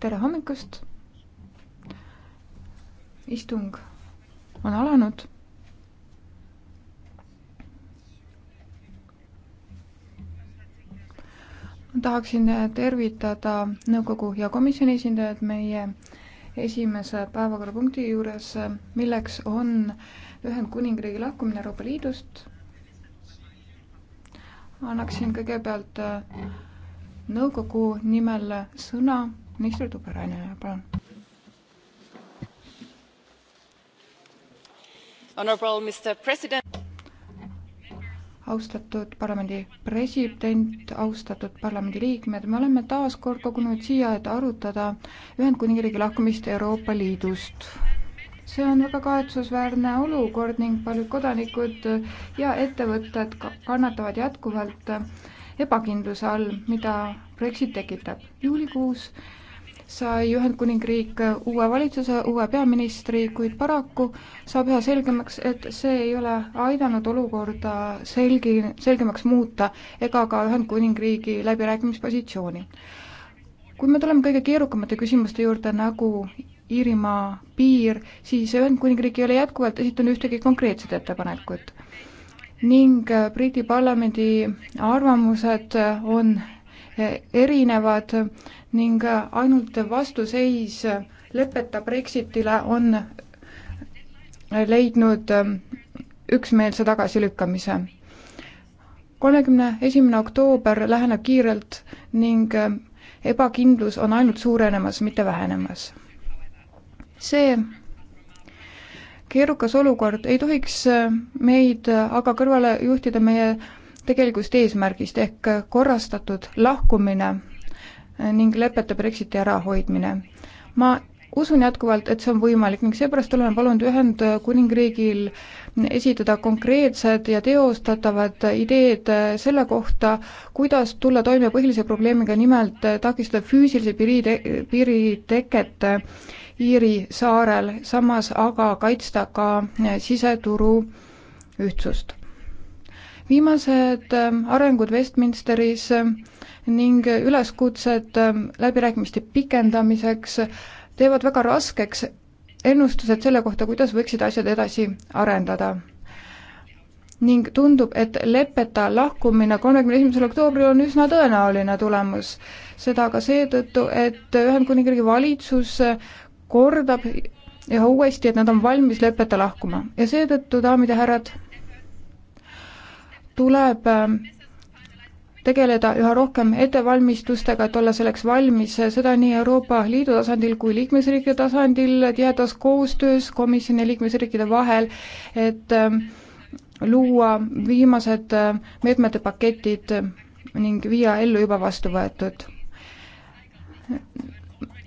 tere hommikust! istung on alanud. ma tahaksin tervitada nõukogu ja komisjoni esindajad meie esimese päevakorrapunkti juures, milleks on Ühendkuningriigi lahkumine Euroopa Liidust. annaksin kõigepealt nõukogu nimel sõna minister Tupperainenile, palun. austatud parlamendi president, austatud parlamendiliikmed, me oleme taas kord kogunenud siia, et arutada Ühendkuningriigi lahkumist Euroopa Liidust see on väga kahetsusväärne olukord ning paljud kodanikud ja ettevõtted kannatavad jätkuvalt äh, ebakindluse all, mida Brexit tekitab. juulikuus sai Ühendkuningriik uue valitsuse, uue peaministri, kuid paraku saab üha selgemaks, et see ei ole aidanud olukorda selgi, selgemaks muuta ega ka Ühendkuningriigi läbirääkimispositsiooni. kui me tuleme kõige keerukamate küsimuste juurde, nagu Iirimaa piir, siis Ühendkuningriik ei ole jätkuvalt esitanud ühtegi konkreetset ettepanekut ning äh, Briti parlamendi arvamused äh, on äh, erinevad ning ainult vastuseis lepeta Brexitile on leidnud üksmeelse tagasilükkamise. kolmekümne esimene oktoober läheneb kiirelt ning ebakindlus on ainult suurenemas, mitte vähenemas. see keerukas olukord ei tohiks äh, meid aga kõrvale juhtida meie tegelikust eesmärgist ehk korrastatud lahkumine äh, ning lepete Brexiti ärahoidmine. ma usun jätkuvalt, et see on võimalik ning seepärast oleme palunud Ühendkuningriigil esitada konkreetsed ja teostatavad ideed äh, selle kohta, kuidas tulla toime põhilise probleemiga, nimelt takistada füüsilise piiri, piiri teket äh, Iiri saarel, samas aga kaitsta ka eh, siseturu ühtsust. viimased eh, arengud Westminsteris eh, ning üleskutsed läbirääkimiste pikendamiseks teevad väga raskeks ennustused selle kohta, kuidas võiksid asjad edasi arendada. ning tundub, et leppeta lahkumine kolmekümne esimesel oktoobril on üsna tõenäoline tulemus. seda ka seetõttu, et Ühendkuningriigi valitsus kordab üha uuesti, et nad on valmis lepeta lahkuma ja seetõttu, daamid ja härrad, tuleb äh, tegeleda üha rohkem ettevalmistustega, et olla selleks valmis, seda nii Euroopa Liidu tasandil kui liikmesriikide tasandil, tihedas koostöös komisjoni ja liikmesriikide vahel, et äh, luua viimased äh, meetmete paketid ning viia ellu juba vastu võetud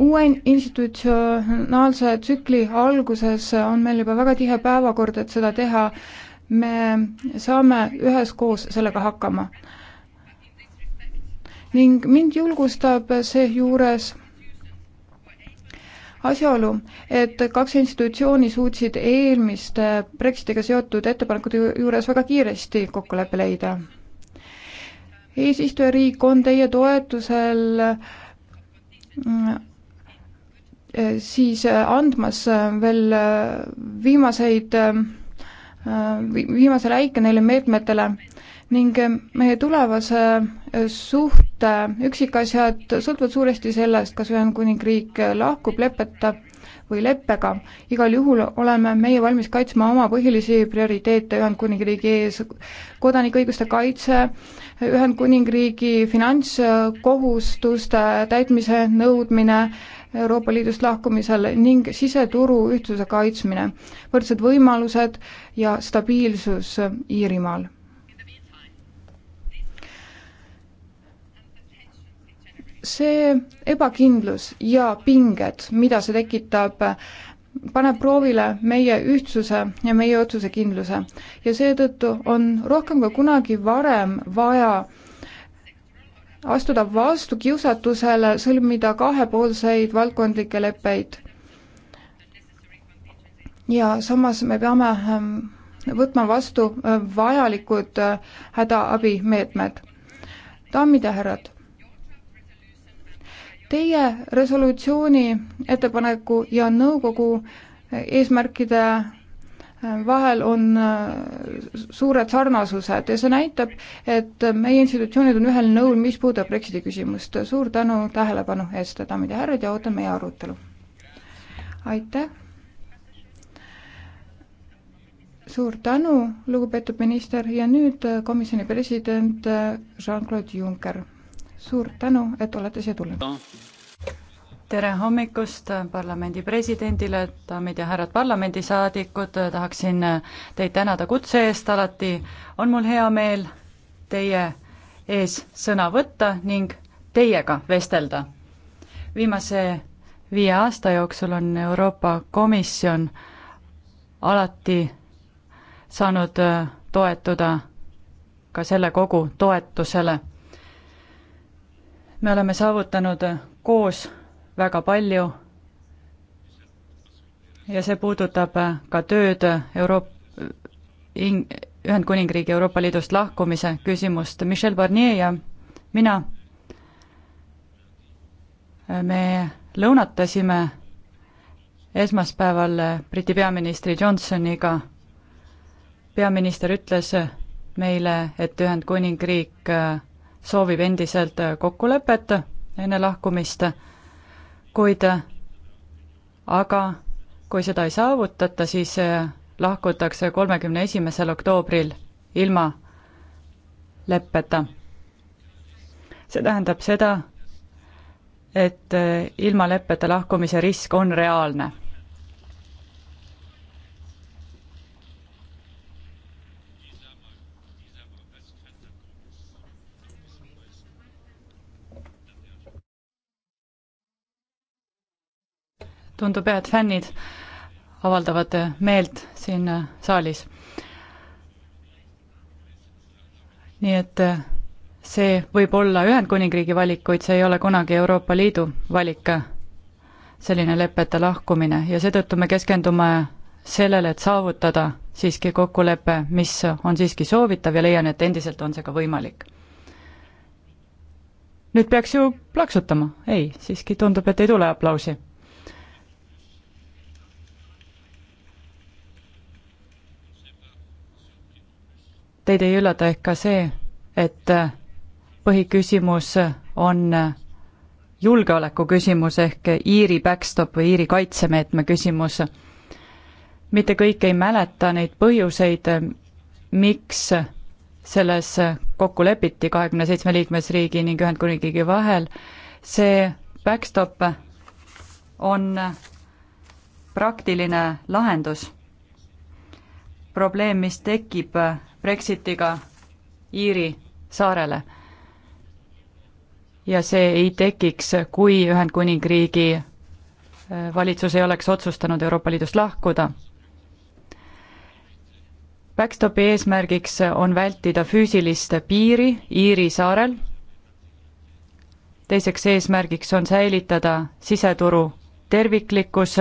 uue institutsionaalse tsükli alguses on meil juba väga tihe päevakord, et seda teha, me saame üheskoos sellega hakkama. ning mind julgustab seejuures asjaolu, et kaks institutsiooni suutsid eelmiste Brexitiga seotud ettepanekute juures väga kiiresti kokkuleppe leida. eesistujariik on teie toetusel mm, Äh, siis äh, andmas äh, veel viimaseid, viimase läike neile meetmetele ning meie tulevase suhte üksikasjad sõltuvad suuresti sellest, kas Ühendkuningriik lahkub lepeta või leppega. igal juhul oleme meie valmis kaitsma oma põhilisi prioriteete Ühendkuningriigi ees, kodanikuõiguste kaitse, Ühendkuningriigi finantskohustuste täitmise nõudmine, Euroopa Liidust lahkumisel ning siseturu ühtsuse kaitsmine, võrdsed võimalused ja stabiilsus Iirimaal. see ebakindlus ja pinged, mida see tekitab, paneb proovile meie ühtsuse ja meie otsusekindluse ja seetõttu on rohkem kui kunagi varem vaja astuda vastu kiusatusele sõlmida kahepoolseid valdkondlikke leppeid. ja samas me peame ähm, võtma vastu äh, vajalikud äh, hädaabimeetmed. daamid ja härrad, teie resolutsiooni ettepaneku ja nõukogu äh, eesmärkide vahel on äh, suured sarnasused ja see näitab, et meie institutsioonid on ühel nõul, mis puudutab Brexiti küsimust. suur tänu tähelepanu eest, daamid ja härrad, ja ootan meie arutelu. aitäh! suur tänu, lugupeetud minister, ja nüüd komisjoni president Jean-Claude Juncker. suur tänu, et olete siia tulnud tere hommikust parlamendi presidendile, daamid ja härrad parlamendisaadikud, tahaksin teid tänada kutse eest, alati on mul hea meel teie ees sõna võtta ning teiega vestelda. viimase viie aasta jooksul on Euroopa Komisjon alati saanud toetuda ka selle kogu toetusele. me oleme saavutanud koos väga palju ja see puudutab ka tööd Euroop-, In-, Ühendkuningriigi Euroopa Liidust lahkumise küsimust. Michel Barnier ja mina, me lõunatasime esmaspäeval Briti peaministri Johnsoniga. peaminister ütles meile, et Ühendkuningriik soovib endiselt kokkulepet enne lahkumist kuid aga kui seda ei saavutata, siis eh, lahkutakse kolmekümne esimesel oktoobril ilma leppeta. see tähendab seda, et eh, ilma leppeta lahkumise risk on reaalne tundub hea, et fännid avaldavad meelt siin saalis. nii et see võib olla Ühendkuningriigi valik, kuid see ei ole kunagi Euroopa Liidu valik, selline lepete lahkumine ja seetõttu me keskendume sellele, et saavutada siiski kokkulepe, mis on siiski soovitav ja leian, et endiselt on see ka võimalik nüüd peaks ju plaksutama, ei, siiski tundub, et ei tule aplausi Teid ei üllata ehk ka see, et põhiküsimus on julgeoleku küsimus ehk Iiri backstop või Iiri kaitsemeetme küsimus. mitte kõik ei mäleta neid põhjuseid, miks selles kokku lepiti kahekümne seitsme liikmesriigi ning Ühendkuningriigi vahel. see backstop on praktiline lahendus probleem, mis tekib Brexitiga Iiri saarele. ja see ei tekiks, kui Ühendkuningriigi äh, valitsus ei oleks otsustanud Euroopa Liidust lahkuda. Backstopi eesmärgiks on vältida füüsilist piiri Iiri saarel, teiseks eesmärgiks on säilitada siseturu terviklikkus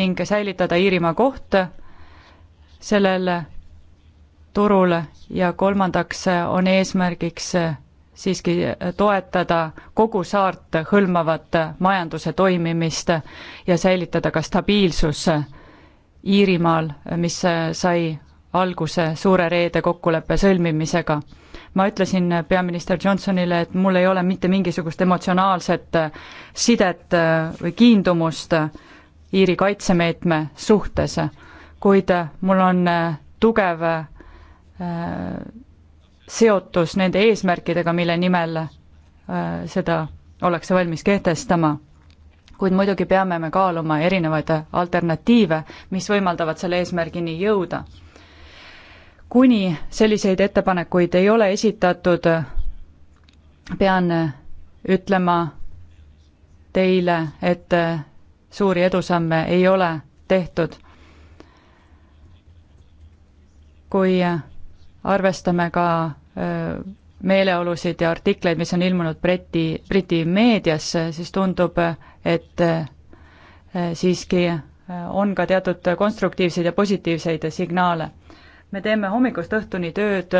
ning säilitada Iirimaa koht sellele turule ja kolmandaks eh, on eesmärgiks eh, siiski eh, toetada kogu saart hõlmavat majanduse toimimist ja säilitada ka stabiilsus Iirimaal, mis sai alguse suure reede kokkuleppe sõlmimisega. ma ütlesin peaminister Johnsonile, et mul ei ole mitte mingisugust emotsionaalset sidet või kiindumust Iiri kaitsemeetme suhtes kuid äh, mul on äh, tugev äh, seotus nende eesmärkidega, mille nimel seda ollakse valmis kehtestama. kuid muidugi peame me kaaluma erinevaid alternatiive, mis võimaldavad selle eesmärgini jõuda. kuni selliseid ettepanekuid ei ole esitatud, pean ütlema teile, et suuri edusamme ei ole tehtud kui arvestame ka meeleolusid ja artikleid, mis on ilmunud Briti, Briti meedias, siis tundub, et siiski on ka teatud konstruktiivseid ja positiivseid signaale. me teeme hommikust õhtuni tööd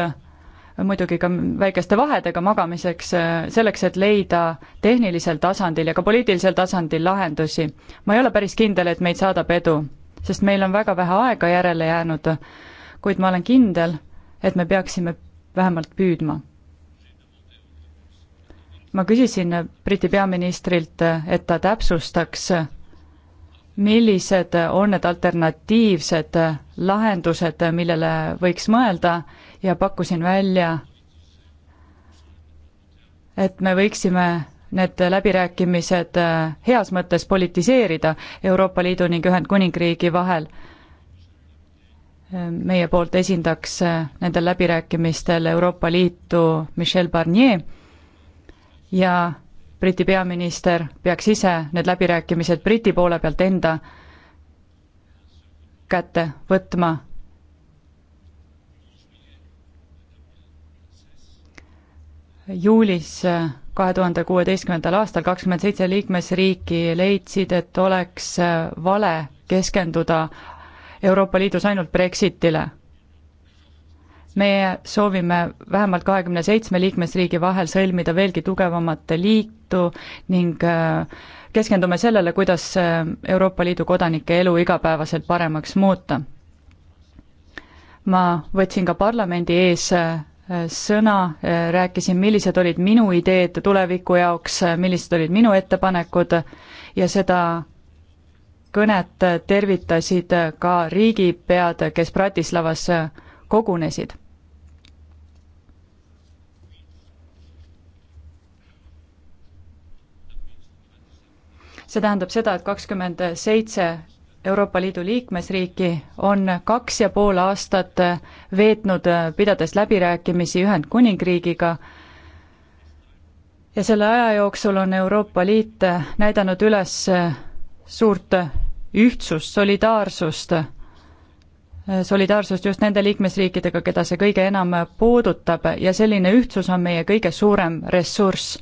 muidugi ka väikeste vahedega magamiseks, selleks, et leida tehnilisel tasandil ja ka poliitilisel tasandil lahendusi. ma ei ole päris kindel, et meid saadab edu, sest meil on väga vähe aega järele jäänud kuid ma olen kindel, et me peaksime vähemalt püüdma. ma küsisin Briti peaministrilt, et ta täpsustaks, millised on need alternatiivsed lahendused, millele võiks mõelda ja pakkusin välja, et me võiksime need läbirääkimised heas mõttes politiseerida Euroopa Liidu ning Ühendkuningriigi vahel meie poolt esindaks äh, nendel läbirääkimistel Euroopa Liitu Michel Barnier ja Briti peaminister peaks ise need läbirääkimised Briti poole pealt enda kätte võtma. juulis äh, kahe tuhande kuueteistkümnendal aastal kakskümmend seitse liikmesriiki leidsid, et oleks äh, vale keskenduda Euroopa Liidus ainult Brexitile. meie soovime vähemalt kahekümne seitsme liikmesriigi vahel sõlmida veelgi tugevamat liitu ning äh, keskendume sellele, kuidas äh, Euroopa Liidu kodanike elu igapäevaselt paremaks muuta. ma võtsin ka parlamendi ees äh, sõna, rääkisin, millised olid minu ideed tuleviku jaoks, millised olid minu ettepanekud ja seda kõnet tervitasid ka riigipead, kes Bratislavas kogunesid. see tähendab seda, et kakskümmend seitse Euroopa Liidu liikmesriiki on kaks ja pool aastat veetnud, pidades läbirääkimisi Ühendkuningriigiga, ja selle aja jooksul on Euroopa Liit näidanud üles suurt ühtsust, solidaarsust, solidaarsust just nende liikmesriikidega, keda see kõige enam puudutab ja selline ühtsus on meie kõige suurem ressurss.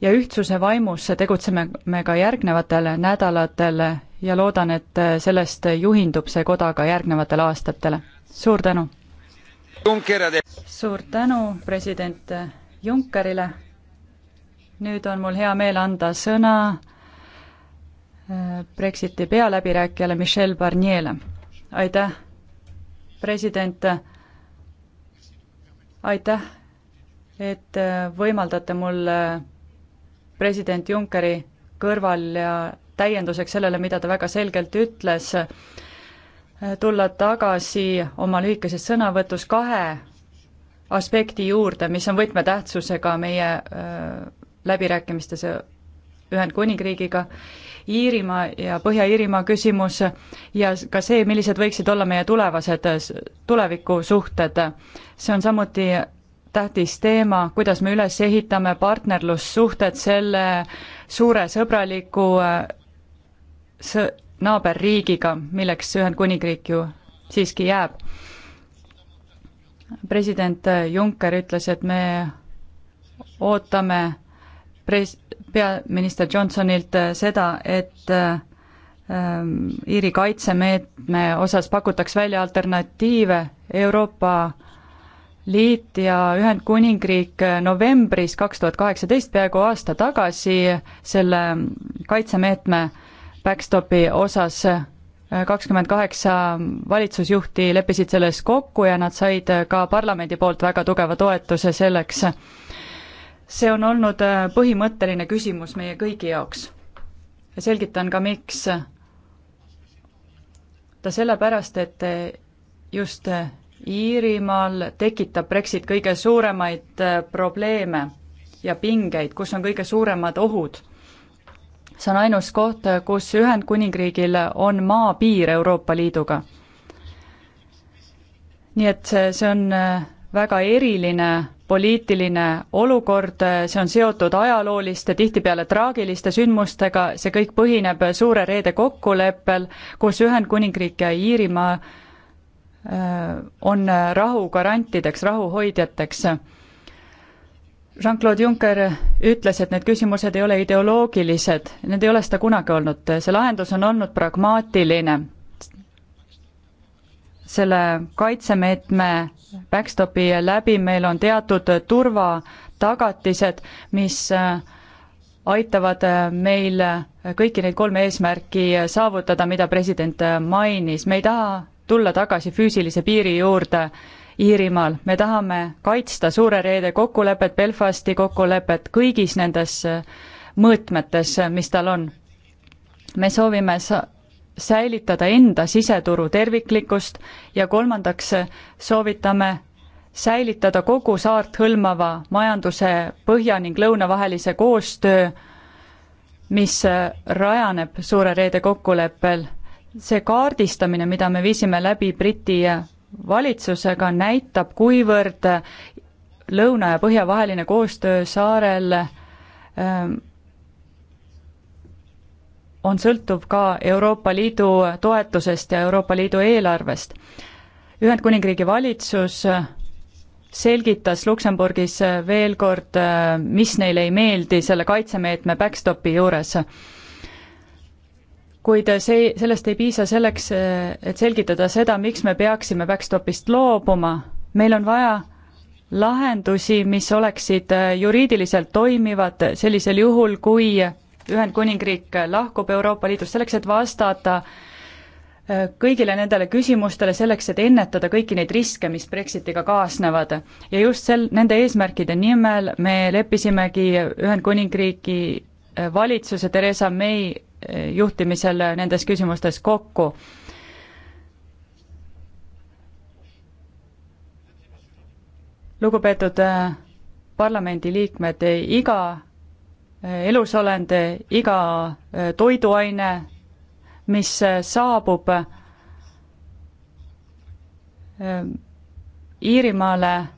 ja ühtsuse vaimus tegutseme me ka järgnevatel nädalatel ja loodan, et sellest juhindub see koda ka järgnevatel aastatel. suur tänu! suur tänu president Junckerile! nüüd on mul hea meel anda sõna äh, Brexiti pealäbirääkijale Michel Barnier'le. aitäh, president, aitäh, et äh, võimaldate mul äh, president Junckeri kõrval ja täienduseks sellele, mida ta väga selgelt ütles, tulla tagasi oma lühikeses sõnavõtus kahe aspekti juurde, mis on võtmetähtsusega meie läbirääkimistes Ühendkuningriigiga, Iirimaa ja Põhja-Iirimaa küsimus ja ka see, millised võiksid olla meie tulevased tulevikusuhted. see on samuti tähtis teema, kuidas me üles ehitame partnerlussuhted selle suure sõbraliku sõ-, naaberriigiga, milleks Ühendkuningriik ju siiski jääb. president Juncker ütles, et me ootame pres-, peaminister Johnsonilt äh, seda, et äh, ähm, Iiri kaitsemeetme osas pakutaks välja alternatiive Euroopa Liit ja Ühendkuningriik äh, novembris kaks tuhat kaheksateist, peaaegu aasta tagasi, selle kaitsemeetme backstopi osas kakskümmend kaheksa valitsusjuhti leppisid selles kokku ja nad said ka parlamendi poolt väga tugeva toetuse selleks see on olnud äh, põhimõtteline küsimus meie kõigi jaoks. ja selgitan ka, miks. ta sellepärast, et äh, just äh, Iirimaal tekitab Brexit kõige suuremaid probleeme ja pingeid, kus on kõige suuremad ohud. see on ainus koht, kus Ühendkuningriigil on maapiir Euroopa Liiduga. nii et see, see on väga eriline poliitiline olukord, see on seotud ajalooliste, tihtipeale traagiliste sündmustega, see kõik põhineb Suure Reede kokkuleppel, kus Ühendkuningriik ja Iirimaa äh, on rahu garantideks, rahuhoidjateks. Jean-Claude Juncker ütles, et need küsimused ei ole ideoloogilised, need ei ole seda kunagi olnud, see lahendus on olnud pragmaatiline selle kaitsemeetme backstopi läbi meil on teatud turvatagatised, mis äh, aitavad äh, meil äh, kõiki neid kolme eesmärki saavutada, mida president mainis, me ei taha tulla tagasi füüsilise piiri juurde Iirimaal, me tahame kaitsta Suure Reede kokkulepet, Belfasti kokkulepet kõigis nendes mõõtmetes, mis tal on. me soovime sa-, säilitada enda siseturu terviklikkust ja kolmandaks soovitame säilitada kogu saart hõlmava majanduse põhja ning lõuna vahelise koostöö, mis rajaneb Suure Reede kokkuleppel. see kaardistamine, mida me viisime läbi Briti valitsusega, näitab, kuivõrd lõuna ja põhja vaheline koostöö saarel ähm, on sõltuv ka Euroopa Liidu toetusest ja Euroopa Liidu eelarvest. Ühendkuningriigi valitsus selgitas Luksemburgis veel kord, mis neile ei meeldi selle kaitsemeetme backstopi juures. kuid see, sellest ei piisa selleks, et selgitada seda, miks me peaksime backstopist loobuma, meil on vaja lahendusi, mis oleksid juriidiliselt toimivad sellisel juhul, kui Ühendkuningriik lahkub Euroopa Liidust, selleks et vastata äh, kõigile nendele küsimustele selleks, et ennetada kõiki neid riske, mis Brexitiga kaasnevad. ja just sel, nende eesmärkide nimel me leppisimegi Ühendkuningriigi äh, valitsuse Theresa May äh, juhtimisel nendes küsimustes kokku. lugupeetud parlamendiliikmed, iga elusolend, iga äh, toiduaine, mis äh, saabub ähm, Iirimaale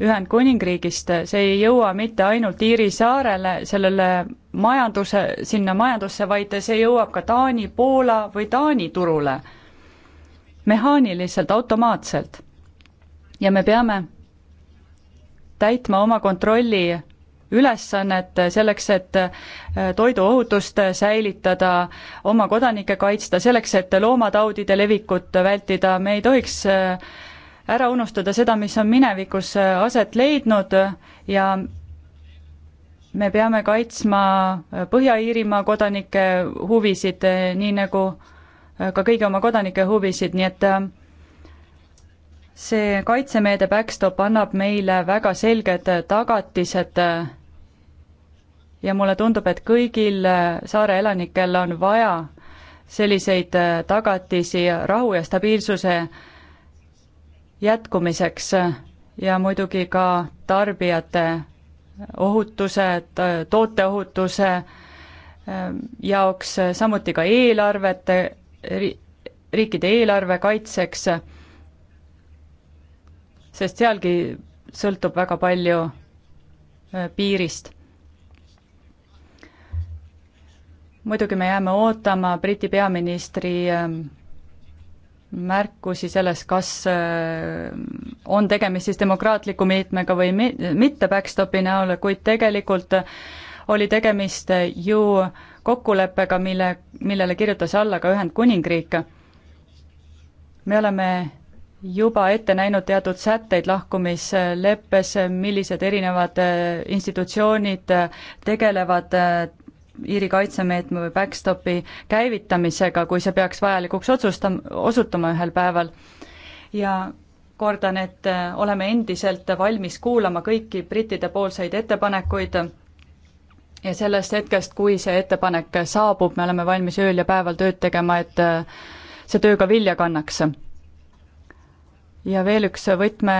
Ühendkuningriigist, see ei jõua mitte ainult Iiri saarele, sellele majanduse, sinna majandusse, vaid see jõuab ka Taani, Poola või Taani turule. mehaaniliselt, automaatselt. ja me peame täitma oma kontrolli ülesannet selleks, et äh, toiduohutust säilitada, oma kodanikke kaitsta, selleks, et loomataudide levikut vältida, me ei tohiks äh, ära unustada seda, mis on minevikus äh, aset leidnud ja me peame kaitsma Põhja-Iirimaa kodanike huvisid, nii nagu ka kõigi oma kodanike huvisid, nii et see kaitsemeede Backstop annab meile väga selged tagatised ja mulle tundub, et kõigil saare elanikel on vaja selliseid tagatisi rahu ja stabiilsuse jätkumiseks ja muidugi ka tarbijate ohutuse, tooteohutuse ähm, jaoks, samuti ka eelarvete, riikide eelarve kaitseks sest sealgi sõltub väga palju äh, piirist. muidugi me jääme ootama Briti peaministri ähm, märkusi selles, kas äh, on tegemist siis demokraatliku meetmega või mitte backstopi näol, kuid tegelikult äh, oli tegemist ju kokkuleppega, mille, millele kirjutas alla ka Ühendkuningriik. me oleme juba ette näinud teatud sätteid lahkumisleppes, millised erinevad äh, institutsioonid äh, tegelevad äh, Iiri kaitsemeetme või backstopi käivitamisega, kui see peaks vajalikuks otsustam-, osutuma ühel päeval. ja kordan, et oleme endiselt valmis kuulama kõiki brittide poolseid ettepanekuid ja sellest hetkest, kui see ettepanek saabub, me oleme valmis ööl ja päeval tööd tegema, et see töö ka vilja kannaks ja veel üks võtme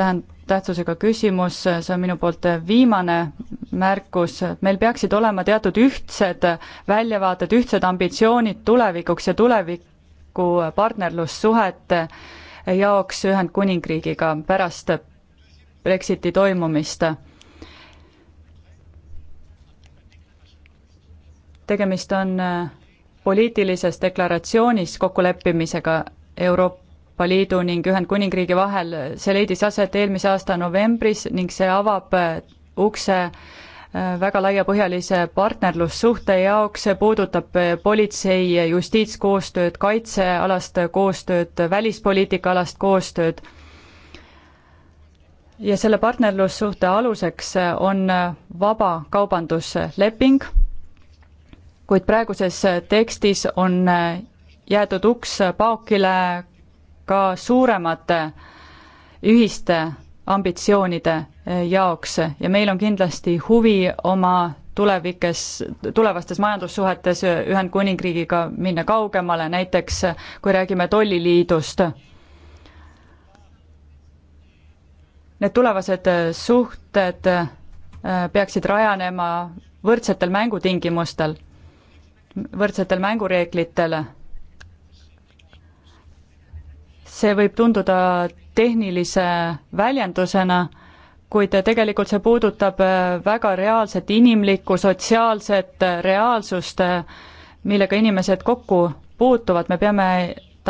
tähend-, tähtsusega küsimus, see on minu poolt viimane märkus, meil peaksid olema teatud ühtsed väljavaated, ühtsed ambitsioonid tulevikuks ja tuleviku partnerlussuhete jaoks Ühendkuningriigiga pärast Brexiti toimumist. tegemist on poliitilises deklaratsioonis kokkuleppimisega Euroopa Euroopa Liidu ning Ühendkuningriigi vahel, see leidis aset eelmise aasta novembris ning see avab äh, ukse äh, väga laiapõhjalise partnerlussuhte jaoks, see puudutab äh, politsei ja justiitskoostööd, kaitsealast koostööd, välispoliitikaalast koostööd. ja selle partnerlussuhte aluseks on vabakaubandusleping, kuid praeguses tekstis on jäetud uks paokile ka suuremate ühiste ambitsioonide eh, jaoks ja meil on kindlasti huvi oma tulevikes, tulevastes majandussuhetes eh, Ühendkuningriigiga minna kaugemale, näiteks eh, kui räägime tolliliidust. Need tulevased suhted peaksid rajanema võrdsetel mängutingimustel, võrdsetel mängureeglitel see võib tunduda tehnilise väljendusena, kuid tegelikult see puudutab äh, väga reaalset inimlikku, sotsiaalset äh, reaalsust, äh, millega inimesed kokku puutuvad, me peame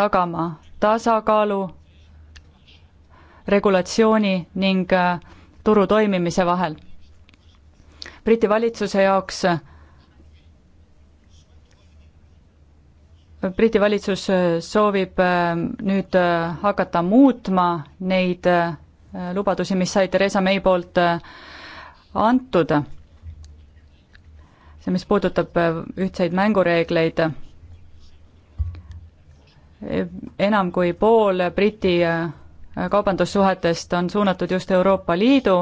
tagama tasakaalu, regulatsiooni ning turu toimimise vahel. Briti valitsuse jaoks Briti valitsus äh, soovib äh, nüüd äh, hakata muutma neid lubadusi, mis sai Theresa May poolt antud. see, mis puudutab ühtseid mängureegleid, enam kui pool Briti kaubandussuhetest on suunatud just Euroopa Liidu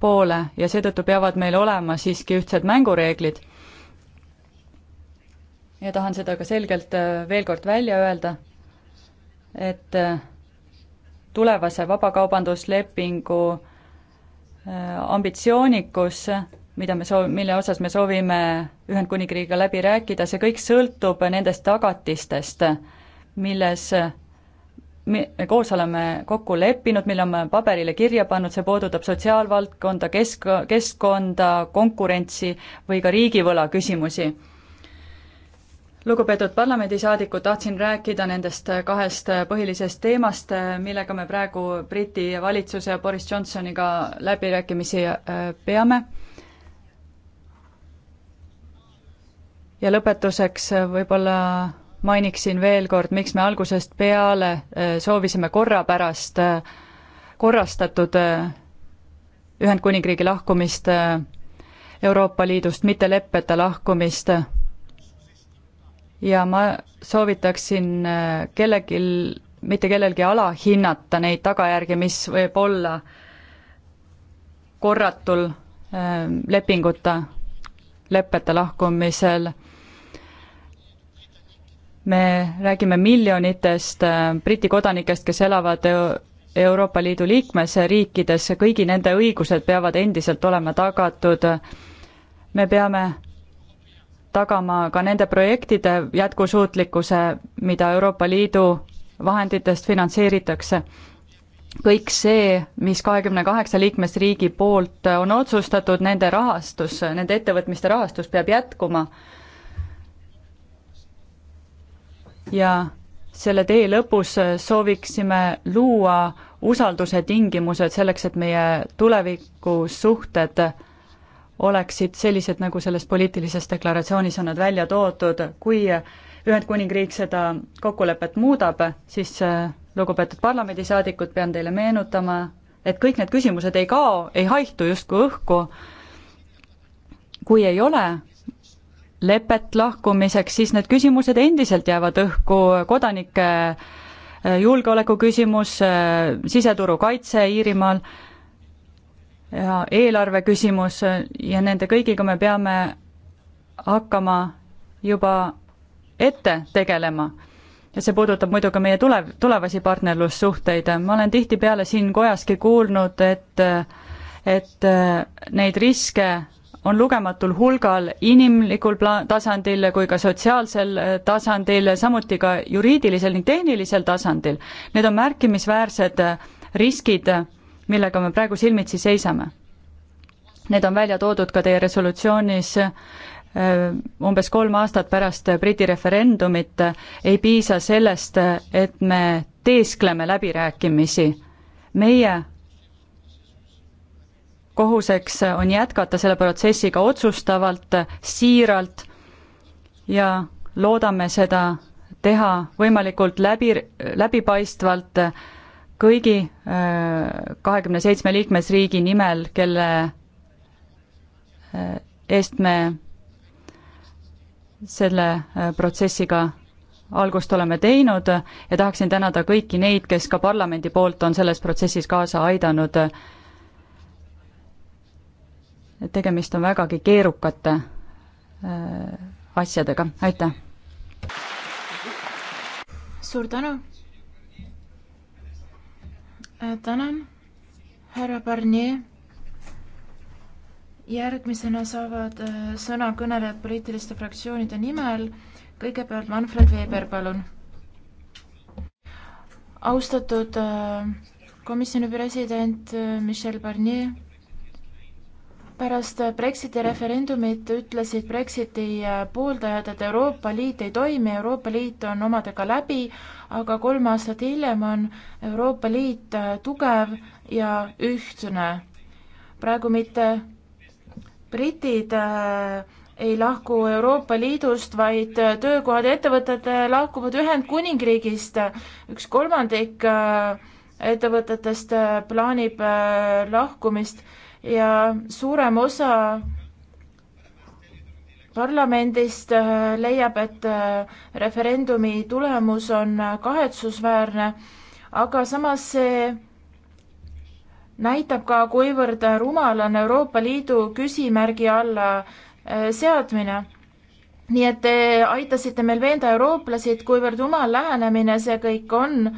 poole ja seetõttu peavad meil olema siiski ühtsed mängureeglid ja tahan seda ka selgelt äh, veel kord välja öelda, et äh, tulevase vabakaubanduslepingu äh, ambitsioonikus, mida me soov-, mille osas me soovime Ühendkuningriigiga läbi rääkida, see kõik sõltub nendest tagatistest, milles me koos oleme kokku leppinud, mille oleme paberile kirja pannud, see puudutab sotsiaalvaldkonda, kesk, keskkonda, konkurentsi või ka riigivõla küsimusi lugupeetud parlamendisaadikud, tahtsin rääkida nendest kahest põhilisest teemast, millega me praegu Briti valitsuse ja Boris Johnsoniga läbirääkimisi äh, peame. ja lõpetuseks võib-olla mainiksin veel kord, miks me algusest peale äh, soovisime korra pärast äh, korrastatud Ühendkuningriigi lahkumist Euroopa Liidust, mitte leppeta lahkumist ja ma soovitaksin äh, kellelgi, mitte kellelgi alahinnata neid tagajärgi, mis võib olla korratul äh, lepinguta, leppeta lahkumisel. me räägime miljonitest äh, Briti kodanikest, kes elavad Euroopa Liidu liikmesriikides, kõigi nende õigused peavad endiselt olema tagatud. me peame tagama ka nende projektide jätkusuutlikkuse, mida Euroopa Liidu vahenditest finantseeritakse. kõik see, mis kahekümne kaheksa liikmesriigi poolt on otsustatud, nende rahastus, nende ettevõtmiste rahastus peab jätkuma. ja selle tee lõpus sooviksime luua usalduse tingimused selleks, et meie tulevikus suhted oleksid sellised, nagu selles poliitilises deklaratsioonis on nad välja toodud, kui Ühendkuningriik seda kokkulepet muudab, siis äh, lugupeetud parlamendisaadikud, pean teile meenutama, et kõik need küsimused ei kao, ei haihtu justkui õhku, kui ei ole lepet lahkumiseks, siis need küsimused endiselt jäävad õhku, kodanike äh, julgeoleku küsimus, äh, siseturu kaitse Iirimaal ja eelarve küsimus ja nende kõigiga me peame hakkama juba ette tegelema. ja see puudutab muidugi meie tulev, tulevasi partnerlussuhteid, ma olen tihtipeale siin kojaski kuulnud, et et neid riske on lugematul hulgal inimlikul pla-, tasandil kui ka sotsiaalsel tasandil, samuti ka juriidilisel ning tehnilisel tasandil. Need on märkimisväärsed riskid millega me praegu silmitsi seisame. Need on välja toodud ka teie resolutsioonis äh, umbes kolm aastat pärast Briti referendumit ei piisa sellest, et me teeskleme läbirääkimisi. meie kohuseks on jätkata selle protsessiga otsustavalt, siiralt ja loodame seda teha võimalikult läbi, läbipaistvalt kõigi äh, kahekümne seitsme liikmesriigi nimel, kelle äh, eest me selle äh, protsessiga algust oleme teinud ja tahaksin tänada kõiki neid, kes ka parlamendi poolt on selles protsessis kaasa aidanud. tegemist on vägagi keerukate asjadega, aitäh! suur tänu! Äh, tänan, härra Barnier. järgmisena saavad äh, sõna kõnelejad poliitiliste fraktsioonide nimel. kõigepealt Manfred Weber, palun. austatud äh, komisjoni president Michel Barnier pärast Brexiti referendumit ütlesid Brexiti äh, pooldajad, et Euroopa Liit ei toimi, Euroopa Liit on omadega läbi, aga kolm aastat hiljem on Euroopa Liit äh, tugev ja ühtne. praegu mitte britid äh, ei lahku Euroopa Liidust, vaid töökohad ja ettevõtted lahkuvad Ühendkuningriigist. üks kolmandik ettevõtetest plaanib lahkumist ja suurem osa parlamendist äh, leiab, et äh, referendumi tulemus on äh, kahetsusväärne, aga samas see näitab ka, kuivõrd rumal on Euroopa Liidu küsimärgi alla seadmine. nii et te aitasite meil veenda eurooplasid, kuivõrd rumal lähenemine see kõik on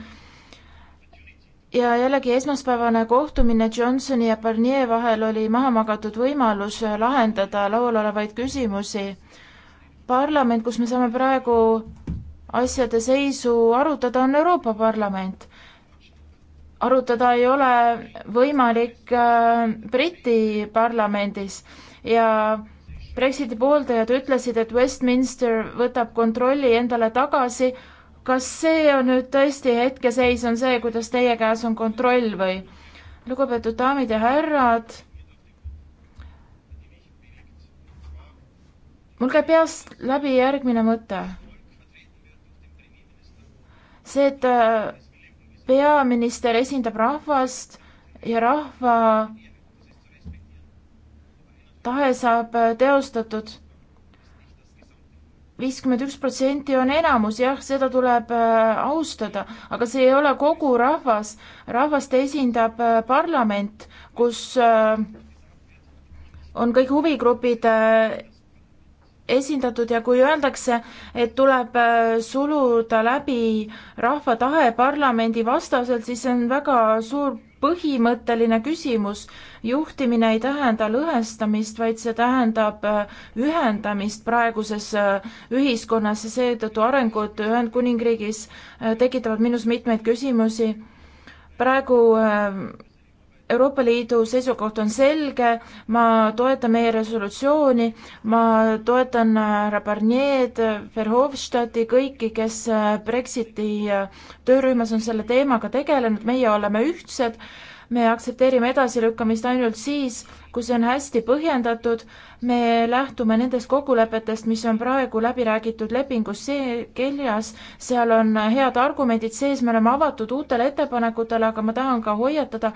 ja jällegi esmaspäevane kohtumine Johnsoni ja Barnier vahel oli mahamagatud võimalus lahendada laual olevaid küsimusi. parlament, kus me saame praegu asjade seisu arutada, on Euroopa Parlament. arutada ei ole võimalik äh, Briti parlamendis ja Brexiti pooldajad ütlesid, et Westminster võtab kontrolli endale tagasi kas see on nüüd tõesti hetkeseis, on see, kuidas teie käes on kontroll või? lugupeetud daamid ja härrad, mul käib peast läbi järgmine mõte. see, et äh, peaminister esindab rahvast ja rahva tahe saab äh, teostatud viiskümmend üks protsenti on enamus, jah, seda tuleb äh, austada, aga see ei ole kogu rahvas. rahvast esindab äh, parlament, kus äh, on kõik huvigrupid esindatud ja kui öeldakse, et tuleb suluda läbi rahva tahe parlamendi vastaselt, siis see on väga suur põhimõtteline küsimus. juhtimine ei tähenda lõhestamist, vaid see tähendab äh, ühendamist praeguses äh, ühiskonnas ja seetõttu arengud Ühendkuningriigis äh, tekitavad minus mitmeid küsimusi. praegu Euroopa Liidu seisukoht on selge, ma toetan meie resolutsiooni, ma toetan äh, härra Barnier'd, Verhofstadti, kõiki, kes äh, Brexiti äh, töörühmas on selle teemaga tegelenud, meie oleme ühtsed, me aktsepteerime edasilükkamist ainult siis, kui see on hästi põhjendatud, me lähtume nendest kokkulepetest, mis on praegu läbi räägitud lepingus see kirjas, seal on head argumendid sees, me oleme avatud uutele ettepanekutele, aga ma tahan ka hoiatada,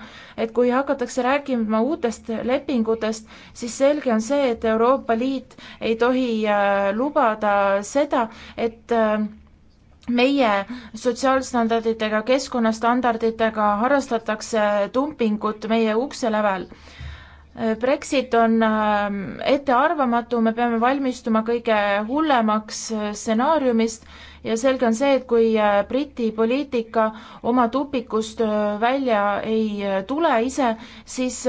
et kui hakatakse rääkima uutest lepingutest, siis selge on see, et Euroopa Liit ei tohi äh, lubada seda, et äh, meie sotsiaalstandarditega, keskkonnastandarditega harrastatakse dumpingut meie ukse lävel Brexit on ähm, ettearvamatu, me peame valmistuma kõige hullemaks äh, stsenaariumist ja selge on see, et kui äh, Briti poliitika oma tupikust äh, välja ei tule ise, siis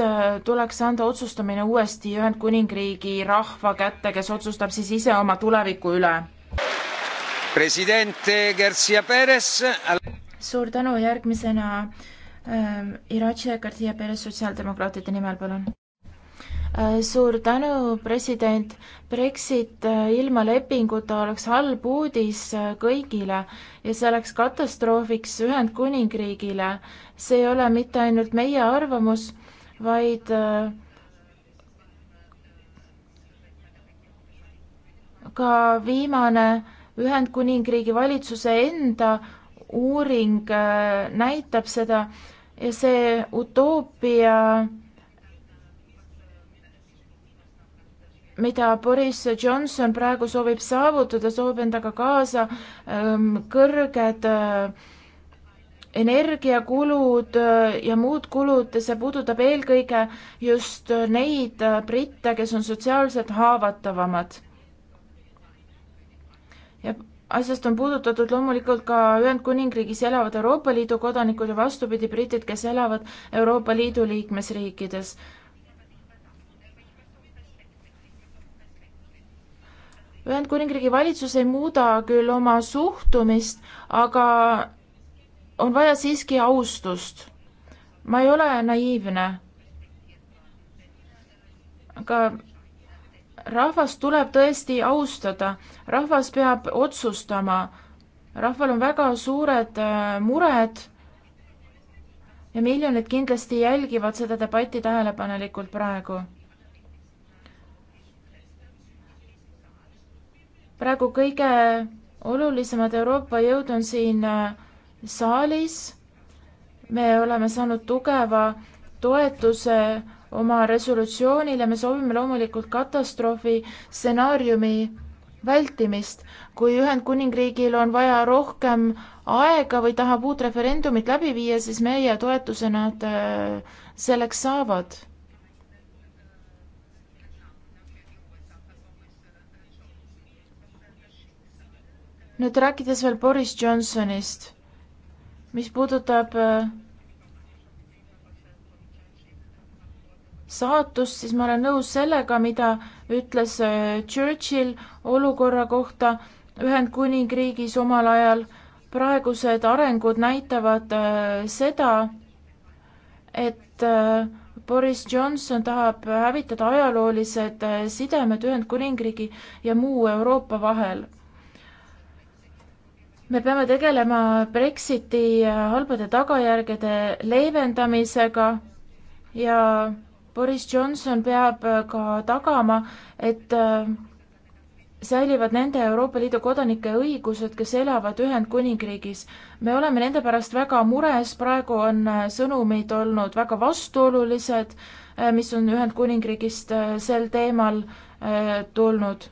tuleks anda otsustamine uuesti Ühendkuningriigi rahva kätte, kes otsustab siis ise oma tuleviku üle. president Garcia Perez. suur tänu, järgmisena äh, Irache Garcia Perez sotsiaaldemokraatide nimel, palun. Äh, suur tänu, president. Brexit äh, ilma lepinguta oleks halb uudis äh, kõigile ja see oleks katastroofiks Ühendkuningriigile. see ei ole mitte ainult meie arvamus, vaid ka viimane Ühendkuningriigi valitsuse enda uuring näitab seda ja see utoopia mida Boris Johnson praegu soovib saavutada, soovib endaga kaasa ähm, kõrged äh, energiakulud äh, ja muud kulud, see puudutab eelkõige just neid äh, britte, kes on sotsiaalselt haavatavamad. ja asjast on puudutatud loomulikult ka Ühendkuningriigis elavad Euroopa Liidu kodanikud ja vastupidi, britid, kes elavad Euroopa Liidu liikmesriikides Ühendkuningriigi valitsus ei muuda küll oma suhtumist, aga on vaja siiski austust. ma ei ole naiivne. aga rahvast tuleb tõesti austada, rahvas peab otsustama, rahval on väga suured äh, mured ja miljonid kindlasti jälgivad seda debatti tähelepanelikult praegu praegu kõige olulisemad Euroopa jõud on siin äh, saalis. me oleme saanud tugeva toetuse oma resolutsioonile, me soovime loomulikult katastroofi stsenaariumi vältimist. kui Ühendkuningriigil on vaja rohkem aega või tahab uut referendumit läbi viia, siis meie toetuse nad äh, selleks saavad nüüd rääkides veel Boris Johnsonist, mis puudutab äh, saatust, siis ma olen nõus sellega, mida ütles äh, Churchill olukorra kohta Ühendkuningriigis omal ajal. praegused arengud näitavad äh, seda, et Boris Johnson tahab hävitada ajaloolised sidemed Ühendkuningriigi ja muu Euroopa vahel me peame tegelema Brexiti halbade tagajärgede leevendamisega ja Boris Johnson peab äh, ka tagama, et äh, säilivad nende Euroopa Liidu kodanike õigused, kes elavad Ühendkuningriigis. me oleme nende pärast väga mures, praegu on äh, sõnumid olnud väga vastuolulised, mis on Ühendkuningriigist sel teemal tulnud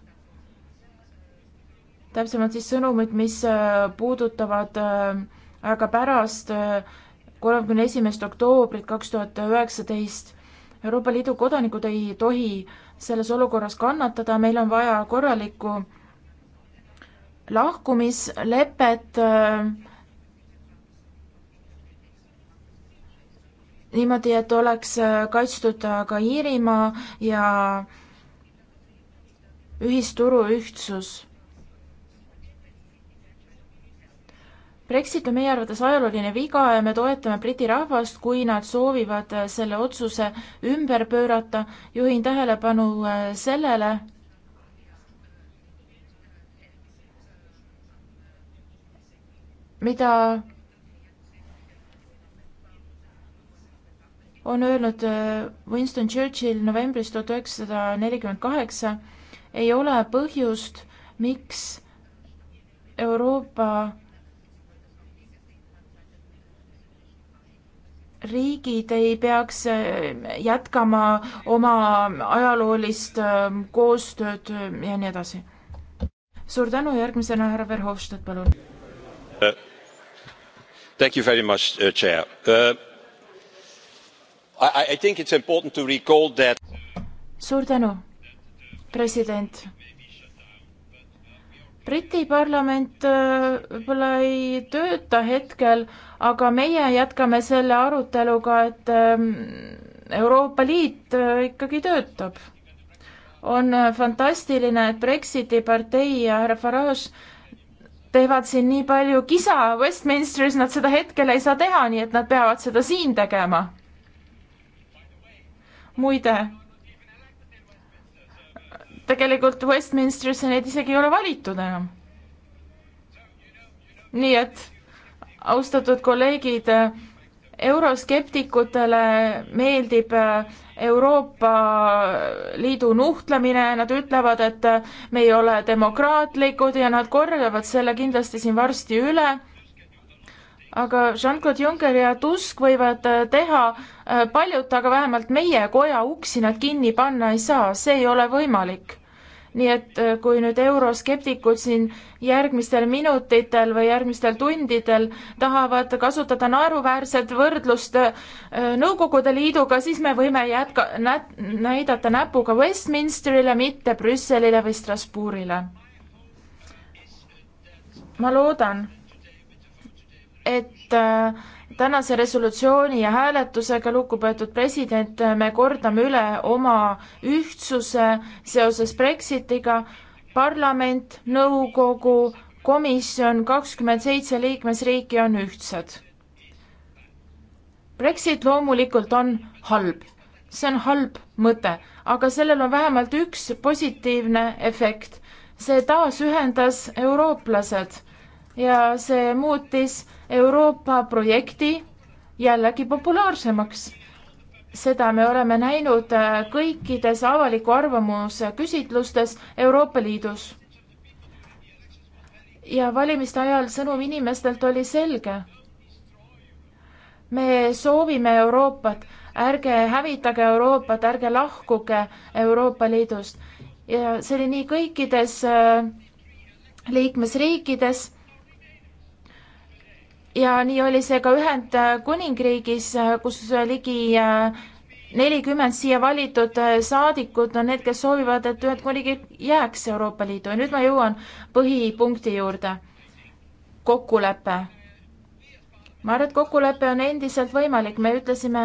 täpsemalt siis sõnumid, mis äh, puudutavad äh, aega pärast äh, kolmekümne esimest oktoobrit kaks tuhat üheksateist. Euroopa Liidu kodanikud ei tohi selles olukorras kannatada, meil on vaja korralikku lahkumislepet. niimoodi, et oleks kaitstud ka Iirimaa ja ühisturu ühtsus Brexit on meie arvates ajalooline viga ja me toetame Briti rahvast, kui nad soovivad äh, selle otsuse ümber pöörata. juhin tähelepanu äh, sellele, mida on öelnud äh, Winston Churchill novembris tuhat üheksasada nelikümmend kaheksa, ei ole põhjust, miks Euroopa riigid ei peaks äh, jätkama oma ajaloolist ähm, koostööd äh, ja nii edasi. suur tänu, järgmisena härra Verhofstadt, palun uh,. Thank you very much uh,, chair uh,. I, I think it's important to recall that. suur tänu, president Briti parlament äh, võib-olla ei tööta hetkel, aga meie jätkame selle aruteluga, et ähm, Euroopa Liit äh, ikkagi töötab. on äh, fantastiline, et Brexiti partei ja härra Farage teevad siin nii palju kisa, Westminsteris nad seda hetkel ei saa teha, nii et nad peavad seda siin tegema. muide tegelikult Westminsterisse neid isegi ei ole valitud enam. nii et austatud kolleegid, euroskeptikutele meeldib äh, Euroopa Liidu nuhtlemine, nad ütlevad, et äh, me ei ole demokraatlikud ja nad korjavad selle kindlasti siin varsti üle aga Jean-Claude Juncker ja Tusk võivad äh, teha äh, paljut, aga vähemalt meie koja uksi nad kinni panna ei saa, see ei ole võimalik. nii et äh, kui nüüd euroskeptikud siin järgmistel minutitel või järgmistel tundidel tahavad kasutada naeruväärset võrdlust Nõukogude Liiduga, siis me võime jätka-, nä-, näidata näpuga Westminsterile, mitte Brüsselile või Strasbourgile. ma loodan et äh, tänase resolutsiooni ja hääletusega, lugupeetud president, me kordame üle oma ühtsuse seoses Brexitiga, parlament, nõukogu, komisjon, kakskümmend seitse liikmesriiki on ühtsed. Brexit loomulikult on halb, see on halb mõte, aga sellel on vähemalt üks positiivne efekt. see taasühendas eurooplased ja see muutis Euroopa projekti jällegi populaarsemaks. seda me oleme näinud äh, kõikides avaliku arvamuse küsitlustes Euroopa Liidus. ja valimiste ajal sõnum inimestelt oli selge. me soovime Euroopat, ärge hävitage Euroopat, ärge lahkuge Euroopa Liidust. ja see oli nii kõikides äh, liikmesriikides ja nii oli see ka Ühendkuningriigis, kus ligi äh, nelikümmend siia valitud äh, saadikud on need, kes soovivad, et Ühendkuningriik jääks Euroopa Liidu ja nüüd ma jõuan põhipunkti juurde. kokkulepe. ma arvan, et kokkulepe on endiselt võimalik, me ütlesime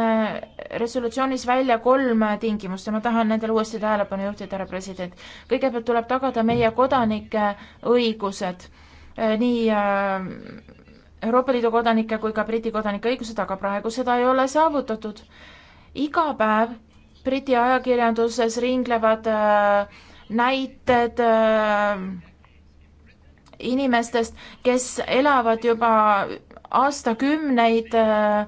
resolutsioonis välja kolm tingimust ja ma tahan nendele uuesti tähelepanu juhtida, härra president. kõigepealt tuleb tagada meie kodanike õigused äh, nii äh, Euroopa Liidu kodanike kui ka Briti kodanike õigused, aga praegu seda ei ole saavutatud. iga päev Briti ajakirjanduses ringlevad äh, näited äh, inimestest, kes elavad juba aastakümneid äh,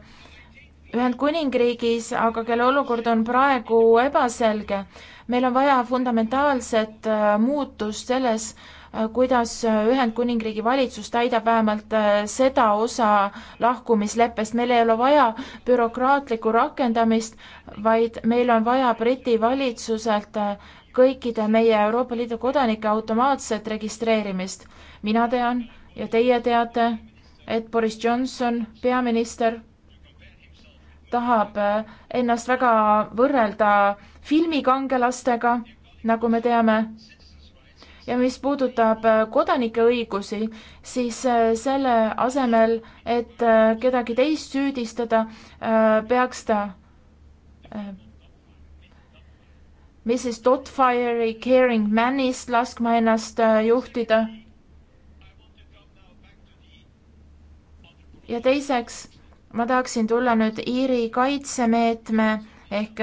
Ühendkuningriigis, aga kelle olukord on praegu ebaselge. meil on vaja fundamentaalset äh, muutust selles äh, Äh, kuidas äh, Ühendkuningriigi valitsus täidab vähemalt äh, seda osa lahkumisleppest. meil ei ole vaja bürokraatlikku rakendamist, vaid meil on vaja Briti valitsuselt kõikide meie Euroopa Liidu kodanike automaatset registreerimist. mina tean ja teie teate, et Boris Johnson, peaminister, tahab ennast väga võrrelda filmikangelastega, nagu me teame ja mis puudutab äh, kodanike õigusi, siis äh, selle asemel, et äh, kedagi teist süüdistada, peaks ta Mrs. Dotfire'i Caring Manis laskma ennast juhtida. ja teiseks, ma tahaksin tulla nüüd Iiri kaitsemeetme ehk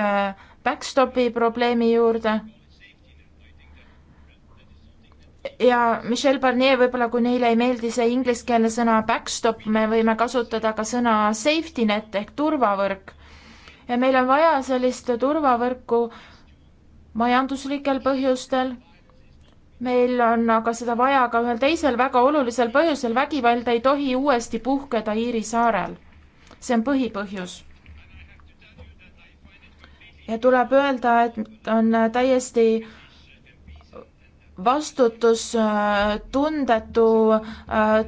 backstopi probleemi juurde ja Michel Barnier, võib-olla kui neile ei meeldi see ingliskeelne sõna backstop, me võime kasutada ka sõna safety net ehk turvavõrk. ja meil on vaja sellist turvavõrku majanduslikel põhjustel. meil on aga seda vaja ka ühel teisel väga olulisel põhjusel, vägivald ei tohi uuesti puhkeda Iiri saarel. see on põhipõhjus. ja tuleb öelda, et on täiesti vastutustundetu, äh,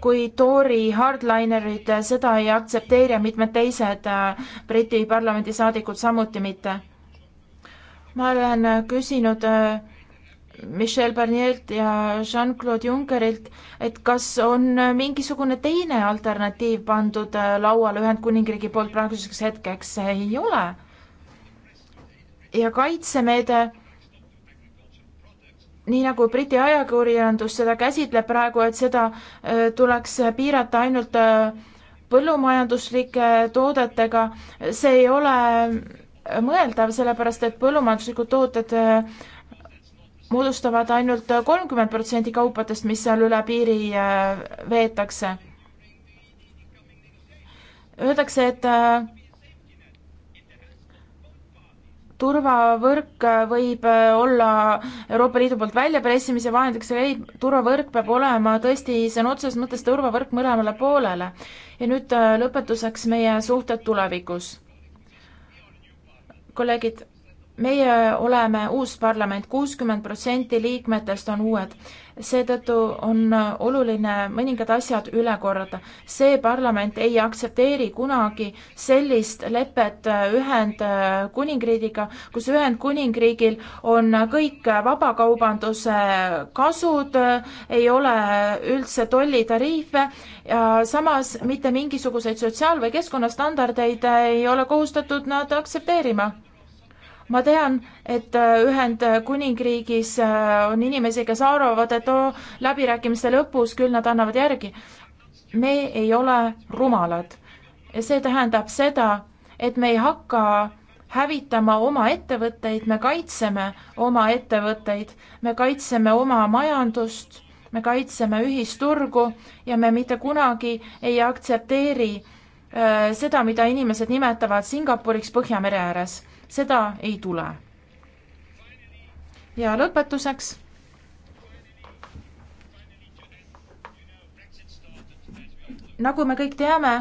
kui Tori hardlinerid seda ei aktsepteeri ja mitmed teised äh, Briti parlamendisaadikud samuti mitte. ma olen küsinud äh, Michel Barnierilt ja Jean-Claude Junckerilt, et kas on mingisugune teine alternatiiv pandud lauale Ühendkuningriigi poolt praeguseks hetkeks, ei ole. ja kaitsemeede nii nagu Briti ajakirjandus seda käsitleb praegu, et seda äh, tuleks piirata ainult äh, põllumajanduslike toodetega, see ei ole äh, mõeldav, sellepärast et põllumajanduslikud tooted moodustavad ainult kolmkümmend protsenti kaupadest, mis seal üle piiri veetakse. Öeldakse, et turvavõrk äh, võib äh, olla Euroopa Liidu poolt väljapressimise vahendiks, aga ei, turvavõrk peab olema tõesti sõna otseses mõttes turvavõrk mõlemale poolele. ja nüüd äh, lõpetuseks meie suhted tulevikus. kolleegid, meie oleme uus parlament, kuuskümmend protsenti liikmetest on uued seetõttu on oluline mõningad asjad üle korrata. see parlament ei aktsepteeri kunagi sellist lepet äh, Ühendkuningriigiga, äh, kus Ühendkuningriigil on kõik vabakaubanduse kasud, äh, ei ole üldse tollitariife ja samas mitte mingisuguseid sotsiaal- või keskkonnastandardeid ei ole kohustatud nad aktsepteerima ma tean, et äh, Ühendkuningriigis äh, on inimesi, kes arvavad, et oo, läbirääkimiste lõpus küll nad annavad järgi. me ei ole rumalad ja see tähendab seda, et me ei hakka hävitama oma ettevõtteid, me kaitseme oma ettevõtteid, me kaitseme oma majandust, me kaitseme ühisturgu ja me mitte kunagi ei aktsepteeri äh, seda, mida inimesed nimetavad Singapuriks Põhjamere ääres seda ei tule. ja lõpetuseks. nagu me kõik teame,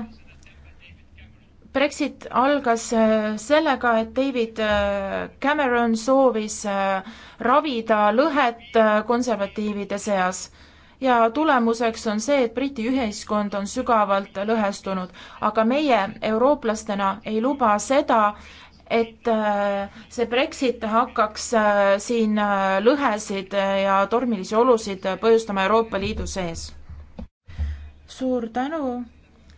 Brexit algas äh, sellega, et David äh, Cameron soovis äh, ravida lõhet konservatiivide seas ja tulemuseks on see, et Briti ühiskond on sügavalt lõhestunud. aga meie eurooplastena ei luba seda, et äh, see Brexit hakkaks äh, siin äh, lõhesid ja tormilisi olusid põhjustama Euroopa Liidu sees. suur tänu,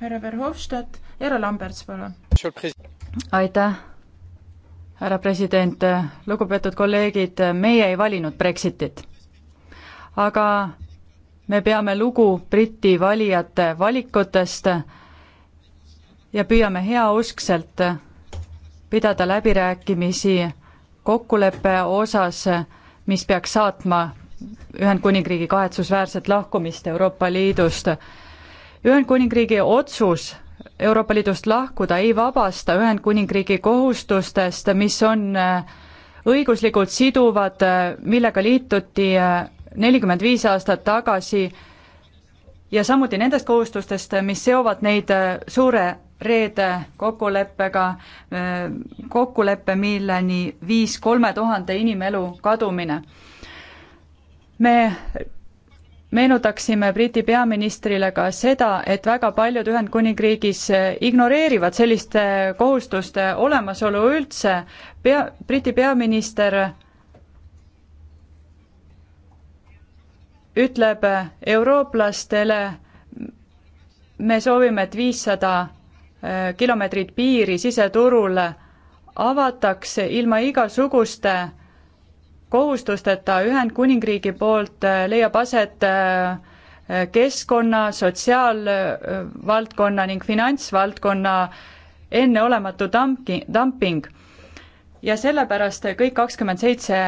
härra Verhofstadt, härra Lamberts, palun. aitäh, härra president, lugupeetud kolleegid, meie ei valinud Brexitit. aga me peame lugu Briti valijate valikutest ja püüame heauskselt pidada läbirääkimisi kokkuleppe osas, mis peaks saatma Ühendkuningriigi kahetsusväärset lahkumist Euroopa Liidust. Ühendkuningriigi otsus Euroopa Liidust lahkuda ei vabasta Ühendkuningriigi kohustustest, mis on äh, õiguslikult siduvad, äh, millega liituti äh, nelikümmend viis aastat tagasi ja samuti nendest kohustustest, mis seovad neid suure reede kokkuleppega, kokkuleppe, milleni viis kolme tuhande inimelu kadumine. me meenutaksime Briti peaministrile ka seda, et väga paljud Ühendkuningriigis ignoreerivad selliste kohustuste olemasolu üldse. pea, Briti peaminister ütleb eurooplastele, me soovime, et viissada Äh, kilomeetrit piiri siseturul avatakse ilma igasuguste kohustusteta Ühendkuningriigi poolt äh, leiab aset äh, keskkonna, sotsiaalvaldkonna ning finantsvaldkonna enneolematu tampi, dumping. ja sellepärast kõik kakskümmend seitse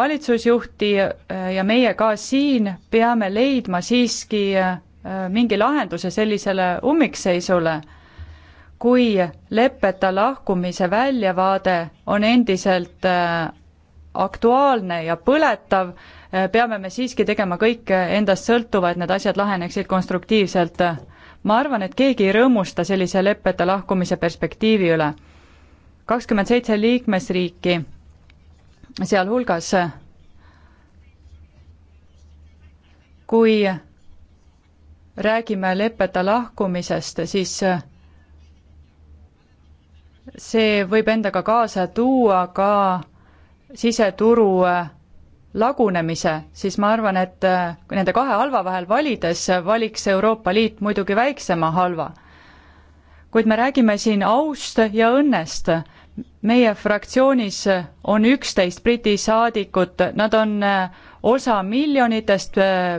valitsusjuhti ja meie ka siin peame leidma siiski mingi lahenduse sellisele ummikseisule kui leppeta lahkumise väljavaade on endiselt äh, aktuaalne ja põletav, äh, peame me siiski tegema kõik äh, endast sõltuva, et need asjad laheneksid konstruktiivselt. ma arvan, et keegi ei rõõmusta sellise leppeta lahkumise perspektiivi üle. kakskümmend seitse liikmesriiki sealhulgas, kui räägime leppeta lahkumisest, siis see võib endaga kaasa tuua ka siseturu äh, lagunemise, siis ma arvan, et äh, nende kahe halva vahel valides valiks Euroopa Liit muidugi väiksema halva. kuid me räägime siin aust ja õnnest. meie fraktsioonis on üksteist Briti saadikut, nad on äh, osa miljonitest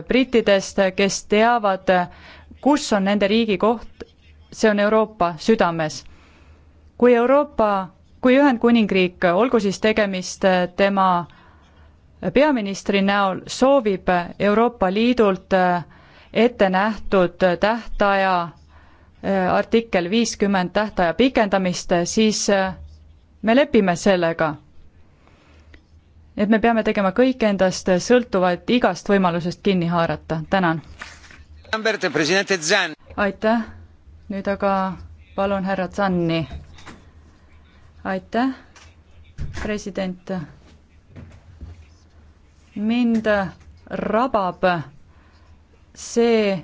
brittidest, kes teavad, kus on nende riigi koht, see on Euroopa südames kui Euroopa, kui Ühendkuningriik, olgu siis tegemist eh, tema peaministri näol, soovib Euroopa Liidult eh, ette nähtud tähtaja eh, artikkel viiskümmend tähtaja pikendamist, siis me lepime sellega. et me peame tegema kõik endast sõltuvat igast võimalusest kinni haarata, tänan. aitäh, nüüd aga palun härra Zanni aitäh, president. mind rabab see,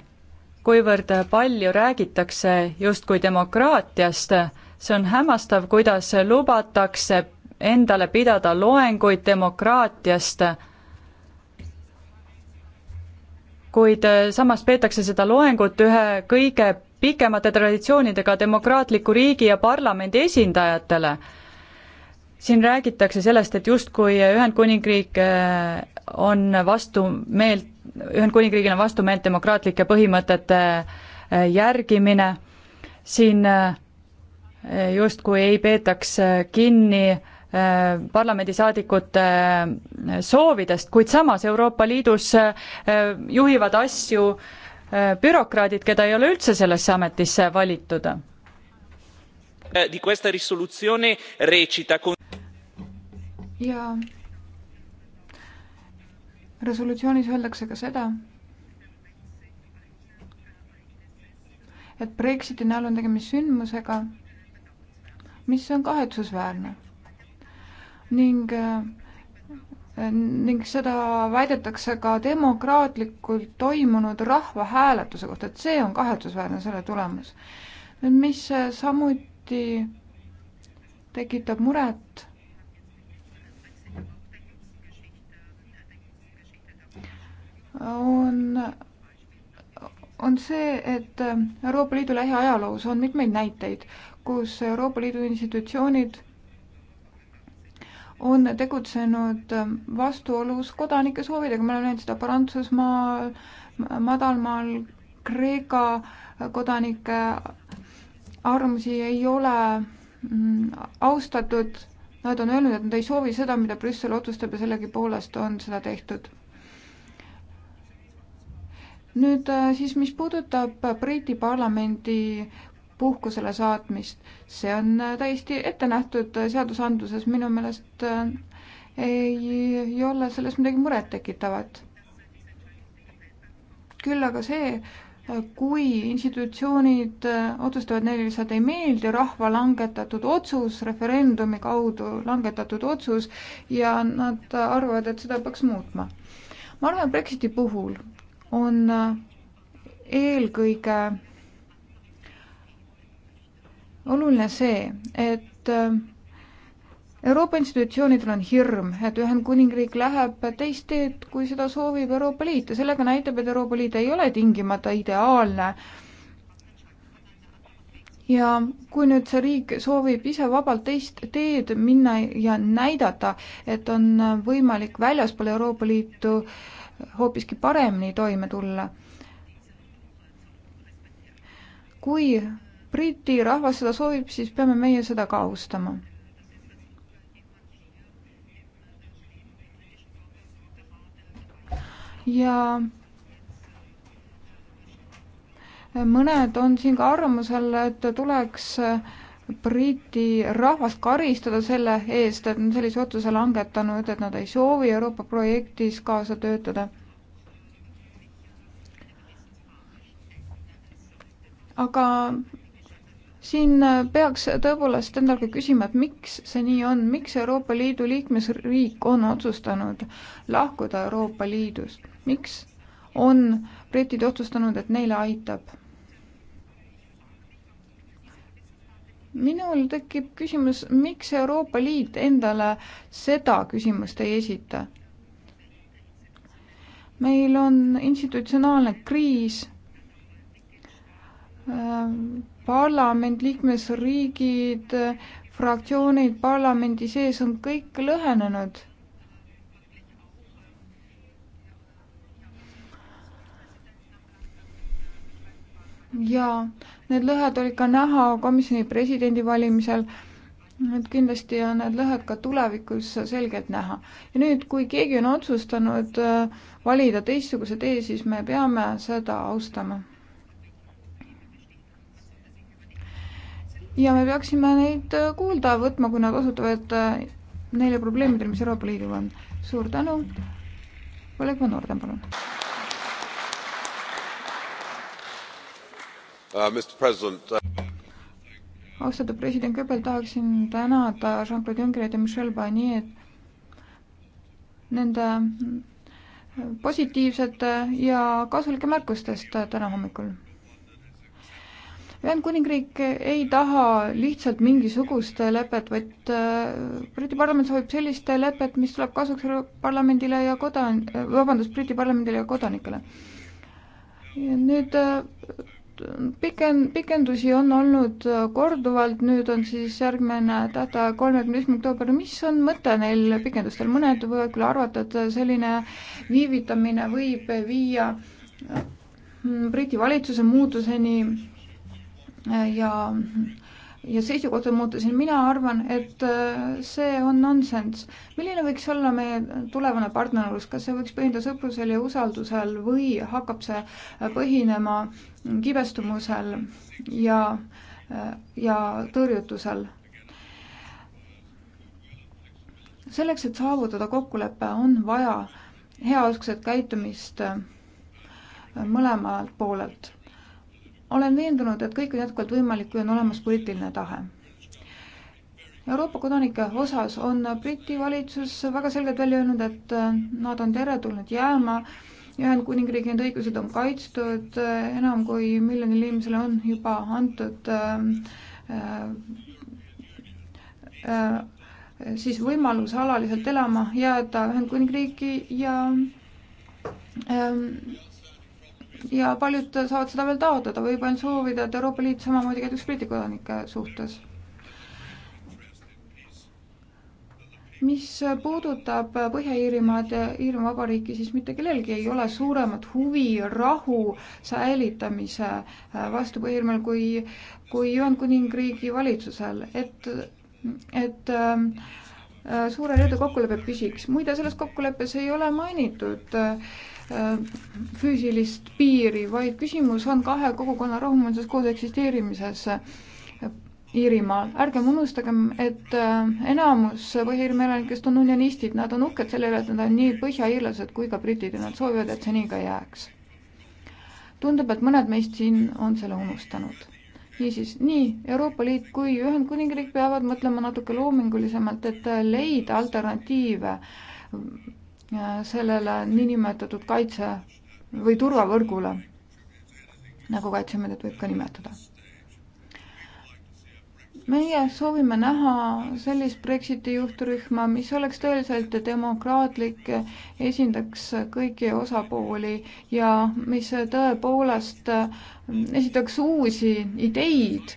kuivõrd palju räägitakse justkui demokraatiast, see on hämmastav, kuidas lubatakse endale pidada loenguid demokraatiast kuid äh, samas peetakse seda loengut ühe kõige pikemate traditsioonidega demokraatliku riigi ja parlamendi esindajatele. siin räägitakse sellest, et justkui Ühendkuningriik äh, on vastu meelt, Ühendkuningriigil on vastumeelt demokraatlike põhimõtete äh, järgimine, siin justkui ei peetaks kinni parlamendisaadikute soovidest, kuid samas Euroopa Liidus äh, juhivad asju äh, bürokraadid, keda ei ole üldse sellesse ametisse valitud. Eh, ja resolutsioonis öeldakse ka seda, et Brexiti näol on tegemist sündmusega, mis on kahetsusväärne ning äh, ning seda väidetakse ka demokraatlikult toimunud rahvahääletuse kohta, et see on kahetsusväärne, selle tulemus. nüüd mis äh, samuti tekitab muret, on, on see, et äh, Euroopa Liidu lähiajaloos on mitmeid näiteid, kus Euroopa Liidu institutsioonid on tegutsenud vastuolus kodanike soovidega, me oleme näinud seda Prantsusmaal, Madalmaal, Kreeka kodanike arvamusi ei ole mm, austatud, nad on öelnud, et nad ei soovi seda, mida Brüssel otsustab ja sellegipoolest on seda tehtud. nüüd äh, siis, mis puudutab Briti parlamendi puhkusele saatmist. see on äh, täiesti ette nähtud äh, seadusandluses, minu meelest äh, ei, ei ole selles midagi murettekitavat. küll aga see, kui institutsioonid otsustavad, neile lihtsalt ei meeldi rahva langetatud otsus, referendumi kaudu langetatud otsus ja nad arvavad, et seda peaks muutma. ma arvan, et Brexiti puhul on eelkõige oluline see, et äh, Euroopa institutsioonidel on hirm, et Ühendkuningriik läheb teist teed, kui seda soovib Euroopa Liit ja sellega näitab, et Euroopa Liit ei ole tingimata ideaalne. ja kui nüüd see riik soovib ise vabalt teist teed minna ja näidata, et on võimalik väljaspool Euroopa Liitu hoopiski paremini toime tulla, kui Briti rahvas seda soovib, siis peame meie seda ka austama. ja mõned on siin ka arvamusel, et tuleks Briti rahvast karistada selle eest, et nad sellise otsuse langetanud, et nad ei soovi Euroopa projektis kaasa töötada. aga siin äh, peaks tõepoolest endalgi küsima, et miks see nii on, miks Euroopa Liidu liikmesriik on otsustanud lahkuda Euroopa Liidust, miks on britid otsustanud, et neile aitab? minul tekib küsimus, miks Euroopa Liit endale seda küsimust ei esita? meil on institutsionaalne kriis ähm, parlament, liikmesriigid, fraktsioonid parlamendi sees on kõik lõhenenud. ja need lõhed olid ka näha komisjoni presidendi valimisel et kindlasti on need lõhed ka tulevikus selgelt näha. ja nüüd, kui keegi on otsustanud äh, valida teistsuguse tee, siis me peame seda austama ja me peaksime neid äh, kuulda võtma, kui nad osutavad äh, neile probleemidele, mis Euroopa Liidul on. suur tänu, kolleeg Van Orden, palun uh, uh,. austatud president, kõigepealt tahaksin tänada Jean-Claude Junckerit ja Michel Barnier'd nende mm, positiivsete ja kasulike märkustest äh, täna hommikul Ühendkuningriik ei taha lihtsalt mingisugust lepet, vaid äh, Briti parlament soovib sellist lepet, mis tuleb kasuks parlamendile ja kodan-, vabandust, Briti parlamendile ja kodanikele. nüüd äh, piken-, pikendusi on olnud äh, korduvalt, nüüd on siis järgmine tähtaeg kolmekümne esimene oktoober, mis on mõte neil pikendustel, mõned võivad küll arvata, et selline viivitamine võib viia Briti valitsuse muutuseni ja, ja seisukohta muutusin. mina arvan, et äh, see on nonsenss. milline võiks olla meie tulevane partnerlus, kas see võiks põhineda sõprusel ja usaldusel või hakkab see äh, põhinema kibestumusel ja, äh, ja tõrjutusel? selleks, et saavutada kokkulepe, on vaja heauskset käitumist mõlemalt poolelt olen veendunud, et kõik on jätkuvalt võimalik, kui on olemas poliitiline tahe. Euroopa kodanike osas on Briti valitsus väga selgelt välja öelnud, et äh, nad on teretulnud jääma, Ühendkuningriigi enda õigused on kaitstud, äh, enam kui miljonile inimesele on juba antud äh, äh, äh, siis võimalus alaliselt elama jääda Ühendkuningriiki ja äh, ja paljud saavad seda veel taotleda, võib ainult soovida, et Euroopa Liit samamoodi käituks Briti kodanike suhtes. mis puudutab Põhja-Iirimaad ja Iirimaa Vabariiki, siis mitte kellelgi ei ole suuremat huvi rahu säilitamise äh, vastu Põhja-Iirimaal kui, kui Ühendkuningriigi valitsusel, et, et ähm, äh, suure reede kokkulepe püsiks. muide, selles kokkuleppes ei ole mainitud äh, Äh, füüsilist piiri, vaid küsimus on kahe kogukonna rahumeelses koos eksisteerimises äh, Iirimaal. ärgem unustagem, et äh, enamus Põhja-Iirimaa elanikest on unionistid, nad on uhked selle üle, et nad on nii põhjaiirlased kui ka britid ja nad soovivad, et see nii ka jääks. tundub, et mõned meist siin on selle unustanud. niisiis, nii Euroopa Liit kui Ühendkuningriik peavad mõtlema natuke loomingulisemalt, et leida alternatiive sellele niinimetatud kaitse või turvavõrgule, nagu Kaitseametit võib ka nimetada. meie soovime näha sellist Brexiti juhtrühma, mis oleks tõeliselt demokraatlik, esindaks kõiki osapooli ja mis tõepoolest esitaks uusi ideid,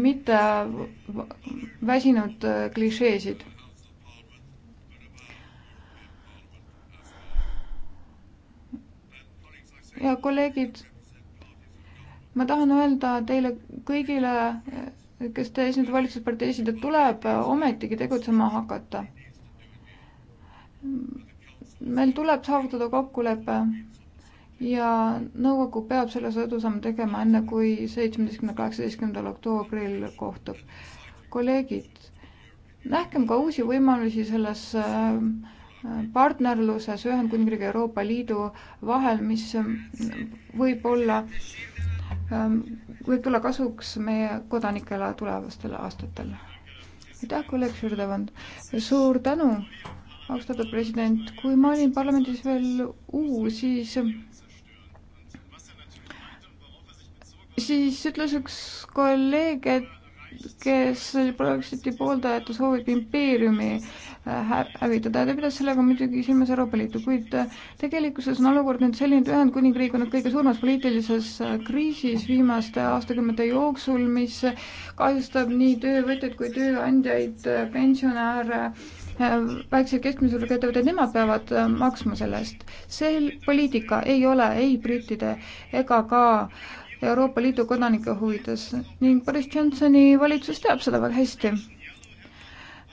mitte väsinud klišeesid head kolleegid, ma tahan öelda teile kõigile, kes te esindate valitsusparteisid, et tuleb ometigi tegutsema hakata. meil tuleb saavutada kokkulepe ja nõukogu peab selles edusamme tegema enne, kui seitsmeteistkümnendal, kaheksateistkümnendal oktoobril kohtub. kolleegid, nähkem ka uusi võimalusi selles äh, partnerluses Ühendkuningriigi ja Euroopa Liidu vahel, mis ähm, võib olla, ähm, võib tulla kasuks meie kodanikele tulevastel aastatel. aitäh, kolleeg Šurdevand. suur tänu, austatud president. kui ma olin parlamendis veel uus, siis siis ütles üks kolleeg, et kes oli Brexiti pooldaja, et ta soovib impeeriumi Äh, hävitada ja ta pidas sellega muidugi silmas Euroopa Liitu, kuid äh, tegelikkuses on olukord nüüd selline, et Ühendkuningriik on nüüd kõige suuremas poliitilises äh, kriisis viimaste aastakümnete jooksul, mis kahjustab nii töövõtjaid kui tööandjaid, pensionäre, väikseid keskmise suurusega ettevõtteid, nemad peavad maksma selle eest. see poliitika ei ole ei brittide ega ka Euroopa Liidu kodanike huvides ning Boris Johnsoni valitsus teab seda väga hästi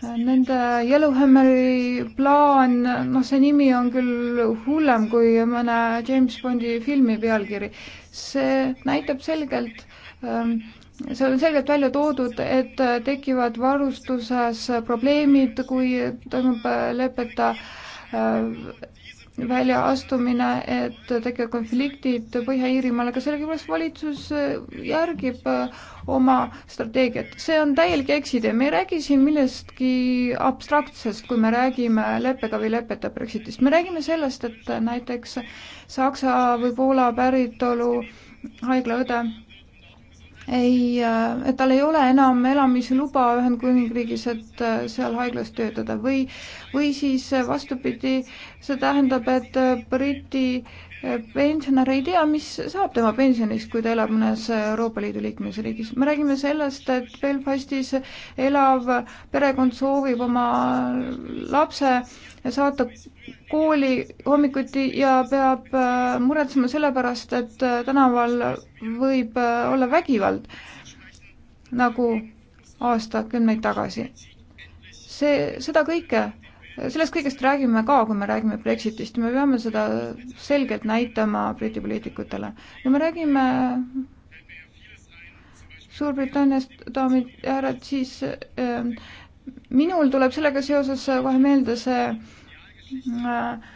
Nende Yellowhammeri plaan, noh, see nimi on küll hullem kui mõne James Bondi filmi pealkiri. see näitab selgelt ähm, seal on selgelt välja toodud, et tekivad varustuses probleemid, kui toimub lepeta äh, väljaastumine, et tekivad konfliktid Põhja-Iirimaal, aga sellegipoolest valitsus äh, järgib äh, oma strateegiat. see on täielik eksitee, me ei räägi siin millestki abstraktsest, kui me räägime leppega või lepeta Brexitist, me räägime sellest, et näiteks Saksa või Poola päritolu haiglaõde ei, äh, et tal ei ole enam elamisluba Ühendkuningriigis, et äh, seal haiglas töötada või, või siis äh, vastupidi, see tähendab, et Briti äh, pensionär ei tea, mis saab tema pensionist, kui ta elab mõnes Euroopa Liidu liikmesriigis. me räägime sellest, et Belfastis elav perekond soovib oma lapse saata kooli hommikuti ja peab äh, muretsema selle pärast, et äh, tänaval võib äh, olla vägivald, nagu aastakümneid tagasi. see, seda kõike sellest kõigest räägime ka, kui me räägime Brexitist, me peame seda selgelt näitama Briti poliitikutele. ja me räägime Suurbritanniast, daamid ja härrad, siis äh, minul tuleb sellega seoses kohe meelde see äh,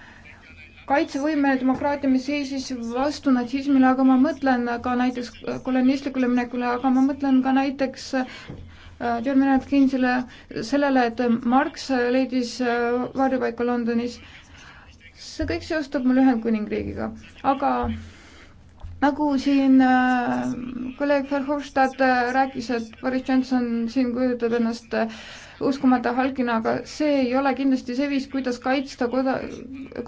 kaitsevõime demokraatia, mis seisis vastu natsismile, aga ma mõtlen ka näiteks kolonistlikule minekule, aga ma mõtlen ka näiteks John äh, Maynard Keynesile sellele, et Marx leidis äh, varjupaika Londonis. see kõik seostub mul Ühendkuningriigiga, aga nagu siin äh, kolleeg Verhofstadt rääkis, et Boris Johnson siin kujutab ennast uskumatu halgina, aga see ei ole kindlasti see viis, kuidas kaitsta koda-,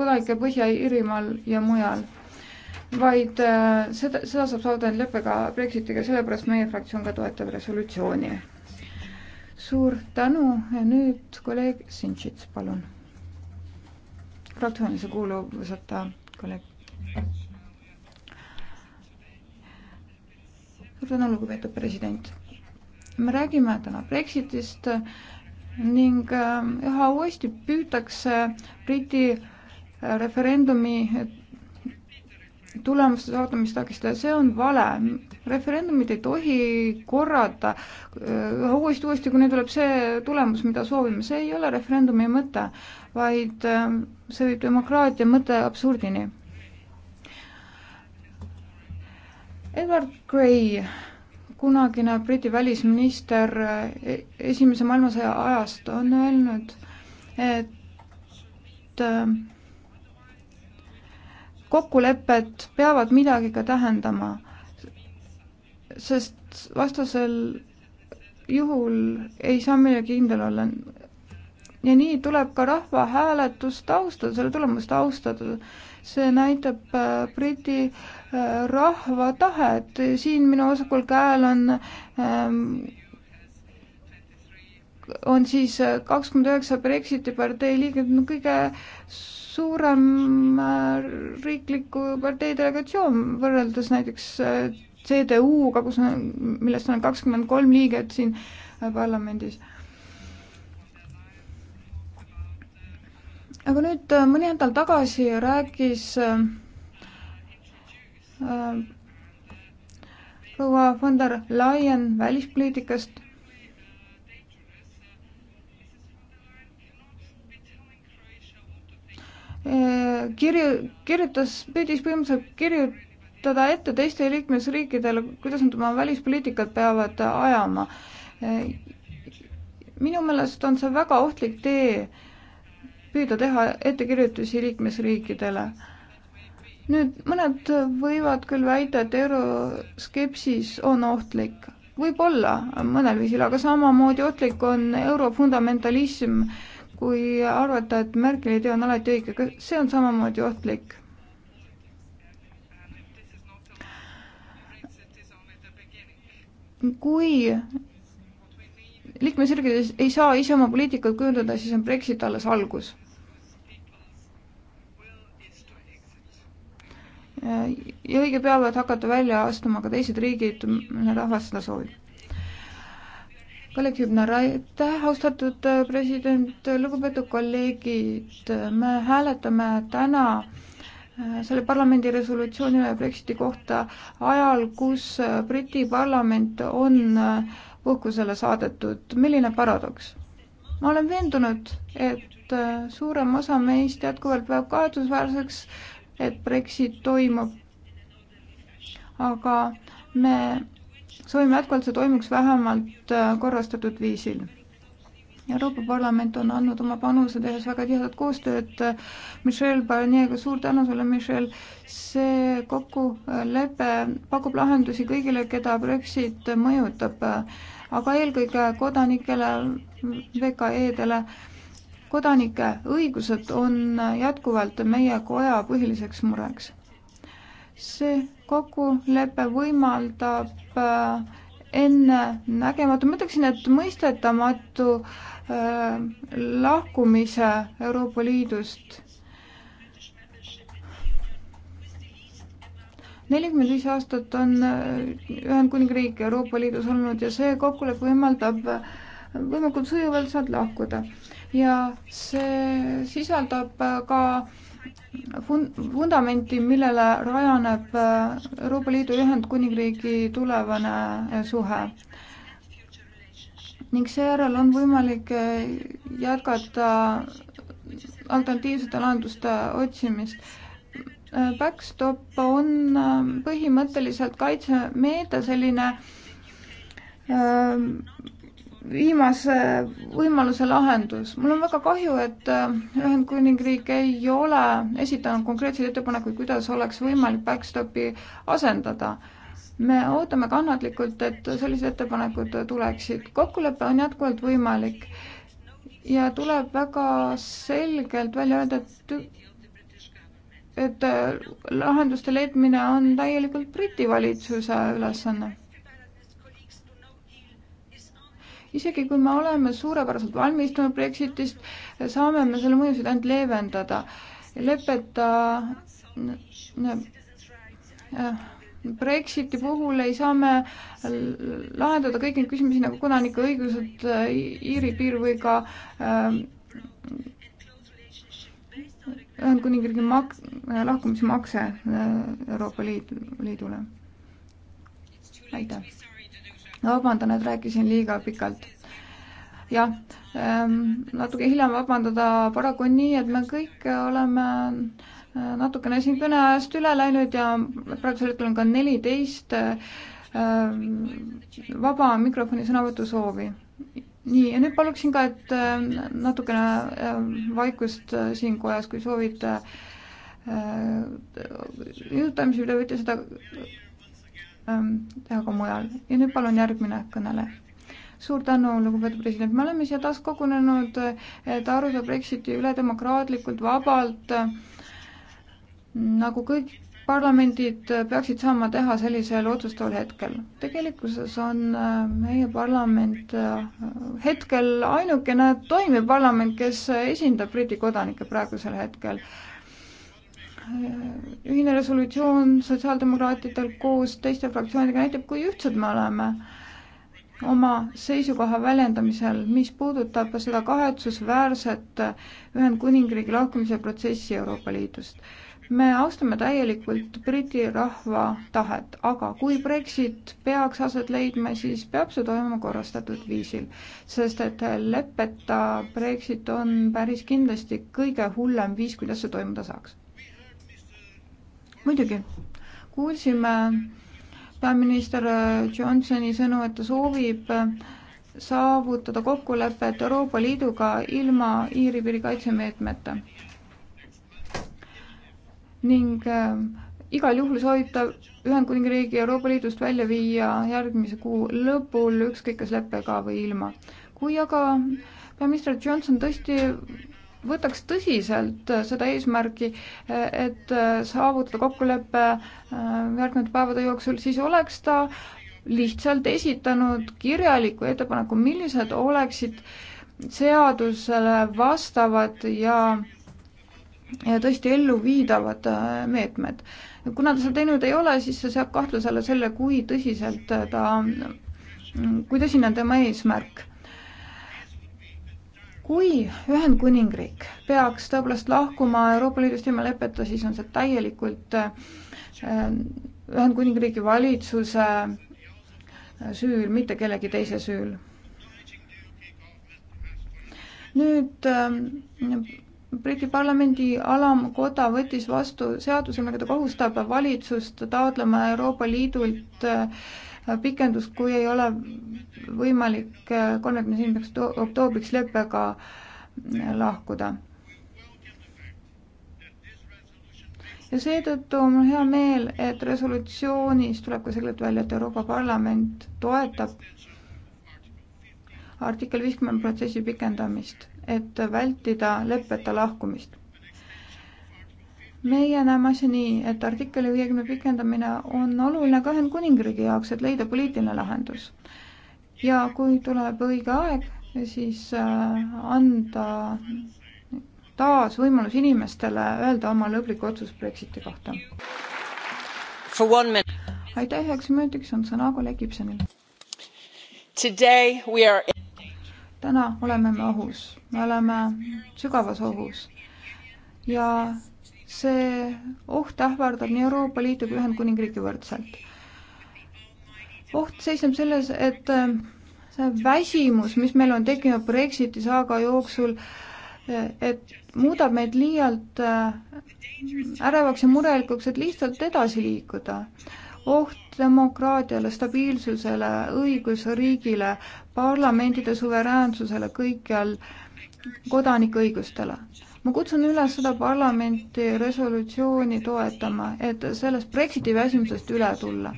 kodanikke Põhja-Iirimaal ja mujal. vaid seda, seda saab saavutada leppega Brexitiga, sellepärast meie fraktsioon ka toetab resolutsiooni suur tänu ja nüüd kolleeg Sinšits, palun. fraktsioonilise kuuluvuseta kolleeg. suur tänu, lugupeetud president. me räägime täna Brexitist ning äh, üha uuesti püütakse Briti äh, referendumi tulemuste saatamist takistada, see on vale. referendumit ei tohi korrata äh, uuesti-uuesti, kuni tuleb see tulemus, mida soovime, see ei ole referendumi mõte, vaid äh, see viib demokraatia mõte absurdini. Edward Gray, kunagine Briti välisminister Esimese maailmasõja ajast, on öelnud, et äh, kokkulepped peavad midagi ka tähendama, sest vastasel juhul ei saa millegi kindel olla. ja nii tuleb ka rahvahääletust austada, selle tulemust austada. see näitab äh, Briti äh, rahva tahet, siin minu vasakul käel on ähm, on siis äh, kakskümmend üheksa Brexiti partei liiget, no kõige suurem äh, riikliku partei delegatsioon võrreldes näiteks äh, CDU-ga, kus on, millest on kakskümmend kolm liiget siin äh, parlamendis. aga nüüd mõni nädal tagasi rääkis proua von der Leyen välispoliitikast Äh, kirju-, kirjutas, püüdis põhimõtteliselt kirjutada ette teistele liikmesriikidele, kuidas nad oma välispoliitikat peavad äh, ajama. Äh, minu meelest on see väga ohtlik tee, püüda teha ettekirjutusi liikmesriikidele. nüüd mõned võivad küll väita, et euroskepsis on ohtlik, võib-olla mõnel viisil, aga samamoodi ohtlik on eurofundamentalsm, kui arvata, et Merkeli tee on alati õige, see on samamoodi ohtlik. kui liikmesriikides ei saa ise oma poliitikat kujundada, siis on Brexit alles algus ja õige pea võivad hakata välja astuma ka teised riigid, mille rahvas seda soovib kolleeg Hübner, aitäh, austatud äh, president, lugupeetud kolleegid, me hääletame täna äh, selle parlamendi resolutsiooni üle Brexiti kohta ajal, kus äh, Briti parlament on puhkusele saadetud, milline paradoks? ma olen veendunud, et suurem osa meist jätkuvalt peab kahetsusväärseks, et Brexit toimub, aga me soovime jätkuvalt, see toimuks vähemalt äh, korrastatud viisil. Euroopa Parlament on andnud oma panuse, tehes väga tihedat koostööd äh, Michel Barnier'ga, suur tänu sulle, Michel, see kokkulepe pakub lahendusi kõigile, keda Brexit mõjutab, äh, aga eelkõige kodanikele, VKE-dele kodanike õigused on jätkuvalt meie koja põhiliseks mureks. see kokkulepe võimaldab ennenägematu, ma ütleksin, et mõistetamatu äh, lahkumise Euroopa Liidust. nelikümmend viis aastat on äh, Ühendkuningriik Euroopa Liidus olnud ja see kokkulepe võimaldab võimalikult sujuvalt sealt lahkuda ja see sisaldab äh, ka äh, fun-, vundamenti, millele rajaneb äh, Euroopa Liidu ja Ühendkuningriigi tulevane äh, suhe. ning seejärel on võimalik äh, jätkata alternatiivsete lahenduste otsimist. Backstop on põhimõtteliselt kaitsemeede, selline viimase võimaluse lahendus. mul on väga kahju, et äh, Ühendkuningriik ei ole esitanud konkreetseid ettepanekuid, kuidas oleks võimalik backstopi asendada. me ootame kannatlikult, et sellised ettepanekud tuleksid. kokkulepe on jätkuvalt võimalik ja tuleb väga selgelt välja öelda, et et äh, lahenduste leidmine on täielikult Briti valitsuse ülesanne isegi kui me oleme suurepäraselt valmistunud Brexitist, saame me selle mõjusid ainult leevendada. lepeta äh, Brexiti puhul ei saa me lahendada kõiki neid küsimusi nagu kodanikuõigused, äh, Iiri piir või ka äh, Ühendkuningriigi mak-, lahkumismakse Euroopa Liit, Liidule. aitäh! vabandan, et rääkisin liiga pikalt. jah, ähm, natuke hiljem vabandada, paraku on nii, et me kõik oleme äh, natukene siin kõne ajast üle läinud ja praegusel hetkel on ka neliteist ähm, vaba mikrofoni sõnavõtusoovi. nii, ja nüüd paluksin ka, et äh, natukene äh, vaikust siin kojas, kui soovite jutamisi üle, võite seda Ähm, teha ka mujal. ja nüüd palun järgmine kõneleja suur tänu, lugupeetud president, me oleme siia taas kogunenud, et arutada Brexiti üle demokraatlikult, vabalt, nagu kõik parlamendid peaksid saama teha sellisel otsustaval hetkel. tegelikkuses on äh, meie parlament äh, hetkel ainukene toimiv parlament, kes esindab Briti kodanikke praegusel hetkel ühine resolutsioon sotsiaaldemokraatidel koos teiste fraktsioonidega näitab, kui ühtsed me oleme oma seisukoha väljendamisel, mis puudutab seda kahetsusväärset Ühendkuningriigi lahkumise protsessi Euroopa Liidust. me austame täielikult Briti rahva tahet, aga kui Brexit peaks aset leidma, siis peab see toimuma korrastatud viisil, sest et leppeta Brexit on päris kindlasti kõige hullem viis, kuidas see toimuda saaks muidugi, kuulsime peaminister Johnsoni sõnu, et ta soovib saavutada kokkulepet Euroopa Liiduga ilma Iiri piiri kaitsemeetmeta. ning äh, igal juhul soovib ta Ühendkuningriigi Euroopa Liidust välja viia järgmise kuu lõpul, ükskõik kas leppega või ilma. kui aga peaminister Johnson tõesti võtaks tõsiselt seda eesmärki, et saavutada kokkulepe äh, järgnevate päevade jooksul, siis oleks ta lihtsalt esitanud kirjaliku ettepaneku, millised oleksid seadusele vastavad ja ja tõesti elluviidavad äh, meetmed. kuna ta seda teinud ei ole, siis see seab kahtluse alla selle, kui tõsiselt ta, mm, kui tõsine on tema eesmärk kui Ühendkuningriik peaks tõepoolest lahkuma Euroopa Liidust ilma lepeta, siis on see täielikult äh, Ühendkuningriigi valitsuse äh, süül, mitte kellegi teise süül. nüüd äh, Briti parlamendi alamkoda võttis vastu seaduse, millega ta kohustab valitsust taotlema Euroopa Liidult äh, pikendus, kui ei ole võimalik kolmekümne esimeseks oktoobriks leppega lahkuda. ja seetõttu on mul hea meel, et resolutsioonis tuleb ka selgelt välja, et Euroopa Parlament toetab artikkel viiskümmend protsessi pikendamist, et vältida leppeta lahkumist meie näeme asja nii, et artikli viiekümne pikendamine on oluline ka Ühendkuningriigi jaoks, et leida poliitiline lahendus. ja kui tuleb õige aeg, siis äh, anda taas võimalus inimestele öelda oma lõplik otsus Brexiti kohta. aitäh, üheks minutiks on sõna kolleeg Gibsonil. Are... täna oleme me ohus, me oleme sügavas ohus ja see oht ähvardab nii Euroopa Liitu kui Ühendkuningriiki võrdselt. oht seisneb selles, et äh, see väsimus, mis meil on tekkinud Brexiti saaga jooksul, äh, et muudab meid liialt äh, ärevaks ja murelikuks, et lihtsalt edasi liikuda. oht demokraatiale, stabiilsusele, õigusriigile, parlamentide suveräänsusele kõikjal, kodanikuõigustele ma kutsun üles seda parlamenti resolutsiooni toetama, et sellest Brexiti väsimusest üle tulla.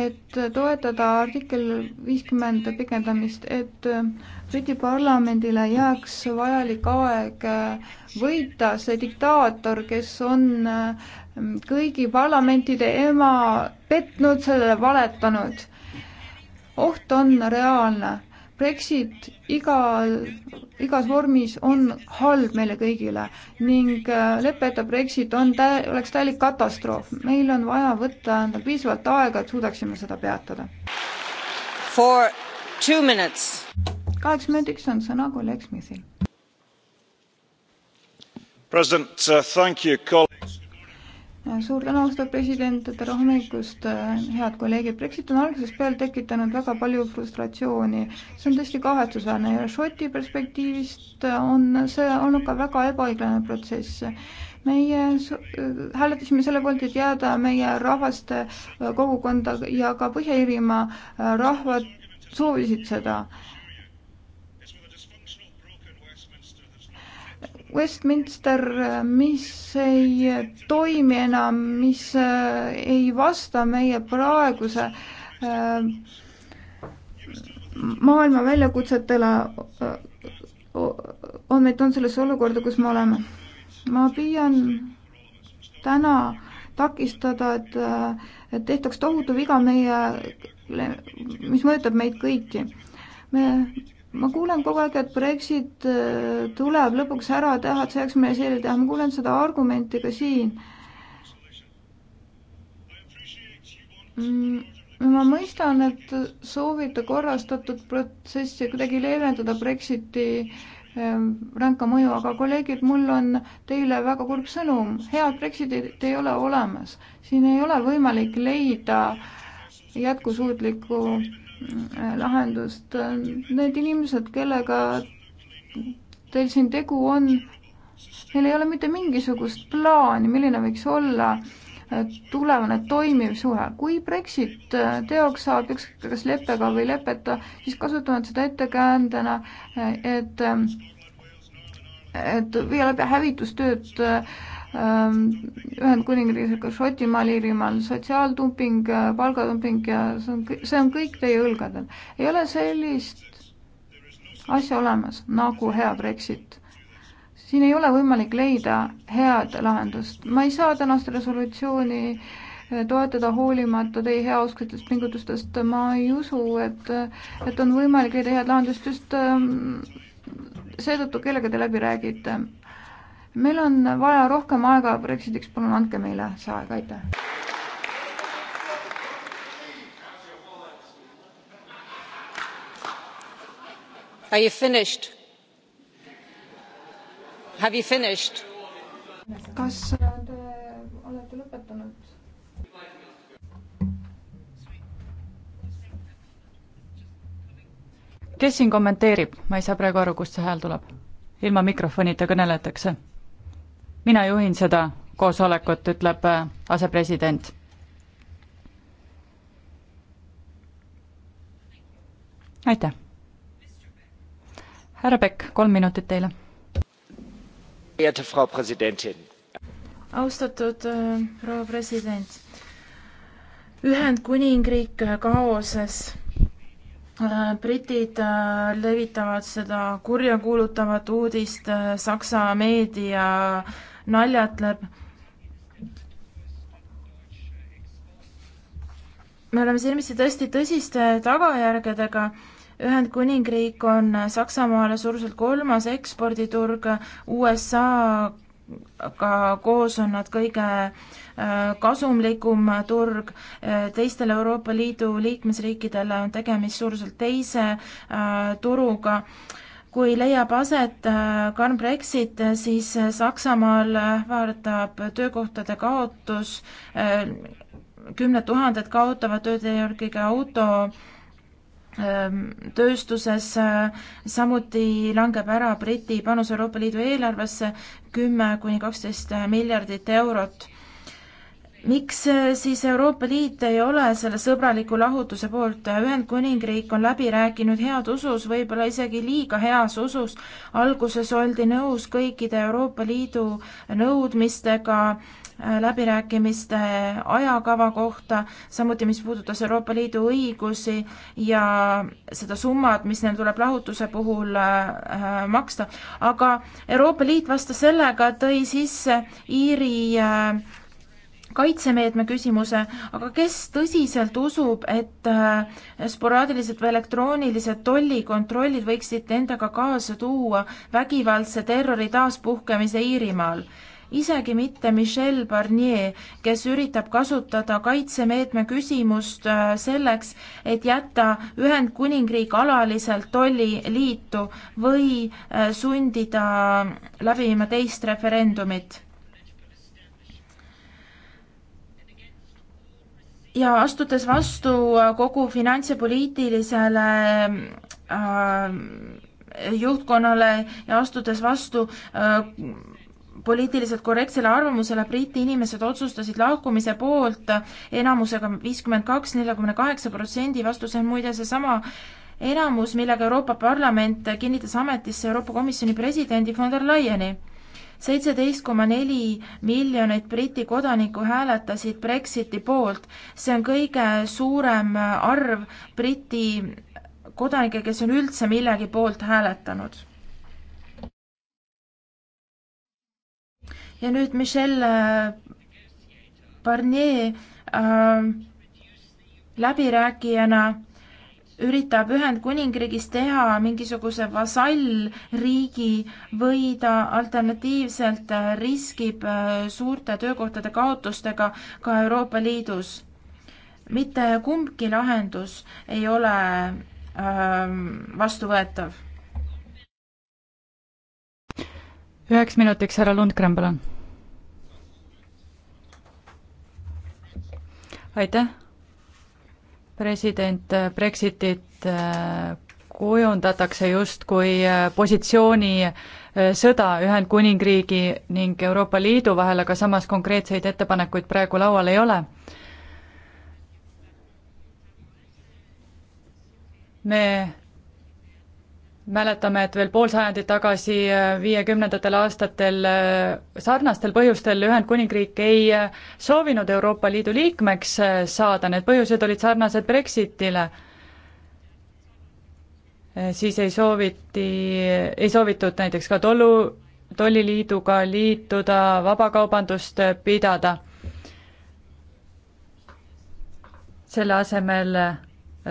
et toetada artikkel viiskümmend pikendamist, et Briti parlamendile jääks vajalik aeg võita see diktaator, kes on kõigi parlamentide ema petnud, sellele valetanud. oht on reaalne Brexit iga, igas vormis on halb meile kõigile ning äh, lepeta Brexit on tä-, oleks täielik katastroof. meil on vaja võtta endal piisavalt aega, et suudaksime seda peatada. kaheks minutiks on sõna kolleeg Smithil. president uh,, thank you suur tänu, austatud president, tere hommikust, head kolleegid. Brexit on algusest peale tekitanud väga palju frustratsiooni. see on tõesti kahetsusväärne ja Šoti perspektiivist on see olnud ka väga ebaõiglane protsess. meie hääletasime selle poolt, et jääda meie rahvaste äh, kogukonda ja ka Põhja-Iirimaa äh, rahvad soovisid seda Westminster, mis ei toimi enam, mis äh, ei vasta meie praeguse äh, maailma väljakutsetele, äh, on meid toonud sellesse olukorda, kus me oleme. ma püüan täna takistada, et, et tehtaks tohutu viga meie, mis mõjutab meid kõiki. me ma kuulen kogu aeg, et Brexit äh, tuleb lõpuks ära teha, et see jääks meie seeli teha, ma kuulen seda argumenti ka siin. Mm, ma mõistan, et soovite korrastatud protsessi kuidagi leevendada Brexiti ähm, ränka mõju, aga kolleegid, mul on teile väga kurb sõnum, head Brexitit ei ole olemas, siin ei ole võimalik leida jätkusuutlikku lahendust. Need inimesed, kellega teil siin tegu on, neil ei ole mitte mingisugust plaani, milline võiks olla tulevane toimiv suhe. kui Brexit äh, teoks saab, ükskõik kas leppega või leppeta, siis kasutavad seda ettekäändena, äh, et ähm, et viia läbi hävitustööd äh, Ähm, Ühendkuningriigis, Šotimaal, Iirimaal, sotsiaaldumping, äh, palgatumping ja see on, see on kõik teie õlgadel. ei ole sellist asja olemas nagu hea Brexit. siin ei ole võimalik leida head lahendust. ma ei saa tänast resolutsiooni äh, toetada hoolimata teie heausksetest pingutustest, ma ei usu, et, et on võimalik leida head lahendust just ähm, seetõttu, kellega te läbi räägite meil on vaja rohkem aega Brexitiks, palun andke meile see aeg, aitäh. Are you finished? Have you finished? kas äh, te olete lõpetanud? kes siin kommenteerib, ma ei saa praegu aru, kust see hääl tuleb. ilma mikrofonita kõneletakse mina juhin seda koosolekut, ütleb äh, asepresident. aitäh. härra Pekk, kolm minutit teile. austatud äh, proua president, Ühendkuningriik kaoses äh, britid levitavad seda kurjakuulutavat uudist Saksa meedia naljatleb. me oleme silmitsi tõesti tõsiste tagajärgedega. Ühendkuningriik on Saksamaale suuruselt kolmas eksporditurg, USA aga koos on nad kõige äh, kasumlikum turg, äh, teistel Euroopa Liidu liikmesriikidel on tegemist suuruselt teise äh, turuga kui leiab aset äh, karm Brexit, äh, siis äh, Saksamaal ähvardab töökohtade kaotus, kümned tuhanded kaotavad tööd eelkõige auto ähm, tööstuses, samuti langeb ära Briti panus Euroopa Liidu eelarvesse kümme kuni kaksteist miljardit eurot miks äh, siis Euroopa Liit ei ole selle sõbraliku lahutuse poolt, Ühendkuningriik on läbi rääkinud head usus, võib-olla isegi liiga heas usus, alguses oldi nõus kõikide Euroopa Liidu nõudmistega, äh, läbirääkimiste ajakava kohta, samuti mis puudutas Euroopa Liidu õigusi ja seda summat, mis neil tuleb lahutuse puhul äh, maksta, aga Euroopa Liit vastas sellega, tõi sisse Iiri äh, kaitsemeetme küsimuse, aga kes tõsiselt usub, et äh, sporaadilised või elektroonilised tollikontrollid võiksid endaga kaasa tuua vägivaldse terrori taaspuhkemise Iirimaal? isegi mitte Michel Barnier, kes üritab kasutada kaitsemeetme küsimust äh, selleks, et jätta Ühendkuningriik alaliselt tolliliitu või äh, sundida läbi viima teist referendumit ja astudes vastu kogu finants- ja poliitilisele äh, juhtkonnale ja astudes vastu äh, poliitiliselt korrektsele arvamusele Briti inimesed otsustasid lahkumise poolt enamusega viiskümmend kaks, neljakümne kaheksa protsendi, vastus on muide seesama enamus, millega Euroopa Parlament kinnitas ametisse Euroopa Komisjoni presidendi von der Leyeni seitseteist koma neli miljonit Briti kodanikku hääletasid Brexiti poolt. see on kõige suurem arv Briti kodanikke, kes on üldse millegi poolt hääletanud. ja nüüd Michel äh, Barnier äh, läbirääkijana üritab Ühendkuningriigist teha mingisuguse vasallriigi või ta alternatiivselt äh, riskib äh, suurte töökohtade kaotustega ka Euroopa Liidus. mitte kumbki lahendus ei ole ähm, vastuvõetav. üheks minutiks härra Lundgren, palun. aitäh president, äh, Brexitit äh, kujundatakse justkui äh, positsiooni sõda Ühendkuningriigi ning Euroopa Liidu vahel, aga samas konkreetseid ettepanekuid praegu laual ei ole. me mäletame, et veel pool sajandit tagasi, äh, viiekümnendatel aastatel äh, sarnastel põhjustel Ühendkuningriik ei äh, soovinud Euroopa Liidu liikmeks saada, need põhjused olid sarnased Brexitile. siis ei sooviti, ei soovitud näiteks ka tollu, tolliliiduga liituda, vabakaubandust pidada. selle asemel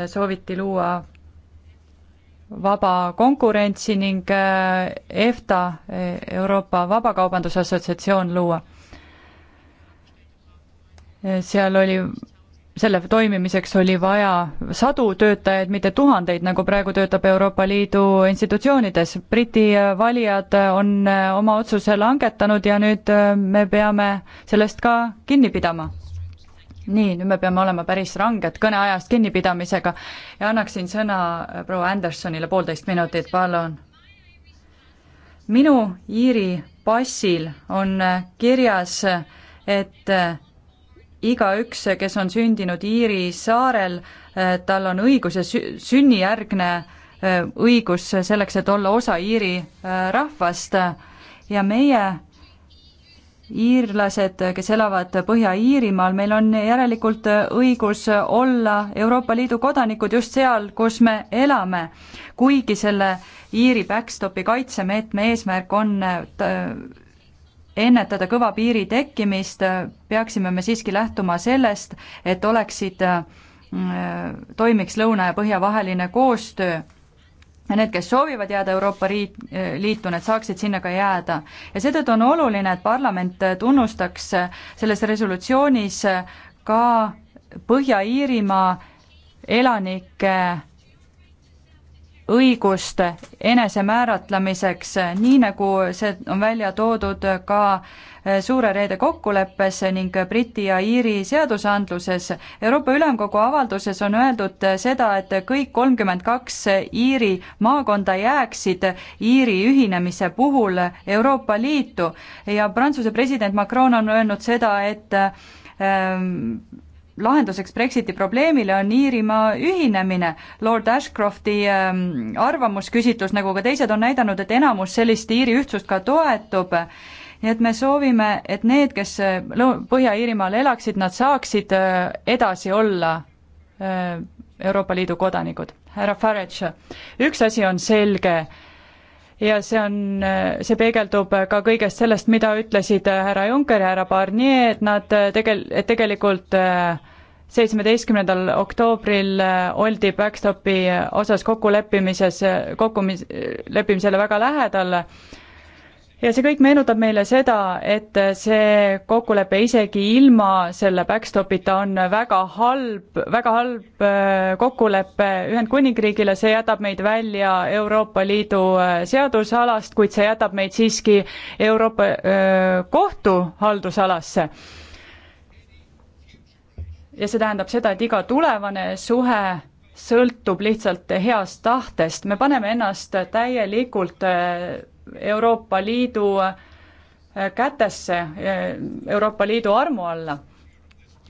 sooviti luua vaba konkurentsi ning äh, EFTA, äh, Euroopa Vabakaubanduse Assotsiatsioon luua. Äh, seal oli, selle toimimiseks oli vaja sadu töötajaid, mitte tuhandeid, nagu praegu töötab Euroopa Liidu institutsioonides. Briti valijad on oma otsuse langetanud ja nüüd me peame sellest ka kinni pidama nii, nüüd me peame olema päris ranged kõneajast kinnipidamisega ja annaksin sõna äh, proua Andersonile poolteist minutit, palun. minu Iiri passil on äh, kirjas, äh, et igaüks, kes on sündinud Iiri saarel, tal on õigus ja sünnijärgne õigus selleks, et olla osa Iiri rahvast ja meie iirlased, kes elavad Põhja-Iirimaal, meil on järelikult õigus olla Euroopa Liidu kodanikud just seal, kus me elame. kuigi selle Iiri backstopi kaitsemeetme eesmärk on äh, ennetada kõva piiri tekkimist, peaksime me siiski lähtuma sellest, et oleksid, äh, toimiks lõuna ja põhja vaheline koostöö ja need, kes soovivad jääda Euroopa riit, liitu, need saaksid sinna ka jääda. ja seetõttu on oluline, et parlament tunnustaks selles resolutsioonis ka Põhja-Iirimaa elanike õigust enesemääratlemiseks, nii nagu see on välja toodud ka äh, Äh, suure Reede kokkuleppes ning Briti ja Iiri seadusandluses. Euroopa Ülemkogu avalduses on öeldud seda, et kõik kolmkümmend kaks Iiri maakonda jääksid Iiri ühinemise puhul Euroopa Liitu ja Prantsuse president Macron on öelnud seda, et ähm, lahenduseks Brexiti probleemile on Iirimaa ühinemine. Lord Ashcrofti ähm, arvamusküsitlus, nagu ka teised, on näidanud, et enamus sellist Iiri ühtsust ka toetub nii et me soovime, et need, kes äh, Põhja-Iirimaal elaksid, nad saaksid äh, edasi olla äh, Euroopa Liidu kodanikud. härra Farage, üks asi on selge ja see on, see peegeldub ka kõigest sellest, mida ütlesid härra Juncker ja härra Barnier, et nad tegel-, et tegelikult seitsmeteistkümnendal oktoobril oldi backstopi osas kokkuleppimises, kokku- leppimisele väga lähedal ja see kõik meenutab meile seda, et see kokkulepe isegi ilma selle backstopita on väga halb, väga halb äh, kokkulepe Ühendkuningriigile, see jätab meid välja Euroopa Liidu äh, seadusalast, kuid see jätab meid siiski Euroopa äh, Kohtu haldusalasse ja see tähendab seda, et iga tulevane suhe sõltub lihtsalt heast tahtest, me paneme ennast täielikult Euroopa Liidu äh, kätesse, äh, Euroopa Liidu armu alla.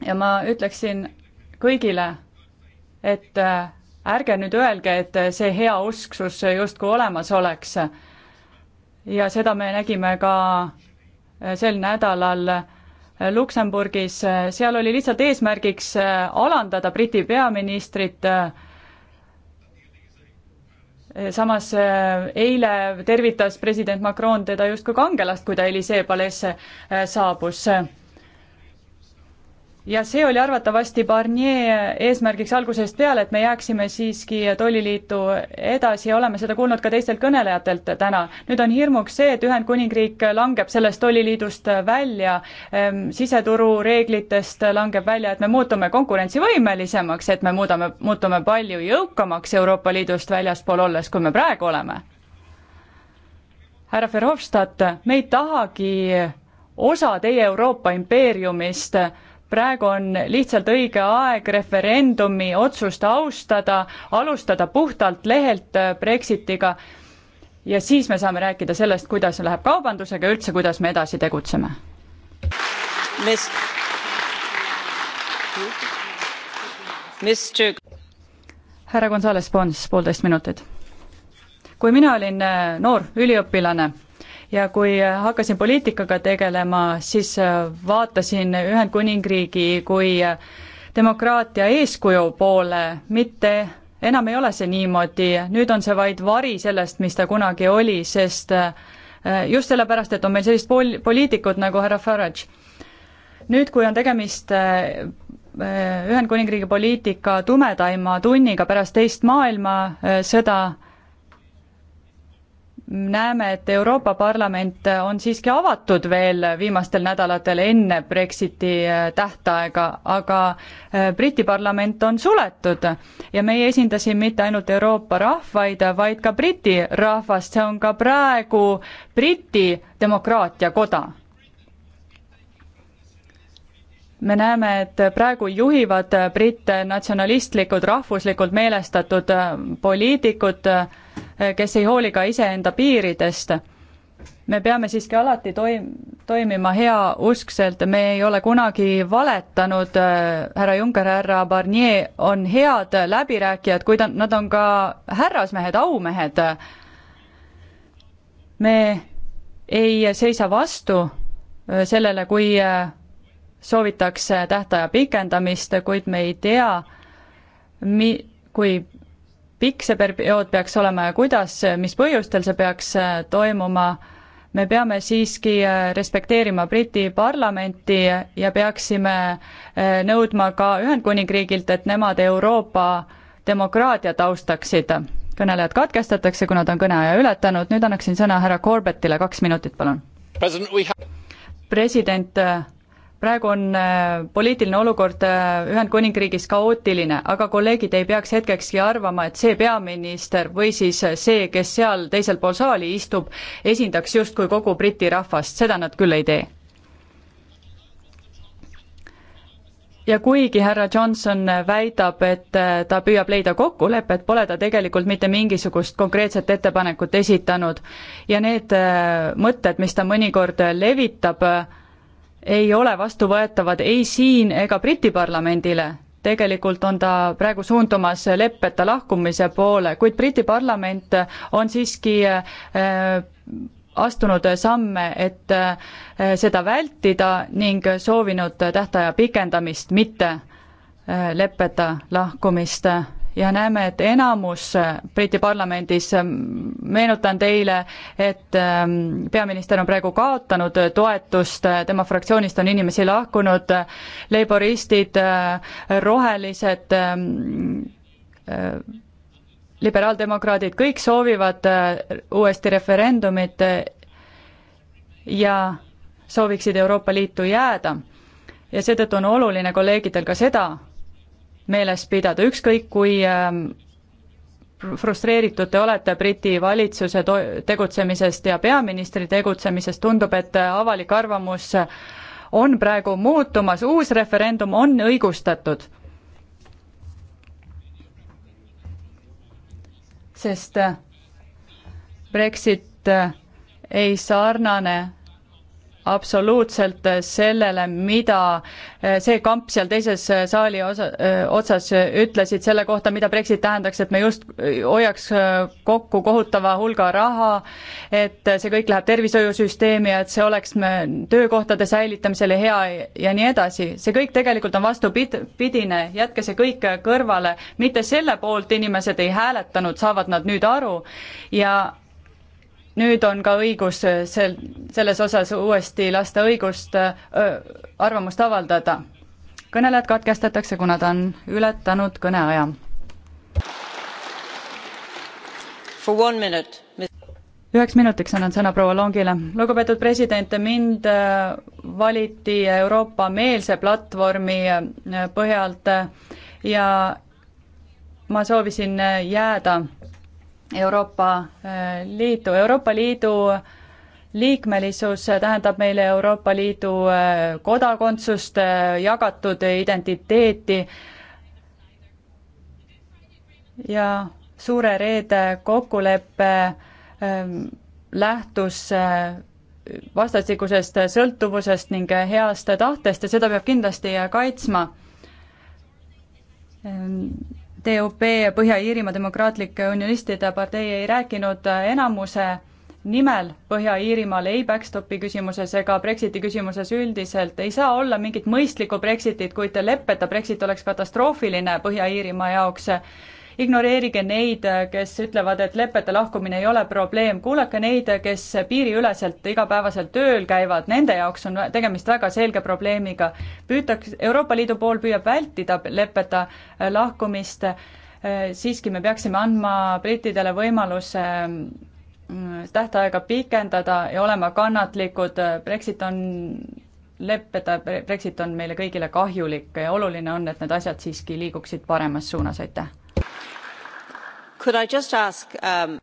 ja ma ütleksin kõigile, et äh, ärge nüüd öelge, et see heausksus justkui olemas oleks. ja seda me nägime ka sel nädalal Luksemburgis, seal oli lihtsalt eesmärgiks alandada Briti peaministrit äh, Eh, samas eh, eile tervitas president Macron teda justkui kangelast, kui ta Elysee paleesse eh, saabus ja see oli arvatavasti Barnier eesmärgiks algusest peale, et me jääksime siiski tolliliitu edasi ja oleme seda kuulnud ka teistelt kõnelejatelt täna. nüüd on hirmuks see, et Ühendkuningriik langeb sellest tolliliidust välja, ehm, siseturu reeglitest langeb välja, et me muutume konkurentsivõimelisemaks, et me muudame, muutume palju jõukamaks Euroopa Liidust väljaspool olles, kui me praegu oleme. härra Verhofstadt, me ei tahagi osa teie Euroopa impeeriumist praegu on lihtsalt õige aeg referendumi otsust austada, alustada puhtalt lehelt äh, Brexitiga ja siis me saame rääkida sellest, kuidas läheb kaubandusega ja üldse, kuidas me edasi tegutseme. härra Gonzales Pons, poolteist minutit. kui mina olin äh, noor üliõpilane ja kui hakkasin poliitikaga tegelema, siis äh, vaatasin Ühendkuningriigi kui äh, demokraatia eeskuju poole, mitte enam ei ole see niimoodi, nüüd on see vaid vari sellest, mis ta kunagi oli, sest äh, just sellepärast, et on meil sellised pol-, poliitikud nagu härra Farage. nüüd, kui on tegemist Ühendkuningriigi poliitika tumedaima tunniga pärast teist maailmasõda, näeme, et Euroopa Parlament on siiski avatud veel viimastel nädalatel enne Brexiti äh, tähtaega, aga äh, Briti parlament on suletud ja meie esindasime mitte ainult Euroopa rahvaid, vaid ka Briti rahvast, see on ka praegu Briti demokraatiakoda me näeme, et praegu juhivad britte natsionalistlikud, rahvuslikult meelestatud äh, poliitikud, äh, kes ei hooli ka iseenda piiridest. me peame siiski alati toim-, toimima heauskselt, me ei ole kunagi valetanud, äh, härra Juncker, härra Barnier on head läbirääkijad, kuid nad on ka härrasmehed, aumehed. me ei seisa vastu sellele, kui soovitakse tähtaja pikendamist, kuid me ei tea, mi-, kui pikk see periood peaks olema ja kuidas, mis põhjustel see peaks toimuma, me peame siiski respekteerima Briti parlamenti ja peaksime eh, nõudma ka Ühendkuningriigilt, et nemad Euroopa demokraatia taustaksid. kõnelejad katkestatakse, kuna ta on kõneaja ületanud, nüüd annaksin sõna härra Corbettile, kaks minutit, palun. president, president eh, praegu on äh, poliitiline olukord äh, Ühendkuningriigis kaootiline, aga kolleegid ei peaks hetkekski arvama, et see peaminister või siis see, kes seal teisel pool saali istub, esindaks justkui kogu Briti rahvast, seda nad küll ei tee. ja kuigi härra Johnson väidab, et äh, ta püüab leida kokkulepet, pole ta tegelikult mitte mingisugust konkreetset ettepanekut esitanud ja need mõtted, mis ta mõnikord levitab, ei ole vastuvõetavad ei siin ega Briti parlamendile. tegelikult on ta praegu suundumas leppeta lahkumise poole, kuid Briti parlament on siiski äh, astunud samme, et äh, seda vältida ning soovinud tähtaja pikendamist, mitte äh, lepeta lahkumist ja näeme, et enamus Briti parlamendis, ähm, meenutan teile, et ähm, peaminister on praegu kaotanud toetust, äh, tema fraktsioonist on inimesi lahkunud, äh, leiboristid, äh, rohelised, ähm, liberaaldemokraadid, kõik soovivad uuesti referendumit ja sooviksid Euroopa Liitu jääda. ja seetõttu on oluline kolleegidel ka seda meeles pidada, ükskõik kui ähm, frustreeritud te olete Briti valitsuse to-, tegutsemisest ja peaministri tegutsemisest, tundub, et avalik arvamus on praegu muutumas, uus referendum on õigustatud. sest äh, Brexit äh, ei sarnane absoluutselt sellele, mida eh, see kamp seal teises eh, saali osa, eh, otsas ütlesid selle kohta, mida Brexit tähendaks, et me just hoiaks kokku kohutava hulga raha, et see kõik läheb tervishoiusüsteemi ja et see oleks me töökohtade säilitamisele hea ja nii edasi. see kõik tegelikult on vastupidine, jätke see kõik kõrvale, mitte selle poolt inimesed ei hääletanud, saavad nad nüüd aru, ja nüüd on ka õigus sel, selles osas uuesti lasta õigust öö, arvamust avaldada. kõnelejad katkestatakse, kuna ta on ületanud kõneaja. üheks minutiks annan sõna proua Longile. lugupeetud president, mind valiti Euroopa-meelse platvormi põhjalt ja ma soovisin jääda Euroopa äh, Liitu. Euroopa Liidu liikmelisus tähendab meile Euroopa Liidu äh, kodakondsust, äh, jagatud identiteeti ja Suure Reede kokkulepe lähtus vastastikusest sõltuvusest ning heast tahtest ja seda peab kindlasti kaitsma DOP Põhja-Iirimaa Demokraatlike Unionistide partei ei rääkinud enamuse nimel Põhja-Iirimaal ei backstopi küsimuses ega Brexiti küsimuses üldiselt ei saa olla mingit mõistlikku Brexitit, kuid leppeta Brexit oleks katastroofiline Põhja-Iirimaa jaoks ignoreerige neid, kes ütlevad, et lepete lahkumine ei ole probleem, kuulake neid, kes piiriüleselt igapäevaselt tööl käivad, nende jaoks on tegemist väga selge probleemiga. püütakse, Euroopa Liidu pool püüab vältida lepeta äh, lahkumist, äh, siiski me peaksime andma brittidele võimaluse mm, tähtaega pikendada ja olema kannatlikud, Brexit on leppeda, Brexit on meile kõigile kahjulik ja oluline on, et need asjad siiski liiguksid paremas suunas, aitäh! Um...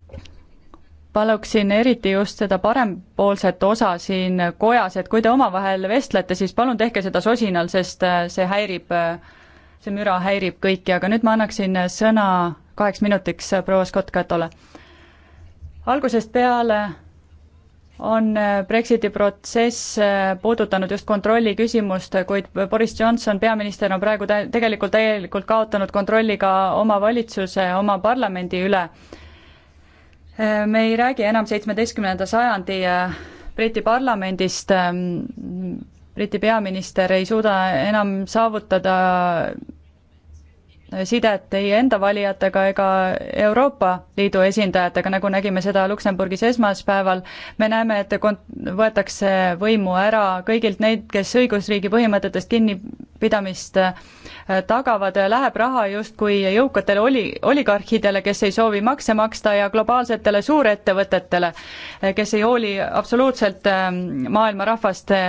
paluksin eriti just seda parempoolset osa siin kojas, et kui te omavahel vestlete, siis palun tehke seda sosinal, sest äh, see häirib, äh, see müra häirib kõiki, aga nüüd ma annaksin sõna kaheks minutiks äh, proua Scott Katole. algusest peale on äh, Brexiti protsess äh, puudutanud just kontrolli küsimust, kuid Boris Johnson peaminister on praegu tä-, tegelikult täielikult kaotanud kontrolli ka oma valitsuse, oma parlamendi üle. Äh, me ei räägi enam seitsmeteistkümnenda sajandi Briti parlamendist, ähm, Briti peaminister ei suuda enam saavutada sidet teie enda valijatega ega Euroopa Liidu esindajatega, nagu nägime seda Luksemburgis esmaspäeval. me näeme, et kont-, võetakse võimu ära kõigilt neid, kes õigusriigi põhimõtetest kinnipidamist äh, tagavad, läheb raha justkui jõukatele oli-, oligarhidele, kes ei soovi makse maksta ja globaalsetele suurettevõtetele, äh, kes ei hooli absoluutselt äh, maailma rahvaste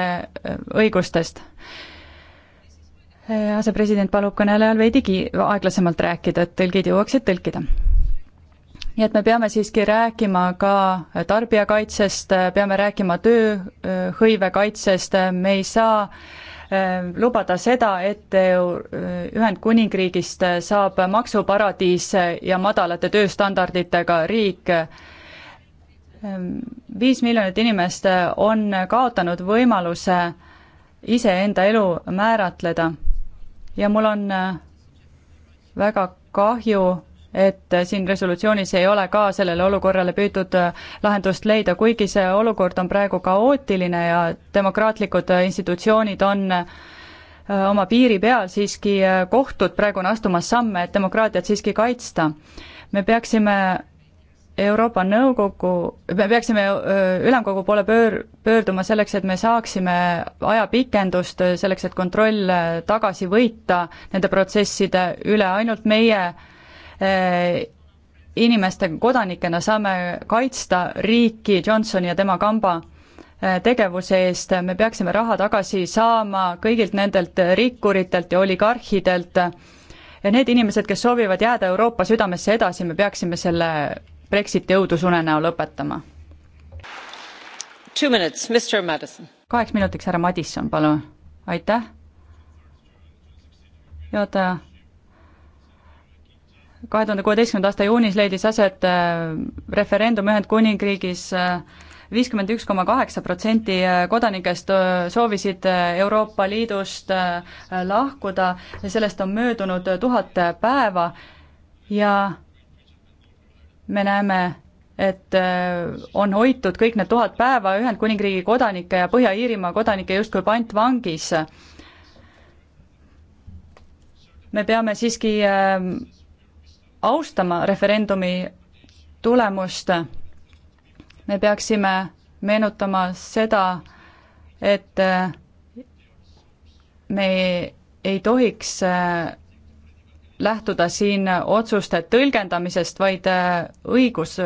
õigustest Äh, asepresident palub kõnelejal veidi ki-, aeglasemalt rääkida, et tõlgid jõuaksid tõlkida. nii et me peame siiski rääkima ka tarbijakaitsest, peame rääkima tööhõive kaitsest, me ei saa äh, lubada seda, et Ühendkuningriigist saab maksuparadiis ja madalate tööstandarditega riik. Ähm, viis miljonit inimest on kaotanud võimaluse iseenda elu määratleda ja mul on äh, väga kahju, et äh, siin resolutsioonis ei ole ka sellele olukorrale püütud äh, lahendust leida, kuigi see olukord on praegu kaootiline ja demokraatlikud institutsioonid on oma piiri peal, siiski kohtud praegu on astumas samme, et demokraatiat siiski kaitsta. me peaksime Euroopa Nõukogu, me peaksime Ülemkogu poole pöör-, pöörduma selleks, et me saaksime ajapikendust, selleks et kontroll äh, tagasi võita nende protsesside üle, ainult meie äh, inimeste, kodanikena saame kaitsta riiki Johnsoni ja tema kamba äh, tegevuse eest, me peaksime raha tagasi saama kõigilt nendelt rikkuritelt ja oligarhidelt, ja need inimesed, kes soovivad jääda Euroopa südamesse edasi, me peaksime selle Brexiti õudusune näo lõpetama. kaheks minutiks härra Madisson, palun. aitäh. juhataja kahe tuhande kuueteistkümnenda aasta juunis leidis aset äh, referendum Ühendkuningriigis äh, viiskümmend üks koma kaheksa protsenti äh, kodanikest soovisid Euroopa Liidust lahkuda ja sellest on möödunud tuhat päeva ja me näeme, et äh, on hoitud kõik need tuhat päeva Ühendkuningriigi kodanikke ja Põhja-Iirimaa kodanikke justkui pantvangis. me peame siiski äh, austama referendumi tulemust. me peaksime meenutama seda, et äh, me ei tohiks lähtuda siin otsuste tõlgendamisest, vaid äh, õigus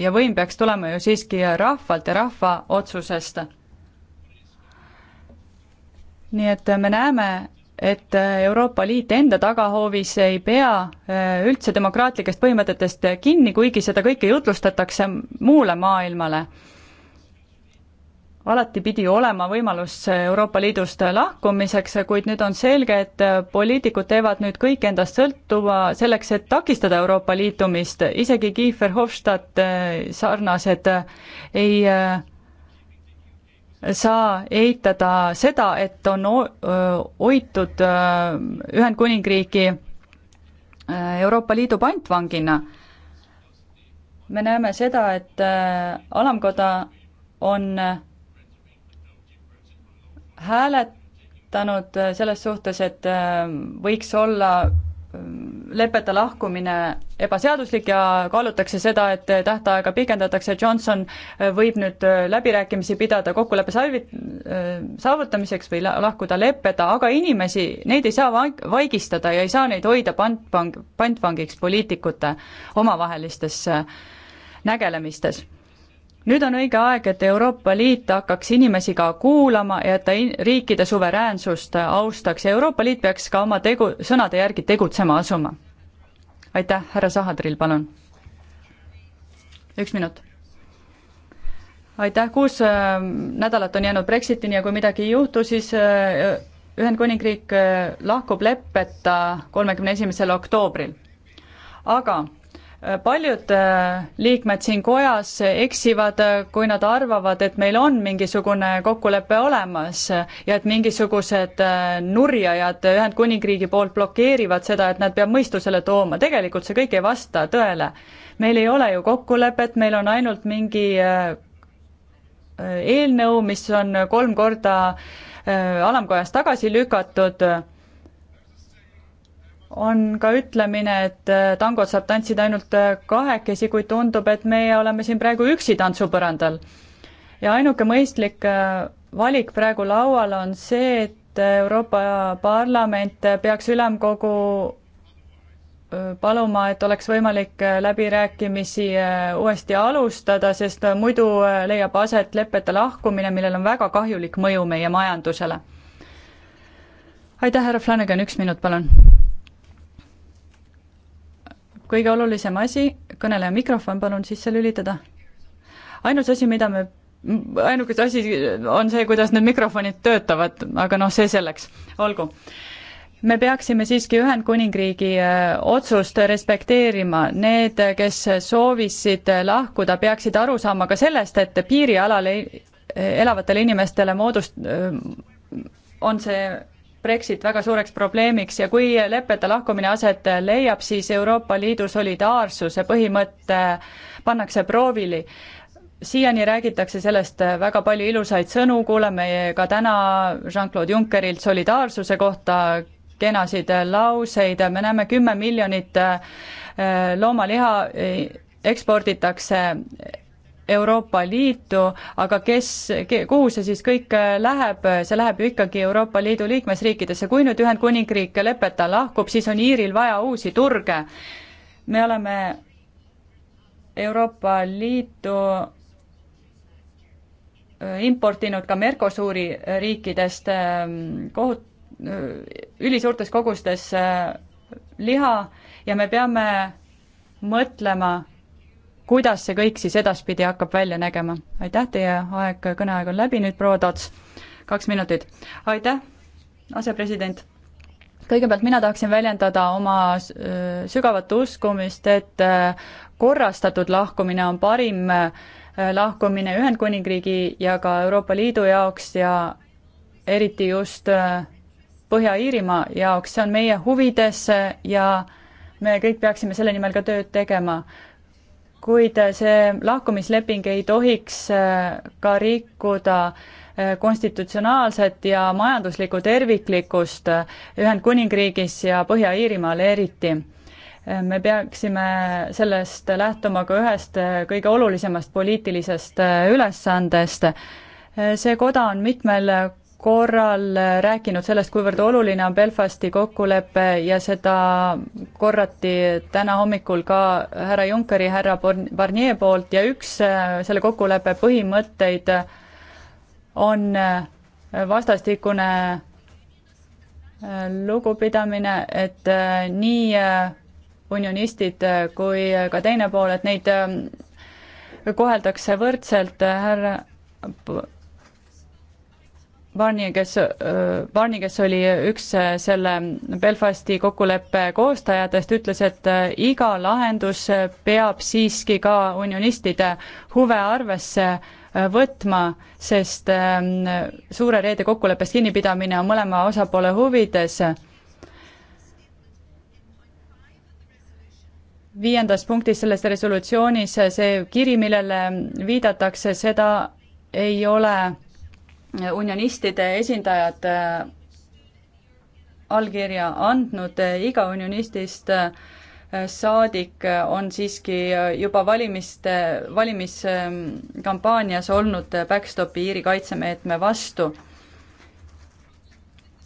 ja võim peaks tulema ju siiski rahvalt ja rahva otsusest. nii et me näeme, et äh, Euroopa Liit enda tagahoovis ei pea äh, üldse demokraatlikest põhimõtetest kinni, kuigi seda kõike jutlustatakse muule maailmale alati pidi olema võimalus Euroopa Liidust lahkumiseks, kuid nüüd on selge, et poliitikud teevad nüüd kõik endast sõltuva selleks, et takistada Euroopa liitumist, isegi Kiefer Hofstadt äh, sarnased ei äh, saa eitada seda, et on äh, hoitud Ühendkuningriigi Euroopa Liidu pantvangina. me näeme seda, et alamkoda on hääletanud selles suhtes, et äh, võiks olla äh, lepete lahkumine ebaseaduslik ja kaalutakse seda, et tähtaega pikendatakse, Johnson äh, võib nüüd läbirääkimisi pidada kokkuleppe salvi-, saavutamiseks või lahkuda leppeda, aga inimesi, neid ei saa vaigistada ja ei saa neid hoida pantvang, pantvangiks poliitikute omavahelistes nägelemistes nüüd on õige aeg, et Euroopa Liit hakkaks inimesi ka kuulama ja et ta riikide suveräänsust austaks ja Euroopa Liit peaks ka oma tegu, sõnade järgi tegutsema asuma. aitäh, härra Sahadril, palun. üks minut. aitäh, kuus äh, nädalat on jäänud Brexitini ja kui midagi ei juhtu, siis äh, Ühendkuningriik äh, lahkub leppeta kolmekümne esimesel oktoobril. aga paljud äh, liikmed siin kojas eksivad, äh, kui nad arvavad, et meil on mingisugune kokkulepe olemas ja et mingisugused äh, nurjajad Ühendkuningriigi poolt blokeerivad seda, et nad peab mõistusele tooma, tegelikult see kõik ei vasta tõele. meil ei ole ju kokkulepet, meil on ainult mingi eelnõu, mis on kolm korda alamkojas tagasi lükatud on ka ütlemine, et äh, tangot saab tantsida ainult äh, kahekesi, kuid tundub, et meie oleme siin praegu üksi tantsupõrandal. ja ainuke mõistlik äh, valik praegu laual on see, et Euroopa Parlament peaks ülemkogu paluma, et oleks võimalik läbirääkimisi uuesti alustada, sest muidu leiab aset lepete lahkumine, millel on väga kahjulik mõju meie majandusele. aitäh, härra Flanagan, üks minut, palun kõige olulisem asi, kõneleja mikrofon palun sisse lülitada. ainus asi, mida me, ainuke asi on see, kuidas need mikrofonid töötavad, aga noh, see selleks, olgu me peaksime siiski Ühendkuningriigi äh, otsust respekteerima. Need, kes soovisid lahkuda, peaksid aru saama ka sellest, et piirialal äh, elavatele inimestele moodust-, äh, on see Brexit väga suureks probleemiks ja kui leppeta lahkumine aset leiab, siis Euroopa Liidu solidaarsuse põhimõte pannakse proovili. siiani räägitakse sellest väga palju ilusaid sõnu, kuuleme ka täna Jean-Claude Junckerilt solidaarsuse kohta kenasid lauseid, me näeme kümme miljonit äh, loomaliha äh, eksporditakse Euroopa Liitu, aga kes, kuhu see siis kõik äh, läheb, see läheb ju ikkagi Euroopa Liidu liikmesriikidesse, kui nüüd Ühendkuningriik lepeta lahkub, siis on Iiril vaja uusi turge. me oleme Euroopa Liitu äh, importinud ka Mercosuri äh, riikidest ähm, kohut-, ülisuurtes kogustes liha ja me peame mõtlema kuidas see kõik siis edaspidi hakkab välja nägema. aitäh, teie aeg, kõneaeg on läbi nüüd, proua Toots, kaks minutit. aitäh, asepresident. kõigepealt mina tahaksin väljendada oma äh, sügavat uskumist, et äh, korrastatud lahkumine on parim äh, lahkumine Ühendkuningriigi ja ka Euroopa Liidu jaoks ja eriti just Põhja-Iirimaa jaoks, see on meie huvides ja me kõik peaksime selle nimel ka tööd tegema kuid äh, see lahkumisleping ei tohiks äh, ka rikkuda äh, konstitutsionaalset ja majanduslikku terviklikkust Ühendkuningriigis ja Põhja-Iirimaal eriti. me peaksime sellest lähtuma ka ühest kõige olulisemast poliitilisest ülesandest. see koda on mitmel korral rääkinud sellest, kuivõrd oluline on Belfasti kokkulepe ja seda korrati täna hommikul ka härra Junckeri, härra Barnier poolt ja üks äh, selle kokkuleppe põhimõtteid on äh, vastastikune äh, lugupidamine, et nii unionistid kui ka teine pool, et neid koheldakse võrdselt, härra Barnier, kes, Barnier, kes oli üks äh, selle Belfasti kokkuleppe koostajatest, ütles, et äh, iga lahendus peab siiski ka unionistide huve arvesse äh, võtma, sest ähm, suure reede kokkuleppest kinnipidamine on mõlema osapoole huvides viiendas punktis selles resolutsioonis see kiri, millele viidatakse, seda ei ole unionistide esindajad äh, allkirja andnud, äh, iga unionistist äh, saadik on siiski juba valimiste, valimiskampaanias olnud backstopi Iiri kaitsemeetme vastu.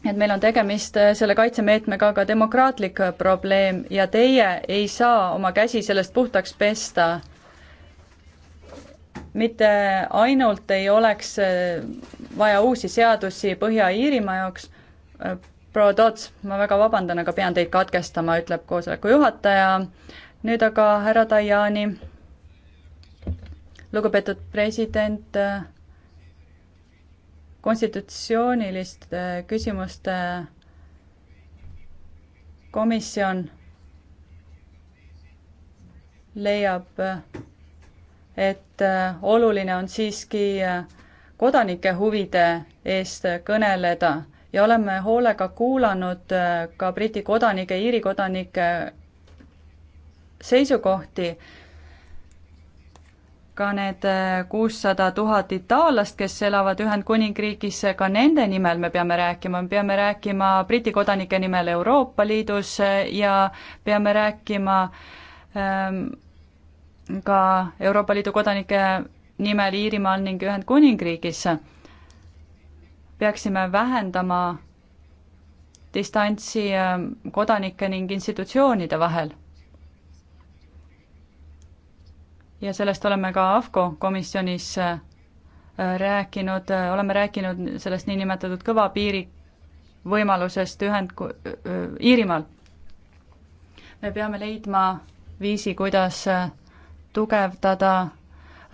et meil on tegemist selle kaitsemeetmega ka demokraatlik probleem ja teie ei saa oma käsi sellest puhtaks pesta mitte ainult ei oleks äh, vaja uusi seadusi Põhja-Iirimaa jaoks, äh, proua Toots, ma väga vabandan, aga pean teid katkestama, ütleb koosoleku juhataja. nüüd aga härra Tajani. lugupeetud president, äh, konstitutsiooniliste küsimuste komisjon leiab et äh, oluline on siiski äh, kodanike huvide eest kõneleda ja oleme hoolega kuulanud äh, ka Briti kodanike, Iiri kodanike seisukohti, ka need kuussada tuhat itaallast, kes elavad Ühendkuningriigis, ka nende nimel me peame rääkima, me peame rääkima Briti kodanike nimel Euroopa Liidus ja peame rääkima ähm, ka Euroopa Liidu kodanike nimel Iirimaal ning Ühendkuningriigis. peaksime vähendama distantsi ähm, kodanike ning institutsioonide vahel. ja sellest oleme ka AFCO komisjonis äh, rääkinud, äh, oleme rääkinud sellest niinimetatud kõva piiri võimalusest Ühend-, äh, Iirimaal. me peame leidma viisi, kuidas tugevdada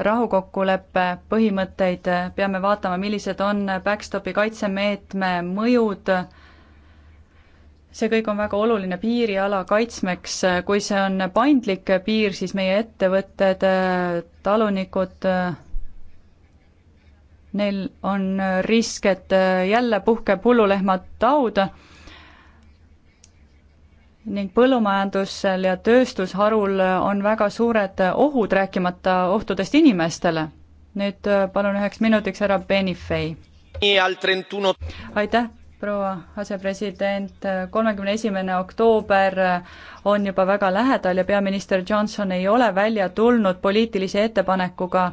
rahukokkuleppe põhimõtteid, peame vaatama, millised on backstopi kaitsemeetme mõjud, see kõik on väga oluline piiriala kaitsmeks, kui see on paindlik piir, siis meie ettevõtted, talunikud, neil on risk, et jälle puhkeb hullulehmataud ning põllumajandusel ja tööstusharul on väga suured ohud, rääkimata ohtudest inimestele. nüüd äh, palun üheks minutiks härra Benifei. aitäh, proua asepresident, kolmekümne esimene oktoober on juba väga lähedal ja peaminister Johnson ei ole välja tulnud poliitilise ettepanekuga,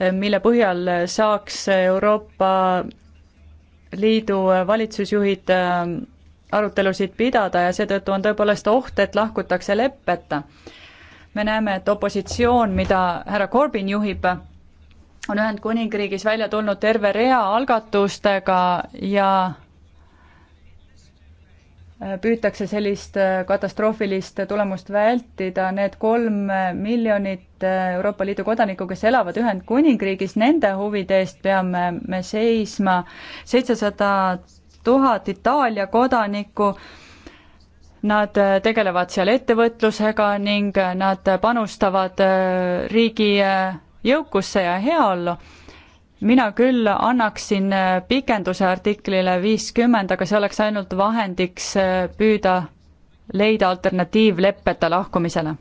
äh, mille põhjal saaks Euroopa Liidu valitsusjuhid äh, arutelusid pidada ja seetõttu on tõepoolest oht, et lahkutakse leppeta. me näeme, et opositsioon, mida härra Corbyn juhib, on Ühendkuningriigis välja tulnud terve rea algatustega ja püütakse sellist katastroofilist tulemust vältida, need kolm miljonit Euroopa Liidu kodanikku, kes elavad Ühendkuningriigis, nende huvide eest peame me seisma, seitsesada tuhat Itaalia kodanikku. Nad äh, tegelevad seal ettevõtlusega ning äh, nad panustavad äh, riigi jõukusse ja heaollu mina küll annaksin pikenduse artiklile viiskümmend, aga see oleks ainult vahendiks püüda leida alternatiiv leppeta lahkumisele.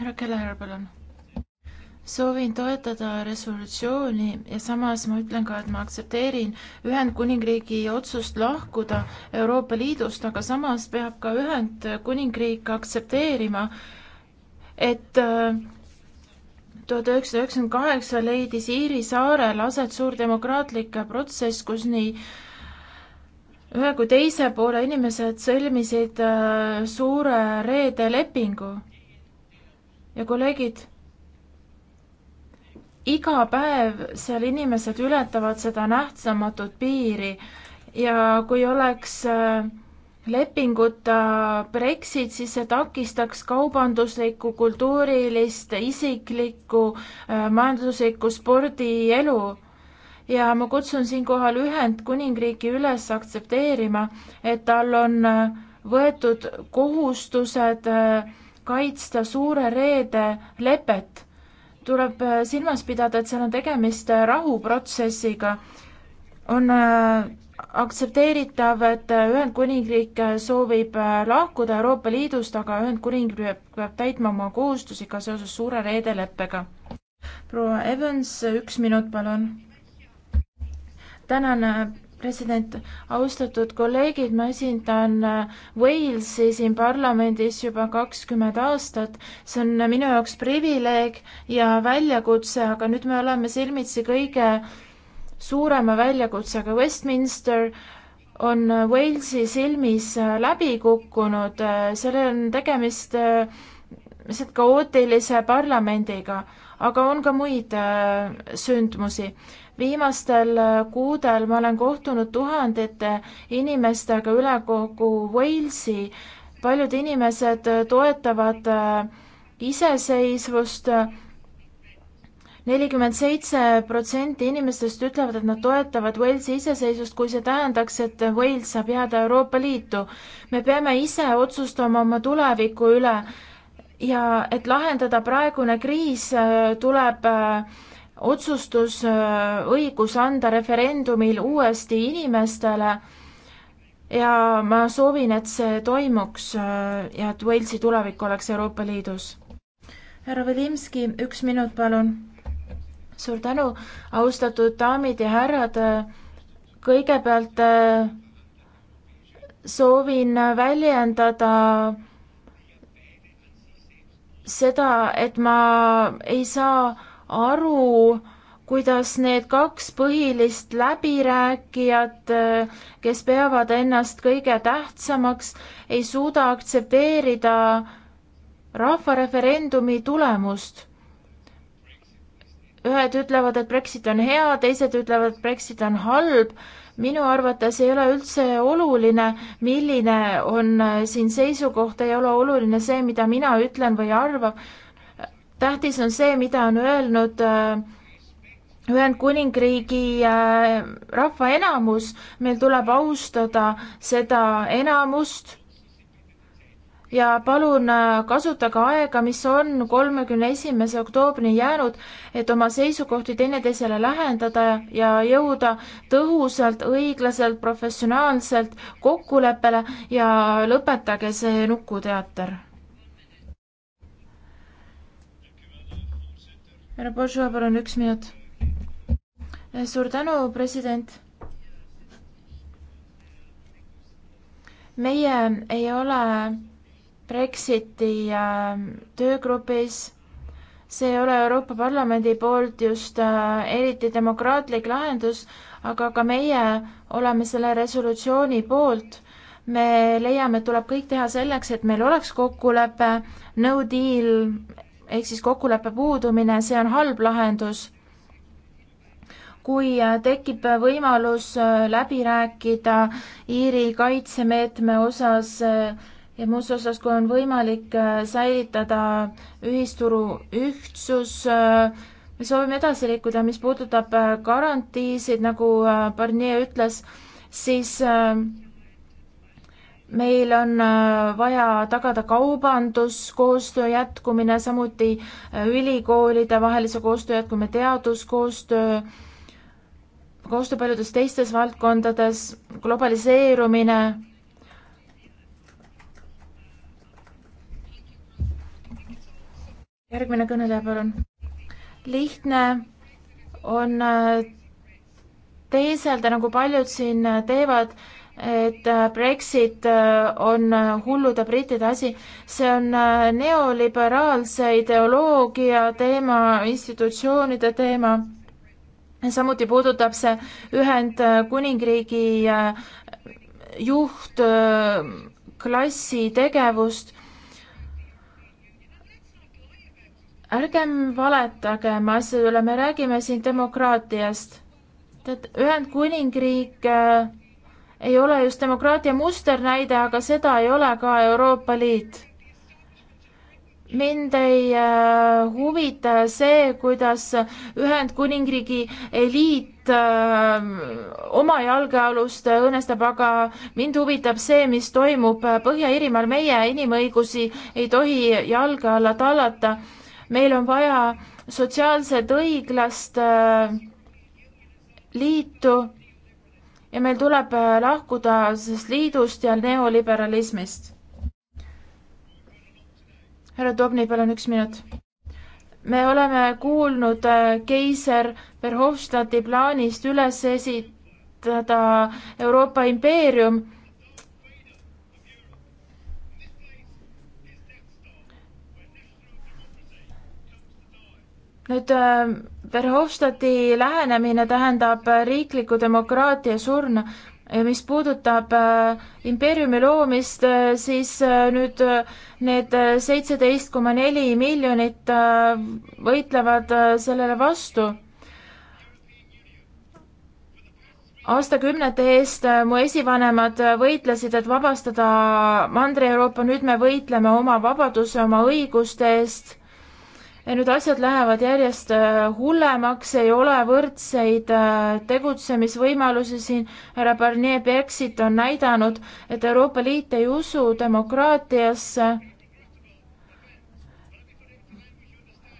härra Keller, palun soovin toetada resolutsiooni ja samas ma ütlen ka, et ma aktsepteerin Ühendkuningriigi otsust lahkuda Euroopa Liidust, aga samas peab ka Ühendkuningriik aktsepteerima, et äh, tuhat üheksasada üheksakümmend kaheksa leidis Iiri saarel aset suur demokraatlik protsess, kus nii ühe kui teise poole inimesed sõlmisid äh, suure reede lepingu. ja kolleegid iga päev seal inimesed ületavad seda nähtamatut piiri ja kui oleks äh, lepinguta Brexit, siis see takistaks kaubanduslikku, kultuurilist, isiklikku, äh, majanduslikku spordielu. ja ma kutsun siinkohal Ühendkuningriiki üles aktsepteerima, et tal on äh, võetud kohustused kaitsta suure reede lepet tuleb äh, silmas pidada, et seal on tegemist äh, rahuprotsessiga. on äh, aktsepteeritav, et Ühendkuningriik soovib lahkuda Euroopa Liidust, aga Ühendkuningriik peab täitma oma kohustusi ka seoses Suure Reede leppega. proua Evans, üks minut, palun. tänan president, austatud kolleegid, ma esindan äh, Walesi siin parlamendis juba kakskümmend aastat. see on minu jaoks privileeg ja väljakutse, aga nüüd me oleme silmitsi kõige suurema väljakutsega. Westminster on äh, Walesi silmis äh, läbi kukkunud, sellel on tegemist lihtsalt kaootilise parlamendiga, aga on ka muid sündmusi viimastel äh, kuudel ma olen kohtunud tuhandete inimestega üle kogu Walesi. paljud inimesed äh, toetavad äh, iseseisvust. nelikümmend seitse protsenti inimestest ütlevad, et nad toetavad Walesi iseseisvust, kui see tähendaks, et Wales saab jääda Euroopa Liitu. me peame ise otsustama oma tuleviku üle ja et lahendada praegune kriis, tuleb äh, otsustusõigus äh, anda referendumil uuesti inimestele ja ma soovin, et see toimuks äh, ja et Walesi tulevik oleks Euroopa Liidus. härra Vilimski, üks minut, palun. suur tänu, austatud daamid ja härrad. kõigepealt äh, soovin väljendada seda, et ma ei saa aru, kuidas need kaks põhilist läbirääkijat, kes peavad ennast kõige tähtsamaks, ei suuda aktsepteerida rahvareferendumi tulemust. ühed ütlevad, et Brexit on hea, teised ütlevad, et Brexit on halb. minu arvates ei ole üldse oluline, milline on äh, siin seisukoht, ei ole oluline see, mida mina ütlen või arvan tähtis on see, mida on öelnud äh, Ühendkuningriigi äh, rahva enamus, meil tuleb austada seda enamust ja palun äh, kasutage aega, mis on kolmekümne esimese oktoobrini jäänud, et oma seisukohti teineteisele lähendada ja jõuda tõhusalt, õiglaselt, professionaalselt kokkuleppele ja lõpetage see nukuteater härra Božova, palun üks minut. Eh, suur tänu, president. meie ei ole Brexiti ähm, töögrupis, see ei ole Euroopa Parlamendi poolt just äh, eriti demokraatlik lahendus, aga ka meie oleme selle resolutsiooni poolt me leiame, et tuleb kõik teha selleks, et meil oleks kokkulepe, no deal ehk siis kokkuleppe puudumine, see on halb lahendus. kui äh, tekib võimalus äh, läbi rääkida Iiri kaitsemeetme osas äh, ja muus osas, kui on võimalik säilitada ühisturu ühtsus, me soovime edasi liikuda, mis puudutab garantiisid, nagu Barnier ütles, siis äh, meil on äh, vaja tagada kaubanduskoostöö jätkumine, samuti äh, ülikoolide vahelise koostöö jätkumine, teaduskoostöö, koostöö paljudes teistes valdkondades, globaliseerumine. järgmine kõneleja, palun. lihtne on äh, teeselda, nagu paljud siin teevad et äh, Brexit äh, on äh, hullude brittide asi, see on neoliberaalse ideoloogia teema, institutsioonide teema, samuti puudutab see Ühendkuningriigi juhtklassi tegevust. ärgem valetagem asjade üle, me räägime siin demokraatiast. tead, Ühendkuningriik ei ole just demokraatia musternäide, aga seda ei ole ka Euroopa Liit. mind ei äh, huvita see, kuidas Ühendkuningriigi eliit äh, oma jalgealust õõnestab, aga mind huvitab see, mis toimub Põhja-Iirimaal, meie inimõigusi ei tohi jalge alla tallata. meil on vaja sotsiaalselt õiglast äh, liitu ja meil tuleb äh, lahkuda sellest liidust ja neoliberalismist. härra Tobni, palun üks minut. me oleme kuulnud äh, keiser Verhofstadti plaanist üles esitada Euroopa impeerium nüüd äh, Verhofstadti lähenemine tähendab riikliku demokraatia surna. mis puudutab äh, impeeriumi loomist, äh, siis nüüd need seitseteist koma neli miljonit võitlevad sellele vastu aastakümnete eest mu esivanemad võitlesid, et vabastada Mandri-Euroopa, nüüd me võitleme oma vabaduse, oma õiguste eest ja nüüd asjad lähevad järjest äh, hullemaks, ei ole võrdseid äh, tegutsemisvõimalusi siin. härra Barnier Brexit on näidanud, et Euroopa Liit ei usu demokraatiasse.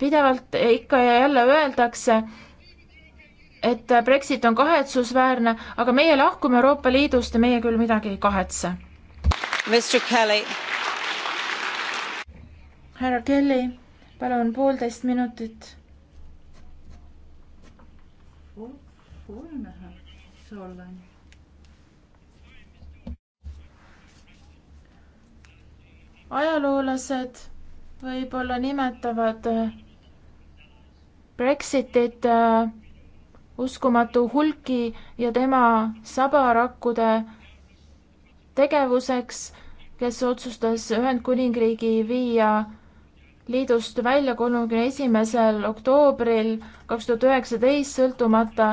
pidevalt ikka ja jälle öeldakse, et Brexit on kahetsusväärne, aga meie lahkume Euroopa Liidust ja meie küll midagi ei kahetse. härra Kelly palun poolteist minutit. ajaloolased võib-olla nimetavad äh, Brexitit äh, uskumatu hulki ja tema sabarakkude tegevuseks, kes otsustas Ühendkuningriigi viia liidust välja kolmekümne esimesel oktoobril kaks tuhat üheksateist, sõltumata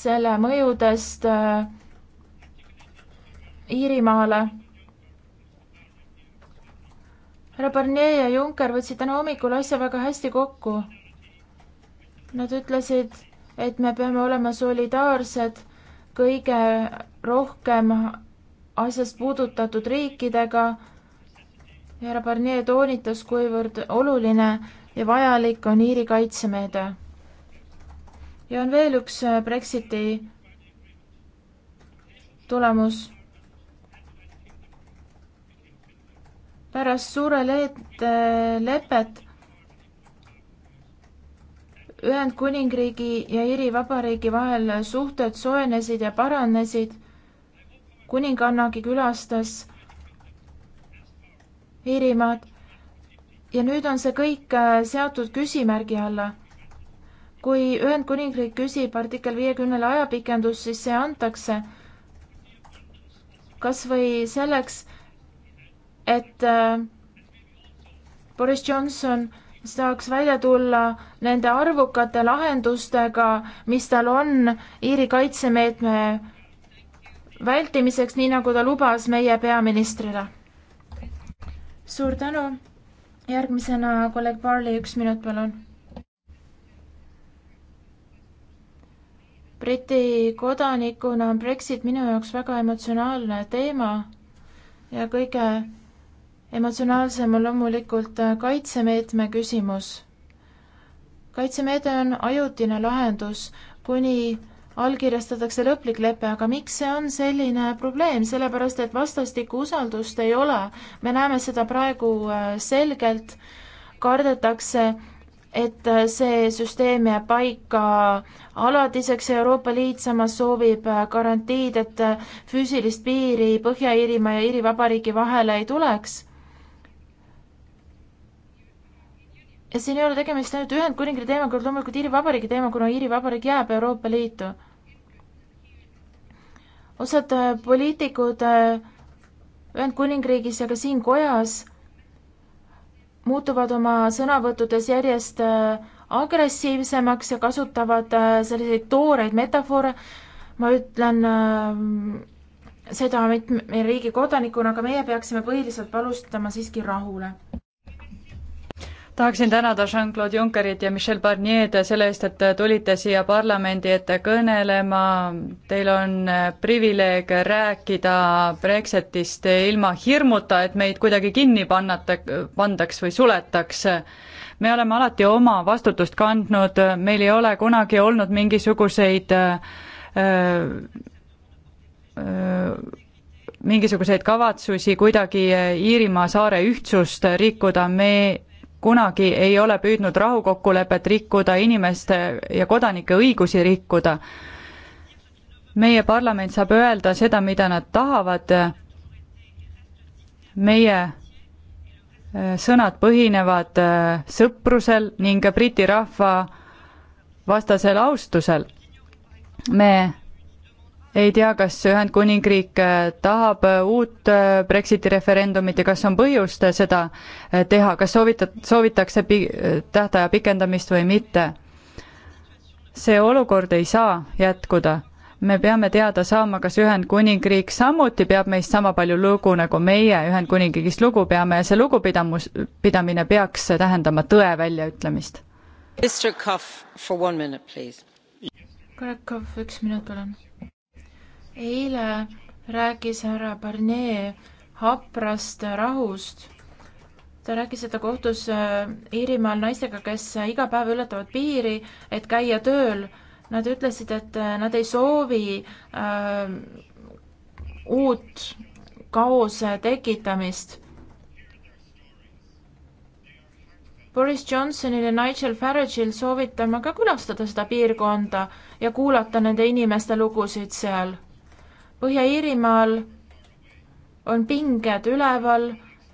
selle mõjudest äh, Iirimaale. härra Barnier ja Juncker võtsid täna hommikul asja väga hästi kokku. Nad ütlesid, et me peame olema solidaarsed kõige rohkem asjast puudutatud riikidega härra Barnier toonitas, kuivõrd oluline ja vajalik on Iiri kaitsemeede. ja on veel üks äh, Brexiti tulemus. pärast suure leet-, äh, lepet Ühendkuningriigi ja Iiri Vabariigi vahel suhted soojenesid ja paranesid. kuningannagi külastas Iirimaad. ja nüüd on see kõik äh, seatud küsimärgi alla. kui Ühendkuningriik küsib artikkel viiekümnele ajapikendust, siis see antakse kas või selleks, et äh, Boris Johnson saaks välja tulla nende arvukate lahendustega, mis tal on Iiri kaitsemeetme vältimiseks, nii nagu ta lubas meie peaministrile suur tänu. järgmisena kolleeg Barley, üks minut, palun. Briti kodanikuna on Brexit minu jaoks väga emotsionaalne teema ja kõige emotsionaalsem on loomulikult äh, kaitsemeetme küsimus. kaitsemeede on ajutine lahendus kuni allkirjastatakse lõplik lepe, aga miks see on selline probleem, sellepärast et vastastikku usaldust ei ole. me näeme seda praegu äh, selgelt, kardetakse, et äh, see süsteem jääb paika alatiseks, Euroopa Liit samas soovib äh, garantiid, et füüsilist piiri Põhja-Iirimaa ja Iiri Vabariigi vahele ei tuleks. ja siin ei ole tegemist ainult Ühendkuningriigi teemaga, loomulikult Iiri Vabariigi teemaga, kuna Iiri Vabariik jääb Euroopa Liitu osad äh, poliitikud äh, Ühendkuningriigis ja ka siin kojas muutuvad oma sõnavõttudes järjest äh, agressiivsemaks ja kasutavad selliseid tooreid metafoore. ma ütlen seda mitme riigi kodanikuna, aga meie peaksime põhiliselt palustama siiski rahule tahaksin tänada Jean-Claude Junckerit ja Michel Barnier'd selle eest, et tulite siia parlamendi ette kõnelema. Teil on äh, privileeg rääkida Brexitist ilma hirmuta, et meid kuidagi kinni pannata, pandaks või suletakse. me oleme alati oma vastutust kandnud, meil ei ole kunagi olnud mingisuguseid öö, äh, öö, äh, mingisuguseid kavatsusi kuidagi Iirimaa saare ühtsust rikkuda, me kunagi ei ole püüdnud rahukokkulepet rikkuda, inimeste ja kodanike õigusi rikkuda. meie parlament saab öelda seda, mida nad tahavad, meie äh, sõnad põhinevad äh, sõprusel ning Briti rahva vastasel austusel. me ei tea, kas Ühendkuningriik äh, tahab äh, uut äh, Brexiti referendumit ja kas on põhjust seda teha, kas soovita-, soovitakse pi-, tähtaja pikendamist või mitte. see olukord ei saa jätkuda. me peame teada saama, kas Ühendkuningriik samuti peab meist sama palju lugu, nagu meie Ühendkuningriigist lugu peame ja see lugupidamus, pidamine peaks tähendama tõe väljaütlemist. Mr Cough, for one minute, please. Korekov, üks minut, palun eile rääkis härra Barnier haprast rahust. ta rääkis, et ta kohtus äh, Iirimaal naistega, kes iga päev ületavad piiri, et käia tööl. Nad ütlesid, et äh, nad ei soovi äh, uut kaose tekitamist. Boris Johnsonil ja Nigel Farage'il soovitan ma ka külastada seda piirkonda ja kuulata nende inimeste lugusid seal Põhja-Iirimaal on pinged üleval,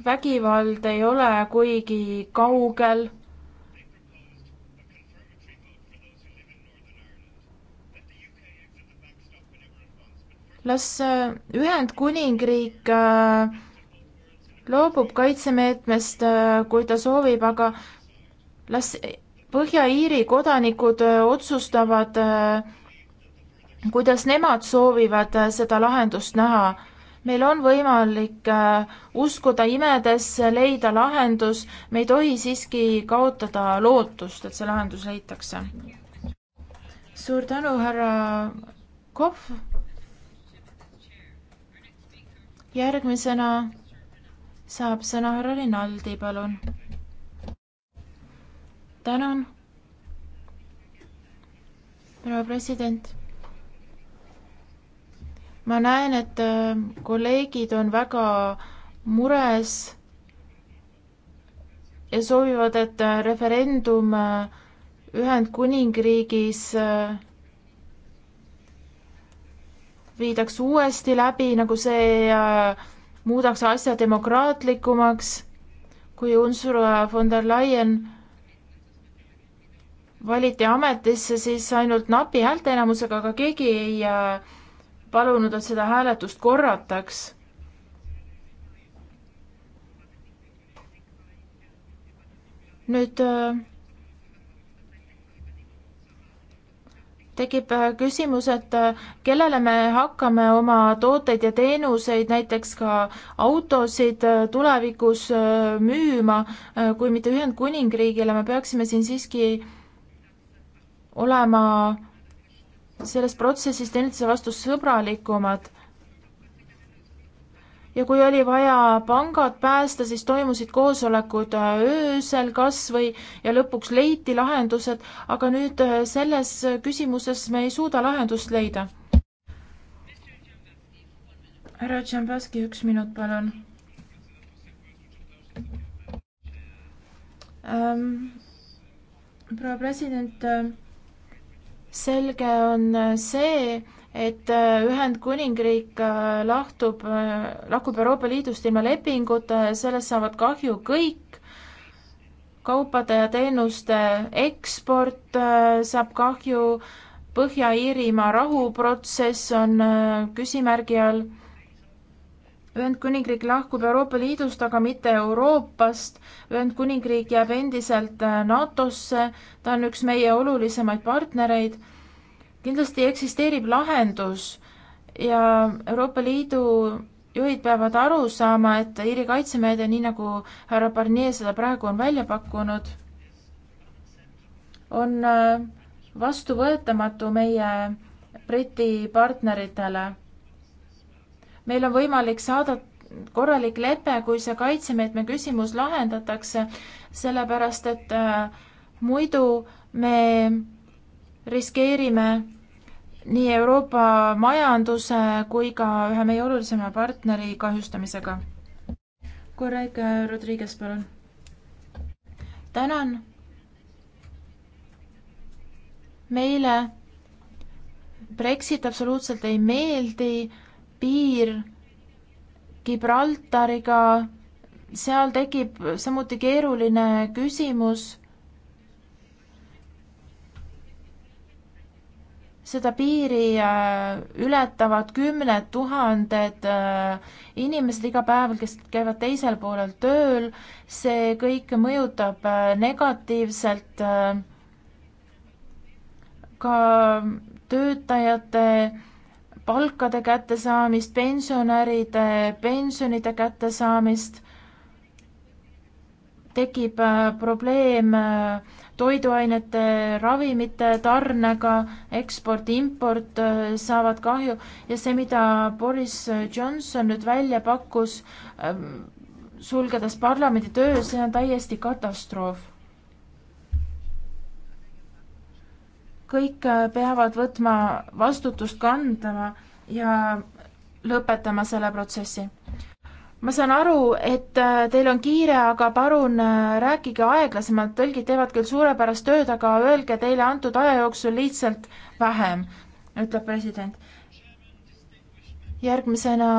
vägivald ei ole kuigi kaugel. las äh, Ühendkuningriik äh, loobub kaitsemeetmest, äh, kui ta soovib, aga las Põhja-Iiri kodanikud otsustavad äh, kuidas nemad soovivad äh, seda lahendust näha. meil on võimalik äh, uskuda imedesse, leida lahendus, me ei tohi siiski kaotada lootust, et see lahendus leitakse. suur tänu, härra Kohv. järgmisena saab sõna härra Rinaldi, palun. tänan. proua president ma näen, et äh, kolleegid on väga mures ja soovivad, et äh, referendum äh, Ühendkuningriigis viidaks uuesti läbi, nagu see muudaks asja demokraatlikumaks, kui Ursula von der Leyen valiti ametisse siis ainult napi häälteenamusega, aga keegi ei äh, palunud, et seda hääletust korrataks. nüüd äh, tekib äh, küsimus, et äh, kellele me hakkame oma tooteid ja teenuseid, näiteks ka autosid tulevikus müüma, kui mitte Ühendkuningriigile, me peaksime siin siiski olema selles protsessis teineteise vastu sõbralikumad. ja kui oli vaja pangad päästa, siis toimusid koosolekud äh, öösel kas või ja lõpuks leiti lahendused, aga nüüd äh, selles küsimuses me ei suuda lahendust leida. härra Tšambaski, üks minut, palun ähm,. proua president äh, selge on see, et Ühendkuningriik äh, lahtub, äh, lahkub Euroopa Liidust ilma lepinguta ja sellest saavad kahju kõik, kaupade ja teenuste eksport äh, saab kahju, Põhja-Iirimaa rahuprotsess on küsimärgi all Ühendkuningriik lahkub Euroopa Liidust, aga mitte Euroopast. Ühendkuningriik jääb endiselt äh, NATO-sse, ta on üks meie olulisemaid partnereid. kindlasti eksisteerib lahendus ja Euroopa Liidu juhid peavad aru saama, et Iiri kaitsemeede, nii nagu härra Barnier seda praegu on välja pakkunud, on äh, vastuvõetamatu meie Briti partneritele meil on võimalik saada korralik lepe, kui see kaitsemeetme küsimus lahendatakse, sellepärast et äh, muidu me riskeerime nii Euroopa majanduse kui ka ühe meie olulisema partneri kahjustamisega. kolleeg Rodriguez, palun. tänan. meile Brexit absoluutselt ei meeldi piir Gibraltariga, seal tekib samuti keeruline küsimus. seda piiri äh, ületavad kümned tuhanded äh, inimesed iga päev, kes käivad teisel poolel tööl. see kõik mõjutab äh, negatiivselt ka töötajate palkade kättesaamist, pensionäride pensionide kättesaamist, tekib äh, probleem äh, toiduainete, ravimite tarnega, eksport, import äh, saavad kahju ja see, mida Boris Johnson nüüd välja pakkus, ähm, sulgedes parlamendi töö, see on täiesti katastroof kõik äh, peavad võtma vastutust kandma ja lõpetama selle protsessi. ma saan aru, et äh, teil on kiire, aga palun äh, rääkige aeglasemalt, tõlgid teevad küll suurepärast tööd, aga öelge teile antud aja jooksul lihtsalt vähem, ütleb president. järgmisena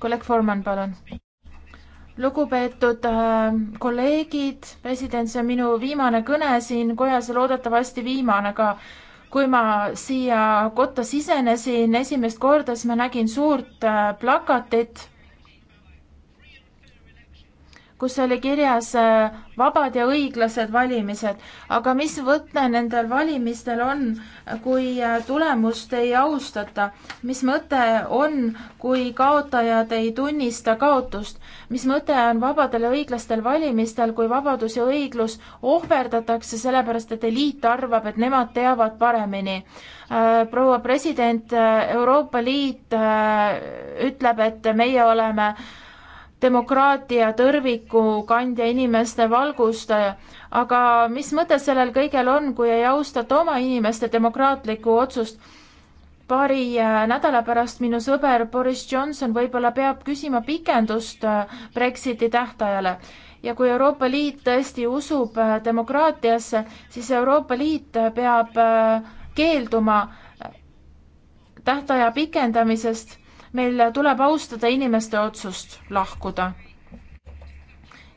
kolleeg Forman, palun lugupeetud äh, kolleegid, president, see on minu viimane kõne siin kojas ja loodetavasti viimane ka. kui ma siia kotta sisenesin esimest korda, siis ma nägin suurt äh, plakatit kus oli kirjas äh, vabad ja õiglased valimised, aga mis mõte nendel valimistel on, kui äh, tulemust ei austata? mis mõte on, kui kaotajad ei tunnista kaotust? mis mõte on vabadel ja õiglastel valimistel, kui vabadus ja õiglus ohverdatakse sellepärast, et eliit arvab, et nemad teavad paremini? Äh, proua president, Euroopa Liit ütleb, et meie oleme äh, demokraatia tõrviku kandja inimeste valgustaja. aga mis mõte sellel kõigel on, kui ei austata oma inimeste demokraatlikku otsust? paari äh, nädala pärast minu sõber Boris Johnson võib-olla peab küsima pikendust äh, Brexiti tähtajale ja kui Euroopa Liit tõesti usub äh, demokraatiasse, siis Euroopa Liit peab keelduma tähtaja pikendamisest meil tuleb austada inimeste otsust lahkuda.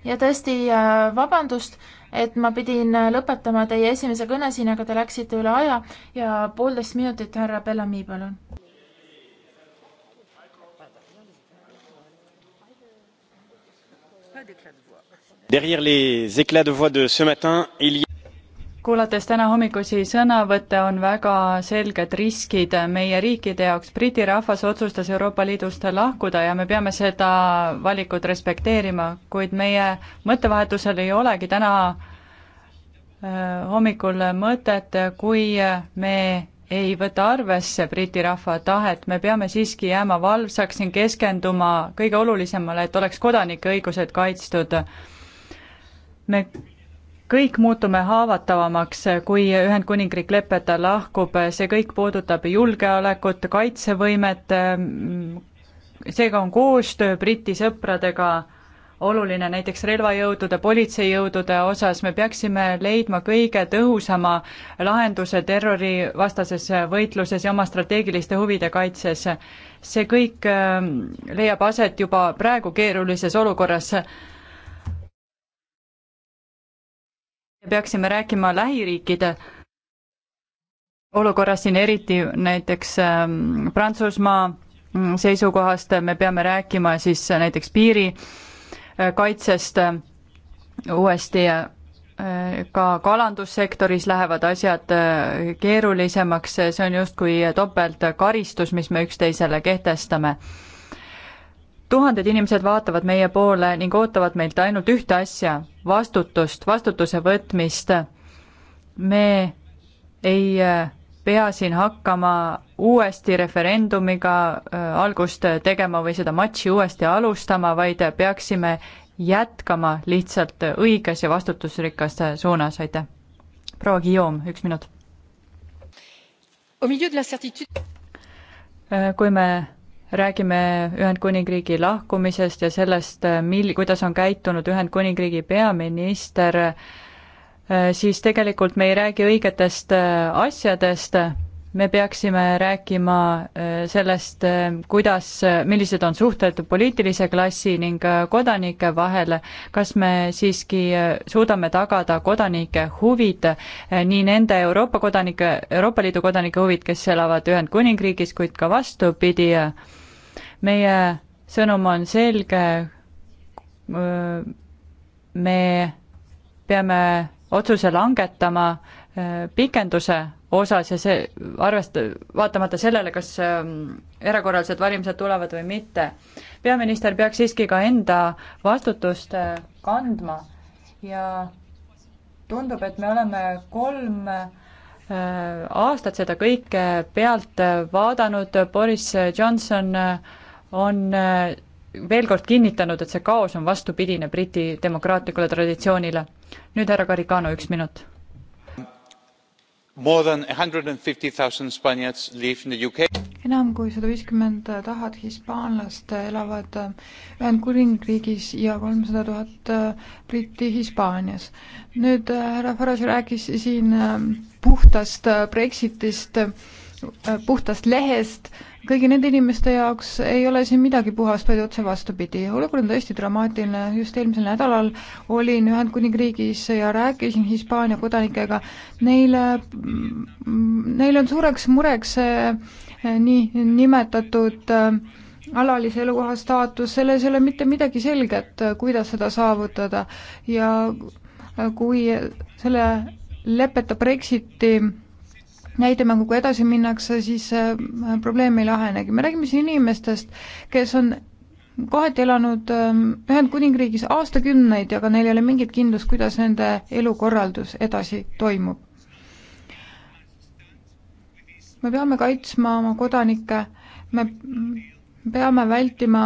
ja tõesti, äh, vabandust, et ma pidin äh, lõpetama teie esimese kõne siin, aga te läksite üle aja ja poolteist minutit, härra Bellami, palun derrière les éclats de voix de ce matin il y a kuulates täna hommikusi sõnavõtte, on väga selged riskid meie riikide jaoks. Briti rahvas otsustas Euroopa Liidust lahkuda ja me peame seda valikut respekteerima, kuid meie mõttevahetusel ei olegi täna äh, hommikul mõtet, kui me ei võta arvesse Briti rahva tahet, me peame siiski jääma valvsaks ning keskenduma kõige olulisemale, et oleks kodanike õigused kaitstud. me kõik muutume haavatavamaks, kui Ühendkuningriik leppeta lahkub, see kõik puudutab julgeolekut, kaitsevõimet, seega on koostöö Briti sõpradega oluline näiteks relvajõudude, politseijõudude osas, me peaksime leidma kõige tõhusama lahenduse terrorivastases võitluses ja oma strateegiliste huvide kaitses. see kõik äh, leiab aset juba praegu keerulises olukorras peaksime rääkima lähiriikide olukorras siin eriti näiteks ähm, Prantsusmaa mm, seisukohast me peame rääkima siis näiteks piirikaitsest äh, äh, uuesti äh, ka kalandussektoris lähevad asjad keerulisemaks, see on justkui topeltkaristus, mis me üksteisele kehtestame tuhanded inimesed vaatavad meie poole ning ootavad meilt ainult ühte asja, vastutust, vastutuse võtmist. me ei äh, pea siin hakkama uuesti referendumiga äh, algust tegema või seda matši uuesti alustama, vaid peaksime jätkama lihtsalt õiges ja vastutusrikas äh, suunas, aitäh. proua Guillaume, üks minut. kui me räägime Ühendkuningriigi lahkumisest ja sellest, mil-, kuidas on käitunud Ühendkuningriigi peaminister, äh, siis tegelikult me ei räägi õigetest äh, asjadest me peaksime rääkima äh, sellest, äh, kuidas, äh, millised on suhted poliitilise klassi ning kodanike vahel, kas me siiski suudame tagada kodanike huvid, nii nende Euroopa kodanike, Euroopa Liidu kodanike huvid, kes elavad Ühendkuningriigis, kuid ka vastupidi, meie sõnum on selge, me peame otsuse langetama, pikenduse osas ja see arvest-, vaatamata sellele, kas ähm, erakorralised valimised tulevad või mitte. peaminister peaks siiski ka enda vastutust äh, kandma ja tundub, et me oleme kolm äh, aastat seda kõike pealt äh, vaadanud, Boris Johnson on veel kord kinnitanud, et see kaos on vastupidine Briti demokraatlikule traditsioonile. nüüd härra Garicano, üks minut enam kui sada viiskümmend tuhat hispaanlast elavad Ühendkuningriigis ja kolmsada tuhat äh, Briti Hispaanias. nüüd äh, härra Farage rääkis siin äh, puhtast Brexitist Äh, puhtast lehest, kõigi nende inimeste jaoks ei ole siin midagi puhast, vaid otse vastupidi. olukord on tõesti dramaatiline, just eelmisel nädalal olin Ühendkuningriigis ja rääkisin Hispaania kodanikega, neile, mm, neil on suureks mureks see äh, nii nimetatud äh, alalise elukoha staatus, selles ei ole mitte midagi selget, kuidas seda saavutada ja kui selle leppeta Brexiti näitame, kui edasi minnakse, siis äh, probleem ei lahenegi. me räägime siin inimestest, kes on kohati elanud ähm, Ühendkuningriigis aastakümneid ja ka neil ei ole mingit kindlust, kuidas nende elukorraldus edasi toimub. me peame kaitsma oma kodanikke, me peame vältima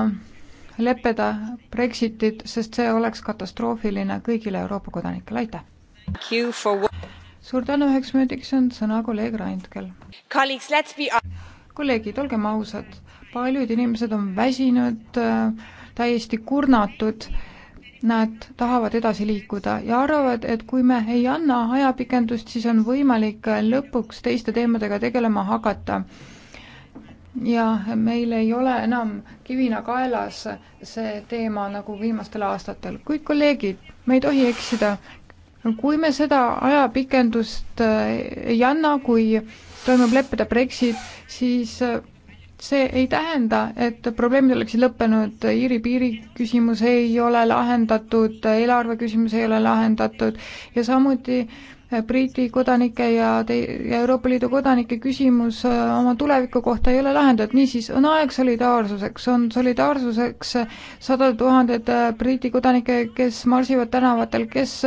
leppeda Brexitit, sest see oleks katastroofiline kõigile Euroopa kodanikele, aitäh! suur tänu, üheks minutiks on sõna kolleeg Randkel. kolleegid, olgem ausad, paljud inimesed on väsinud, äh, täiesti kurnatud, nad tahavad edasi liikuda ja arvavad, et kui me ei anna ajapikendust, siis on võimalik äh, lõpuks teiste teemadega tegelema hakata. ja meil ei ole enam kivina kaelas see teema nagu viimastel aastatel, kuid kolleegid, me ei tohi eksida kui me seda ajapikendust äh, ei anna, kui toimub leppida Brexit, siis äh, see ei tähenda, et probleemid oleksid lõppenud, Iiri piiri küsimus ei ole lahendatud, eelarve küsimus ei ole lahendatud ja samuti äh, Briti kodanike ja te-, ja Euroopa Liidu kodanike küsimus oma tuleviku kohta ei ole lahendatud, niisiis on aeg solidaarsuseks, on solidaarsuseks sadade tuhandete Briti kodanike, kes marsivad tänavatel, kes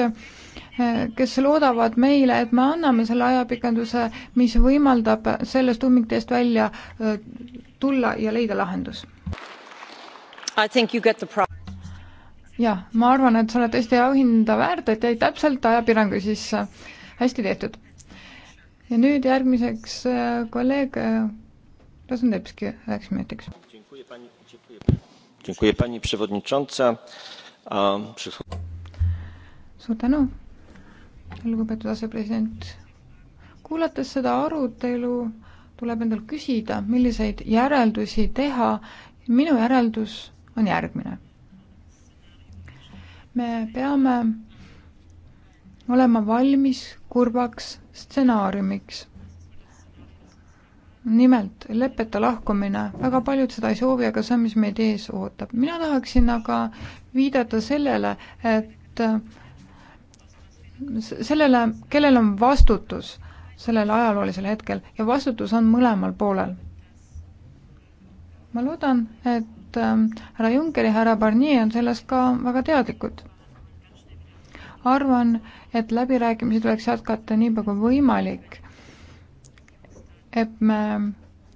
kes loodavad meile, et me anname selle ajapikenduse, mis võimaldab sellest ummikteest välja tulla ja leida lahendus. jah, ma arvan, et sa oled tõesti auhinda väärt, et jäid täpselt ajapiirangu sisse. hästi tehtud. ja nüüd järgmiseks kolleeg Rasendebski üheks minutiks. suur tänu lugupeetud asepresident. kuulates seda arutelu, tuleb endal küsida, milliseid järeldusi teha. minu järeldus on järgmine. me peame olema valmis kurvaks stsenaariumiks. nimelt lepeta lahkumine, väga paljud seda ei soovi, aga see on, mis meid ees ootab. mina tahaksin aga viidata sellele, et äh, sellele, kellel on vastutus sellel ajaloolisel hetkel ja vastutus on mõlemal poolel. ma loodan, et ähm, härra Juncker ja härra Barnier on sellest ka väga teadlikud. arvan, et läbirääkimisi tuleks jätkata nii palju kui võimalik, et me,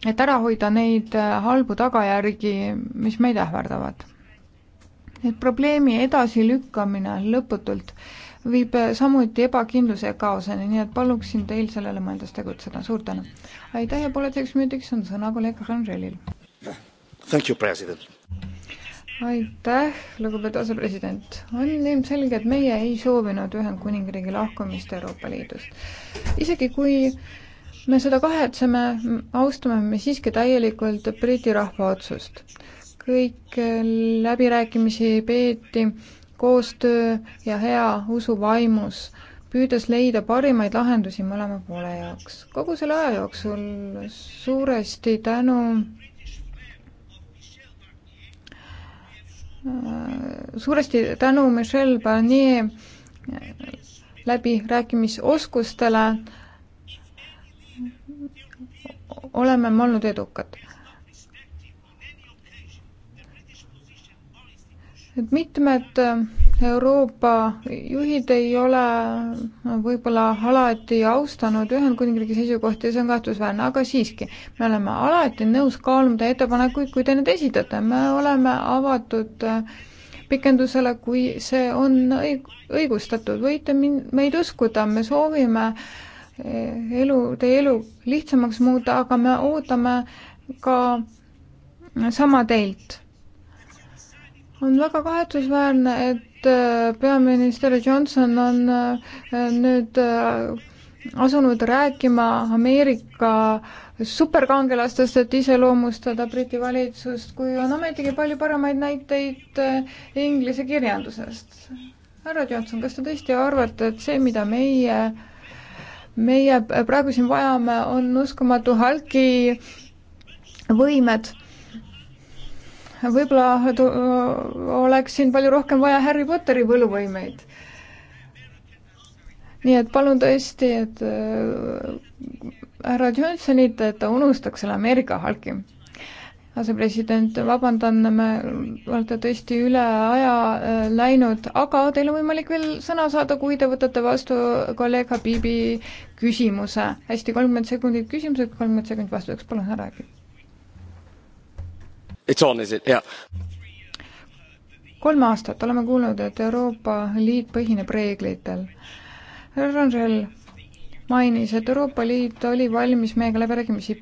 et ära hoida neid äh, halbu tagajärgi, mis meid ähvardavad. et probleemi edasilükkamine lõputult äh, viib samuti ebakindluse ja kaoseni, nii et paluksin teil sellele mõeldes tegutseda, suur tänu. aitäh ja pooleteiseks minutiks on sõna kolleeg Rangelil. aitäh, lugupeetud asepresident. on ilmselge, et meie ei soovinud Ühendkuningriigi lahkumist Euroopa Liidust. isegi kui me seda kahetseme, austame me siiski täielikult Briti rahva otsust. kõik läbirääkimisi peeti koostöö ja hea usu vaimus, püüdes leida parimaid lahendusi mõlema poole jaoks. kogu selle aja jooksul suuresti tänu äh, suuresti tänu Michel Barnier läbirääkimisoskustele oleme me olnud edukad et mitmed äh, Euroopa juhid ei ole võib-olla alati austanud Ühendkuningriigi seisukohti ja see on kahtlusväärne, aga siiski, me oleme alati nõus kaaluma teie ettepanekuid, kui te need esitate, me oleme avatud äh, pikendusele, kui see on õig-, õigustatud, võite min-, meid uskuda, me soovime äh, elu, teie elu lihtsamaks muuta, aga me ootame ka sama teilt on väga kahetsusväärne, et äh, peaminister Johnson on äh, nüüd äh, asunud rääkima Ameerika superkangelastest, et iseloomustada Briti valitsust, kui on ometigi palju paremaid näiteid inglise kirjandusest. härra Johnson, kas te tõesti arvate, et see, mida meie, meie praegu siin vajame, on uskumatu halki võimed võib-olla oleks siin palju rohkem vaja Harry Potteri võluvõimeid. nii et palun tõesti, et äh, härra Johnsonit, et ta unustaks selle Ameerika halki. asepresident, vabandan, me olete tõesti üle aja äh, läinud, aga teil on võimalik veel sõna saada, kui te võtate vastu kolleeg Habibi küsimuse. hästi, kolmkümmend sekundit küsimuseks, kolmkümmend sekundit vastuseks, palun härra Habib It's on, is it? jah yeah.. kolm aastat oleme kuulnud, et Euroopa Liit põhineb reeglitel. härra Rangel mainis, et Euroopa Liit oli valmis meiega läbirääkimisi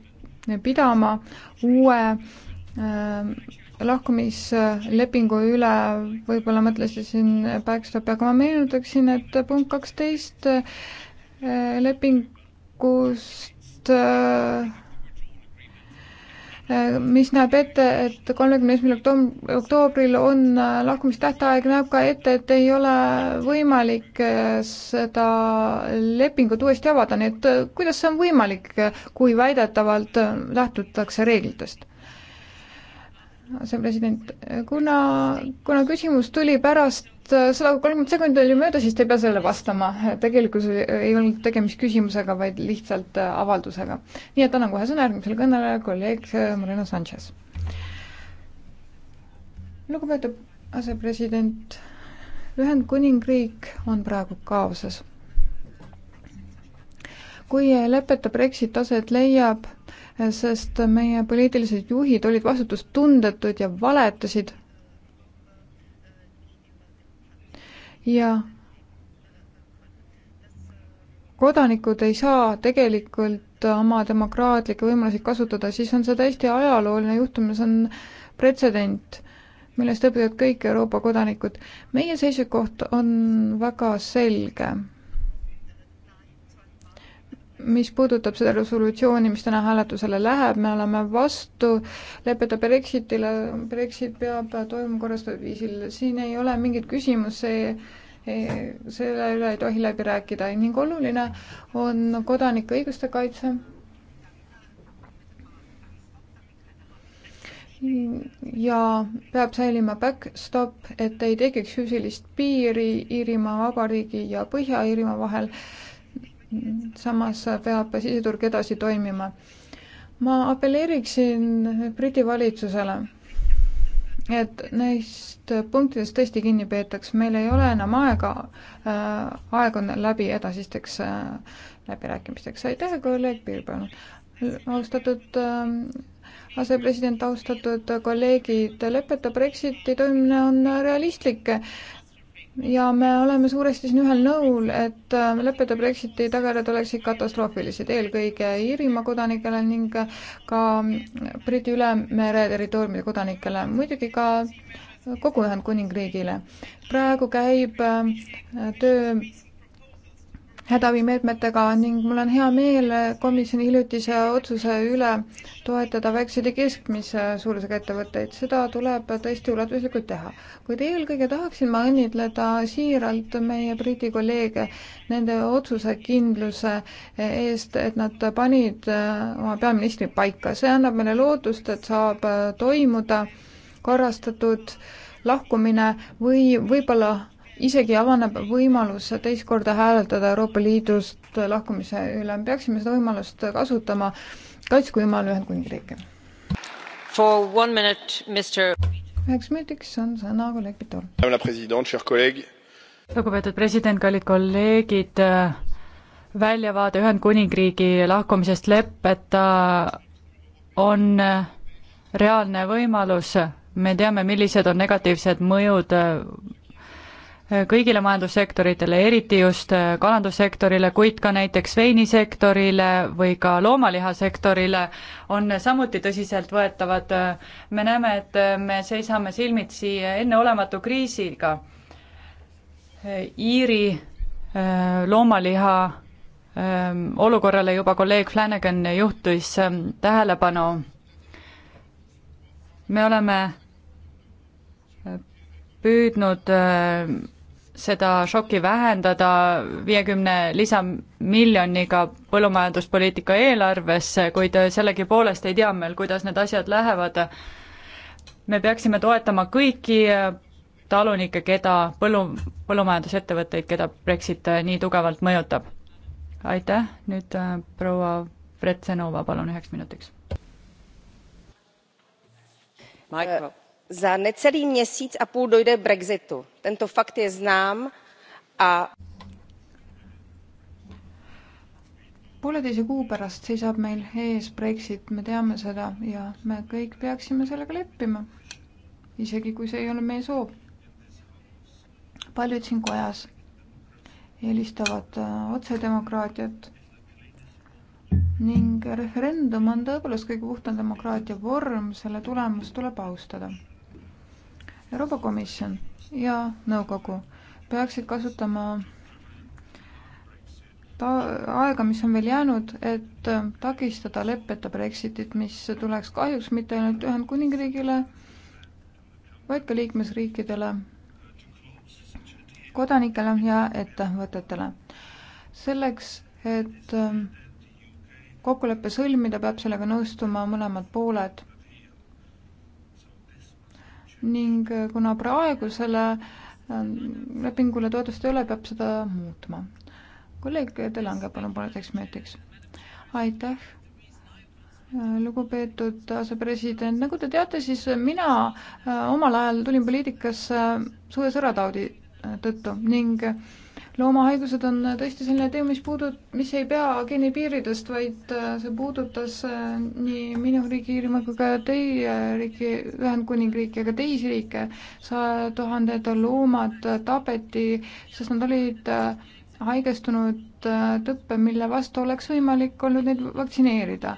pidama uue äh, lahkumislepingu üle võib-olla mõtlesin siin backstopi, aga ma meenutaksin, et punkt kaksteist äh, lepingust äh, mis näeb ette, et kolmekümne esimesel oktoobril on äh, lahkumistähtaeg, näeb ka ette, et ei ole võimalik äh, seda lepingut uuesti avada, nii et äh, kuidas see on võimalik, kui väidetavalt lähtutakse reeglitest? asepresident, kuna, kuna küsimus tuli pärast Äh, sada kolmkümmend sekundit oli möödas, siis te ei pea sellele vastama. tegelikult ei olnud tegemist küsimusega, vaid lihtsalt äh, avaldusega. nii et annan kohe sõna järgmisele kõnelejale, kolleeg äh, Marina Sanchez. lugupeetud asepresident, Ühendkuningriik on praegu kaoses. kui lepeta Brexit aset leiab, sest meie poliitilised juhid olid vastutustundetud ja valetasid ja kodanikud ei saa tegelikult oma demokraatlikke võimalusi kasutada, siis on see täiesti ajalooline juhtum ja see on pretsedent, millest õpivad kõik Euroopa kodanikud. meie seisukoht on väga selge mis puudutab seda resolutsiooni, mis täna hääletusele läheb, me oleme vastu lepeta Brexitile, Brexit peab toimuma korrastatud viisil, siin ei ole mingit küsimust, see selle üle ei tohi läbi rääkida ning oluline on kodanike õiguste kaitse. ja peab säilima backstop, et ei tekiks füüsilist piiri Iirimaa Vabariigi ja Põhja-Iirimaa vahel äh, samas peab siseturg edasi toimima. ma apelleeriksin Briti valitsusele, et neist punktidest tõesti kinni peetaks, meil ei ole enam aega, äh, aeg on läbi edasisteks äh, läbirääkimisteks. aitäh, kolleeg Piirpalu. austatud äh, asepresident, austatud kolleegid, lepeta Brexiti toimimine on realistlik ja me oleme suuresti siin ühel nõul, et äh, lõppeda Brexiti tagajärjed oleksid katastroofilised eelkõige Iirimaa kodanikele ning ka Briti ülemere territooriumide kodanikele, muidugi ka kogu Ühendkuningriigile. praegu käib äh, töö hädaabimeetmetega ning mul on hea meel komisjoni hiljutise otsuse üle toetada väikseid ja keskmise suurusega ettevõtteid. seda tuleb tõesti ulatuslikult teha. kuid eelkõige tahaksin ma õnnitleda siiralt meie Briti kolleege nende otsusekindluse eest, et nad panid oma peaministri paika. see annab meile lootust, et saab toimuda korrastatud lahkumine või võib-olla isegi avaneb võimalus teist korda hääletada Euroopa Liidust lahkumise üle, me peaksime seda võimalust kasutama, kaitsku jumal Ühendkuningriiki. üheks minutiks on sõna kolleeg Pitol. lugupeetud president, kallid kolleegid, väljavaade Ühendkuningriigi lahkumisest leppeta on reaalne võimalus, me teame, millised on negatiivsed mõjud kõigile majandussektoritele, eriti just äh, kalandussektorile, kuid ka näiteks veinisektorile või ka loomalihasektorile on samuti tõsiseltvõetavad. me näeme, et me seisame silmitsi enneolematu kriisiga. Iiri äh, loomaliha äh, olukorrale juba kolleeg Flanagan juhtus tähelepanu. me oleme püüdnud seda šoki vähendada viiekümne lisamiljoniga põllumajanduspoliitika eelarvesse, kuid sellegipoolest ei tea meil, kuidas need asjad lähevad. me peaksime toetama kõiki talunikke, keda põllu, põllumajandusettevõtteid, keda Brexit nii tugevalt mõjutab. aitäh, nüüd äh, proua Vretsenova, palun üheks minutiks. Micro za necelý měsíc a půl dojde k brexitu. tento fakt je znám a pooleteise kuu pärast seisab meil ees Brexit, me teame seda ja me kõik peaksime sellega leppima. isegi kui see ei ole meie soov. paljud siin kojas eelistavad äh, otsedemokraatiat ning referendum on tõepoolest kõige puhtam demokraatia vorm, selle tulemust tuleb austada Euroopa Komisjon ja nõukogu peaksid kasutama ta-, aega, mis on veel jäänud, et äh, takistada leppeta Brexitit, mis tuleks kahjuks mitte ainult Ühendkuningriigile, vaid ka liikmesriikidele, kodanikele ja ettevõtetele. selleks, et äh, kokkulepe sõlmida, peab sellega nõustuma mõlemad pooled ning äh, kuna praegusele ähm, lepingule toetust ei ole, peab seda muutma. kolleeg Telange, palun pooleteiseks minutiks. aitäh, äh, lugupeetud asepresident, nagu te teate, siis mina äh, omal ajal tulin poliitikasse suve sõrataudi tõttu ning äh, loomahaigused on tõesti selline teema, mis puudut-, mis ei pea kinni piiridest, vaid äh, see puudutas äh, nii minu riigi Iirimaa kui ka teie riigi, Ühendkuningriiki, aga teisi riike. sa-, tuhanded loomad tapeti, sest nad olid äh, haigestunud tõppe, mille vastu oleks võimalik olnud neid vaktsineerida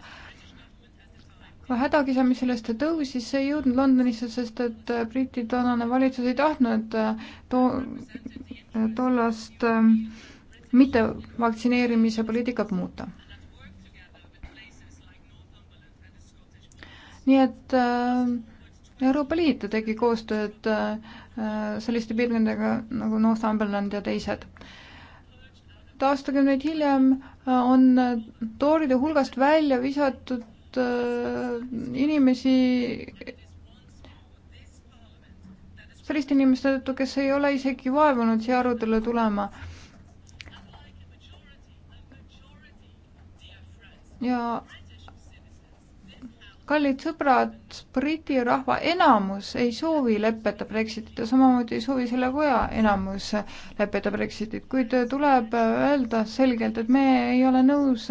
hädakisa, mis sellest tõusis, see ei jõudnud Londonisse, sest et äh, Briti toonane valitsus ei tahtnud äh, too, tollast ähm, mitte vaktsineerimise poliitikat muuta. nii et äh, Euroopa Liit tegi koostööd selliste piirkondadega nagu Northumberland ja teised et aastakümneid hiljem on tooride hulgast välja visatud Äh, inimesi, selliste inimeste tõttu, kes ei ole isegi vaevunud siia arutelule tulema. ja kallid sõbrad, Briti rahva enamus ei soovi leppeta Brexitit ja samamoodi ei soovi selle koja enamus leppeta Brexitit, kuid tuleb öelda selgelt, et me ei ole nõus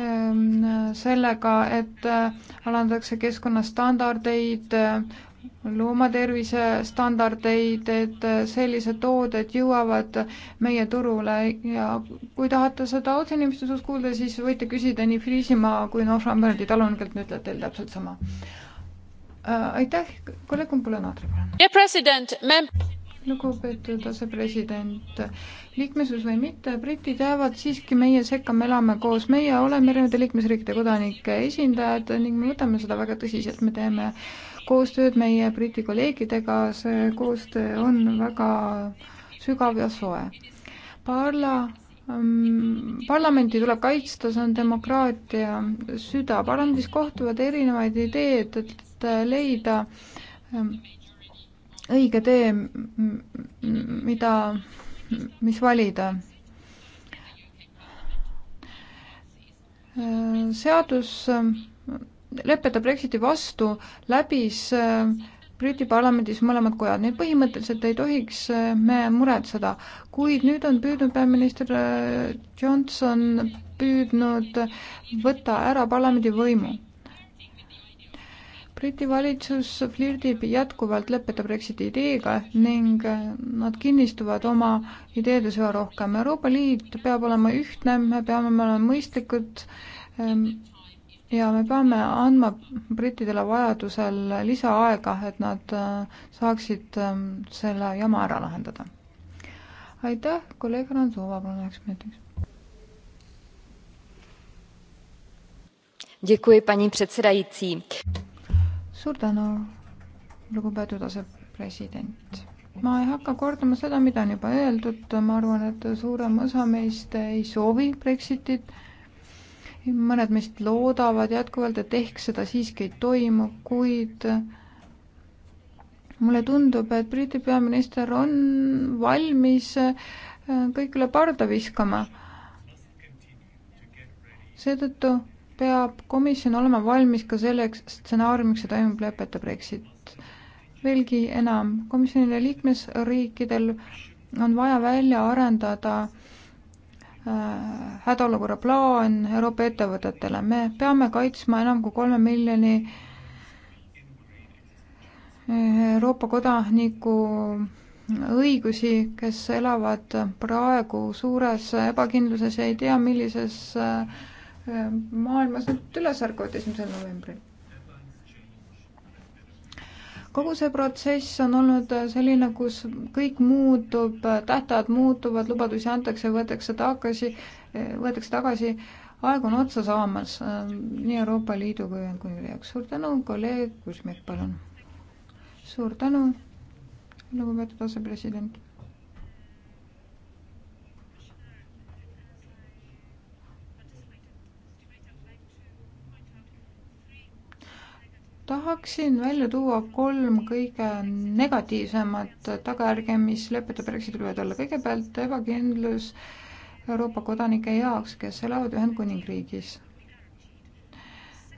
Ehm, sellega, et äh, alandatakse keskkonnastandardeid, äh, loomatervise standardeid, et äh, sellised tooded jõuavad meie turule ja kui tahate seda otseinimestusest kuulda, siis võite küsida nii Friisimaa kui Norra-Möldi talunikelt, nüüd ütleb teil täpselt sama. aitäh, kolleeg Kumpula-Natri, palun lugupeetud asepresident, liikmesus või mitte, britid jäävad siiski meie sekka, me elame koos, meie oleme erinevate liikmesriikide kodanike esindajad ning me võtame seda väga tõsiselt, me teeme koostööd meie Briti kolleegidega, see koostöö on väga sügav ja soe. parla- ähm,, parlamenti tuleb kaitsta, see on demokraatia süda, parlamendis kohtuvad erinevaid ideed, et leida ähm, õige tee, mida, mis valida. seadus, lepeta Brexiti vastu läbis Briti parlamendis mõlemad kojad, nii et põhimõtteliselt ei tohiks me muretseda, kuid nüüd on püüdnud peaminister äh, Johnson püüdnud võtta ära parlamendi võimu Briti valitsus flirdib jätkuvalt leppeta Brexiti ideega ning nad kinnistuvad oma ideedes üha rohkem. Euroopa Liit peab olema ühtne, me peame olema mõistlikud ehm, ja me peame andma brittidele vajadusel lisaaega, et nad äh, saaksid ehm, selle jama ära lahendada. aitäh, kolleeg Randsova, palun üheks minutiks paní předsedající suur tänu, lugupeetud asepresident. ma ei hakka kordama seda, mida on juba öeldud, ma arvan, et suurem osa meist ei soovi Brexitit. mõned meist loodavad jätkuvalt, et ehk seda siiski ei toimu, kuid mulle tundub, et Briti peaminister on valmis äh, kõik üle parda viskama. seetõttu peab komisjon olema valmis ka selleks stsenaariumiks, et toimub lepeta Brexit. veelgi enam, komisjonile liikmesriikidel on vaja välja arendada äh, hädaolukorra plaan Euroopa ettevõtetele, me peame kaitsma enam kui kolme miljoni äh, Euroopa kodaniku õigusi, kes elavad praegu suures ebakindluses ja ei tea, millises äh, maailmas nüüd üles ärkavad esimesel novembril. kogu see protsess on olnud selline, kus kõik muutub, tähtajad muutuvad, lubadusi antakse, võetakse tagasi, võetakse tagasi, aeg on otsa saamas nii Euroopa Liidu kui Ühendkuningriigi jaoks. suur tänu, kolleeg Kusmik, palun. suur tänu, lugupeetud asepresident tahaksin välja tuua kolm kõige negatiivsemat tagajärge, mis lepete Brexiti võivad olla. kõigepealt ebakindlus Euroopa kodanike jaoks, kes elavad Ühendkuningriigis.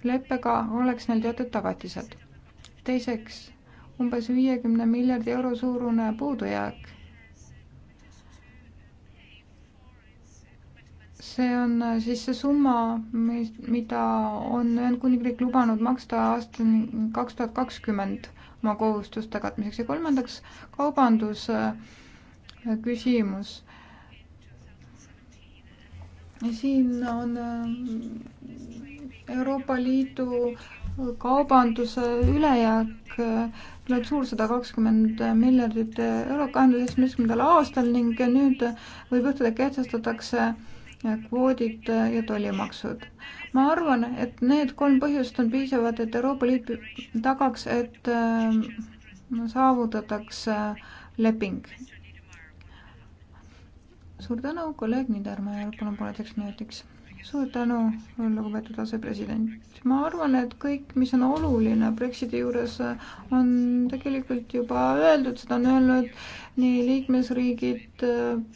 leppega oleks neil teatud tagatised. teiseks, umbes viiekümne miljardi euro suurune puudujääk see on äh, siis see summa, mis, mida on Ühendkuningriik lubanud maksta aastani kaks tuhat kakskümmend oma kohustuste katmiseks ja kolmandaks kaubandus äh, küsimus. siin on äh, Euroopa Liidu kaubanduse ülejääk tuleb suur sada kakskümmend miljardit eurot kahe tuhande seitsmeteistkümnendal aastal ning nüüd võib juhtuda, et kehtestatakse kvoodid ja tollimaksud. ma arvan, et need kolm põhjust on piisavad, et Euroopa Liit tagaks, et ähm, saavutatakse äh, leping. suur tänu, kolleeg Niedermayer, palun pooleteiseks minutiks. suur tänu, lugupeetud asepresident. ma arvan, et kõik, mis on oluline Brexiti juures, on tegelikult juba öeldud, seda on öelnud nii liikmesriigid äh,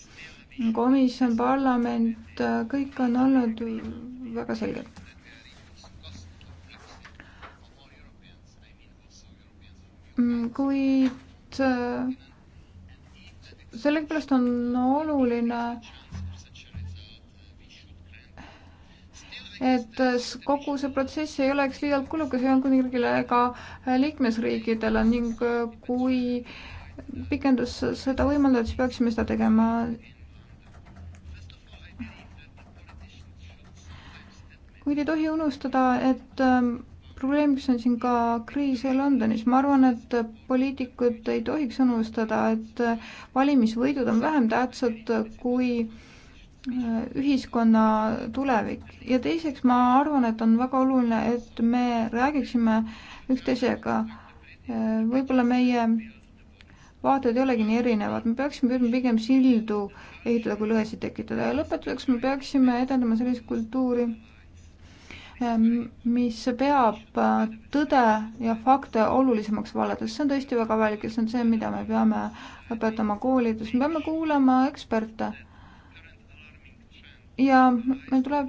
komisjon, parlament, kõik on olnud väga selged. kuid äh, sellegipärast on oluline, et kogu see protsess ei oleks liialt kulukas Ühendkuningriigile ega liikmesriikidele ning kui pikendus seda võimaldab, siis peaksime seda tegema kuid ei tohi unustada, et ähm, probleemiks on siin ka kriis Londonis. ma arvan, et poliitikud ei tohiks unustada, et äh, valimisvõidud on vähem tähtsad kui äh, ühiskonna tulevik. ja teiseks, ma arvan, et on väga oluline, et me räägiksime üksteisega. Äh, võib-olla meie vaated ei olegi nii erinevad, me peaksime püüdma pigem sildu ehitada, kui lõhesid tekitada ja lõpetuseks me peaksime edendama sellist kultuuri Ehm, mis peab äh, tõde ja fakte olulisemaks valedest. see on tõesti väga vajalik ja see on see, mida me peame õpetama koolides, me peame kuulama eksperte. ja meil tuleb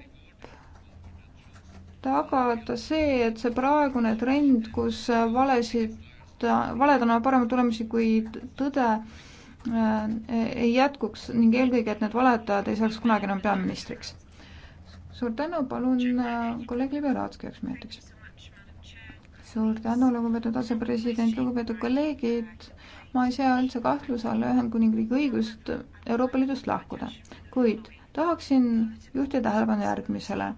tagada see, et see praegune trend, kus valesid, valed annavad parema tulemusi kui tõde, äh, ei jätkuks ning eelkõige, et need valetajad ei saaks kunagi enam peaministriks suur tänu, palun äh, kolleeg Liberatski üheks minutiks. suur tänu, lugupeetud asepresident, lugupeetud kolleegid. ma ei sea üldse kahtluse alla Ühendkuningriigi õigust Euroopa Liidust lahkuda, kuid tahaksin juhtida tähelepanu järgmisele.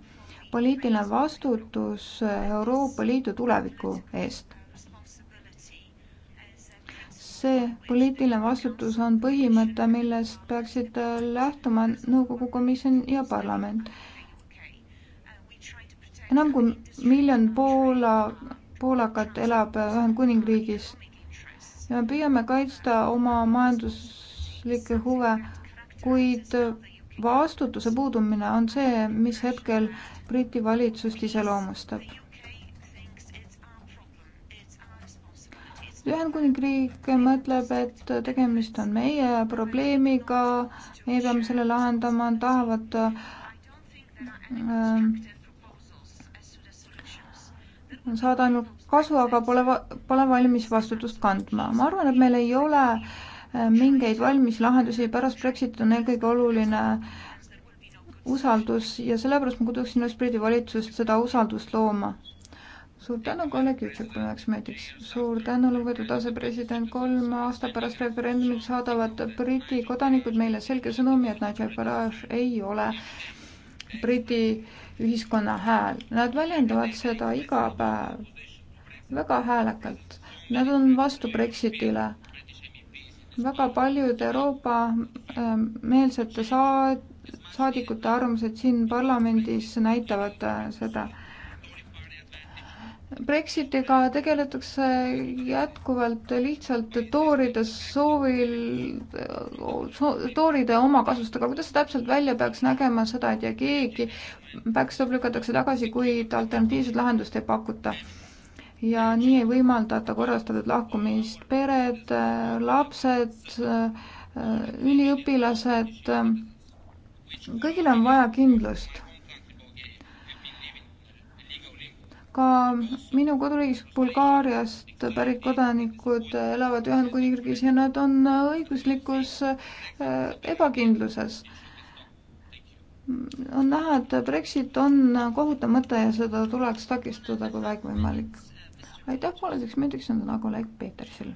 poliitiline vastutus Euroopa Liidu tuleviku eest see poliitiline vastutus on põhimõte, millest peaksid lähtuma nõukogu komisjon ja parlament enam kui miljon Poola, poolakat elab Ühendkuningriigis ja me püüame kaitsta oma majanduslikke huve, kuid vastutuse puudumine on see, mis hetkel Briti valitsust iseloomustab. Ühendkuningriik mõtleb, et tegemist on meie probleemiga, meie peame selle lahendama, tahavad äh, saada ainult kasu, aga pole, pole valmis vastutust kandma. ma arvan, et meil ei ole äh, mingeid valmis lahendusi, pärast Brexit on eelkõige oluline usaldus ja sellepärast ma kutsuksin Esprit valitsust seda usaldust looma suur tänu, kolleeg Jütsepule üheks minutiks. suur tänu, lugupeetud asepresident. kolm aasta pärast referendumit saadavad Briti kodanikud meile selge sõnumi, et Nigel Farage ei ole Briti ühiskonna hääl. Nad väljendavad seda iga päev väga häälekalt. Nad on vastu Brexitile. väga paljud Euroopa ähm, meelsete saad-, saadikute arvamused siin parlamendis näitavad äh, seda. Brexitiga tegeletakse jätkuvalt lihtsalt tooride soovil so,, tooride omakasust, aga kuidas see täpselt välja peaks nägema, seda ei tea keegi. Backstop lükatakse tagasi, kuid alternatiivset lahendust ei pakuta. ja nii ei võimaldata korrastatud lahkumist. pered, lapsed, üliõpilased, kõigil on vaja kindlust ka minu koduriigis Bulgaariast pärit kodanikud elavad Ühendkuningriigis ja nad on õiguslikus äh, ebakindluses. on näha, et Brexit on kohutav mõte ja seda tuleks takistada, kui vähegi võimalik. aitäh, pooleteiseks minutiks on täna kolleeg Peetersil.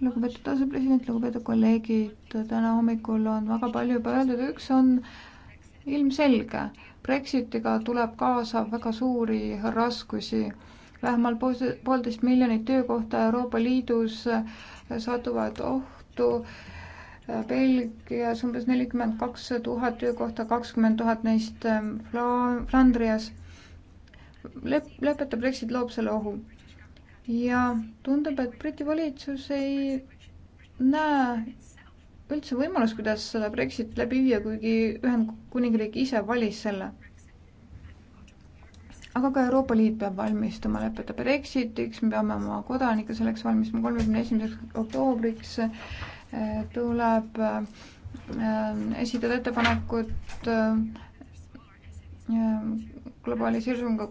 lugupeetud asepresident, lugupeetud kolleegid, täna hommikul on väga palju juba öeldud, üks on ilmselge Brexitiga tuleb kaasa väga suuri raskusi. Lähemal poolteist miljonit töökohta Euroopa Liidus eh, satuvad ohtu. Eh, Belgias umbes nelikümmend kaks tuhat töökohta, kakskümmend tuhat neist eh, Flandrias. Lep-, lepete Brexit loob selle ohu. ja tundub, et Briti valitsus ei näe üldse võimalus, kuidas seda Brexit läbi viia, kuigi Ühendkuningriik ise valis selle. aga ka Euroopa Liit peab valmistuma lepete Brexitiks, me peame oma kodanikke selleks valmistuma, kolmekümne esimeseks oktoobriks eh, tuleb eh, esitada ettepanekut eh, globaliseerumisega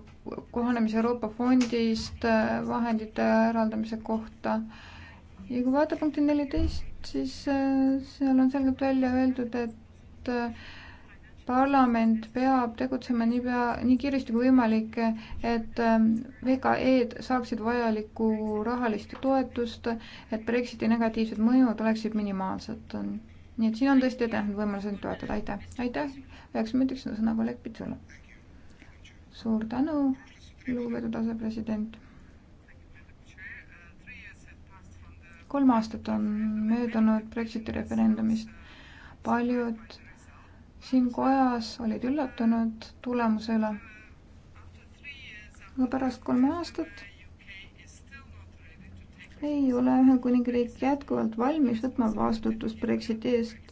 kohanemise Euroopa fondist vahendite eraldamise kohta ja kui vaadata punkti neliteist, siis äh, seal on selgelt välja öeldud, et äh, parlament peab tegutsema niipea, nii kiiresti kui võimalik, et ähm, VKE-d saaksid vajalikku rahalist toetust, et Brexiti negatiivsed mõjud oleksid minimaalsed. nii et siin on tõesti ettenähtud võimalus end toetada, aitäh, aitäh, üheks minutiks on sõna kolleeg Pitsule. suur tänu, lugupeetud asepresident kolm aastat on möödunud Brexiti referendumist. paljud siin kojas olid üllatunud tulemuse üle. aga pärast kolme aastat ei ole Ühendkuningriik jätkuvalt valmis võtma vastutust Brexiti eest.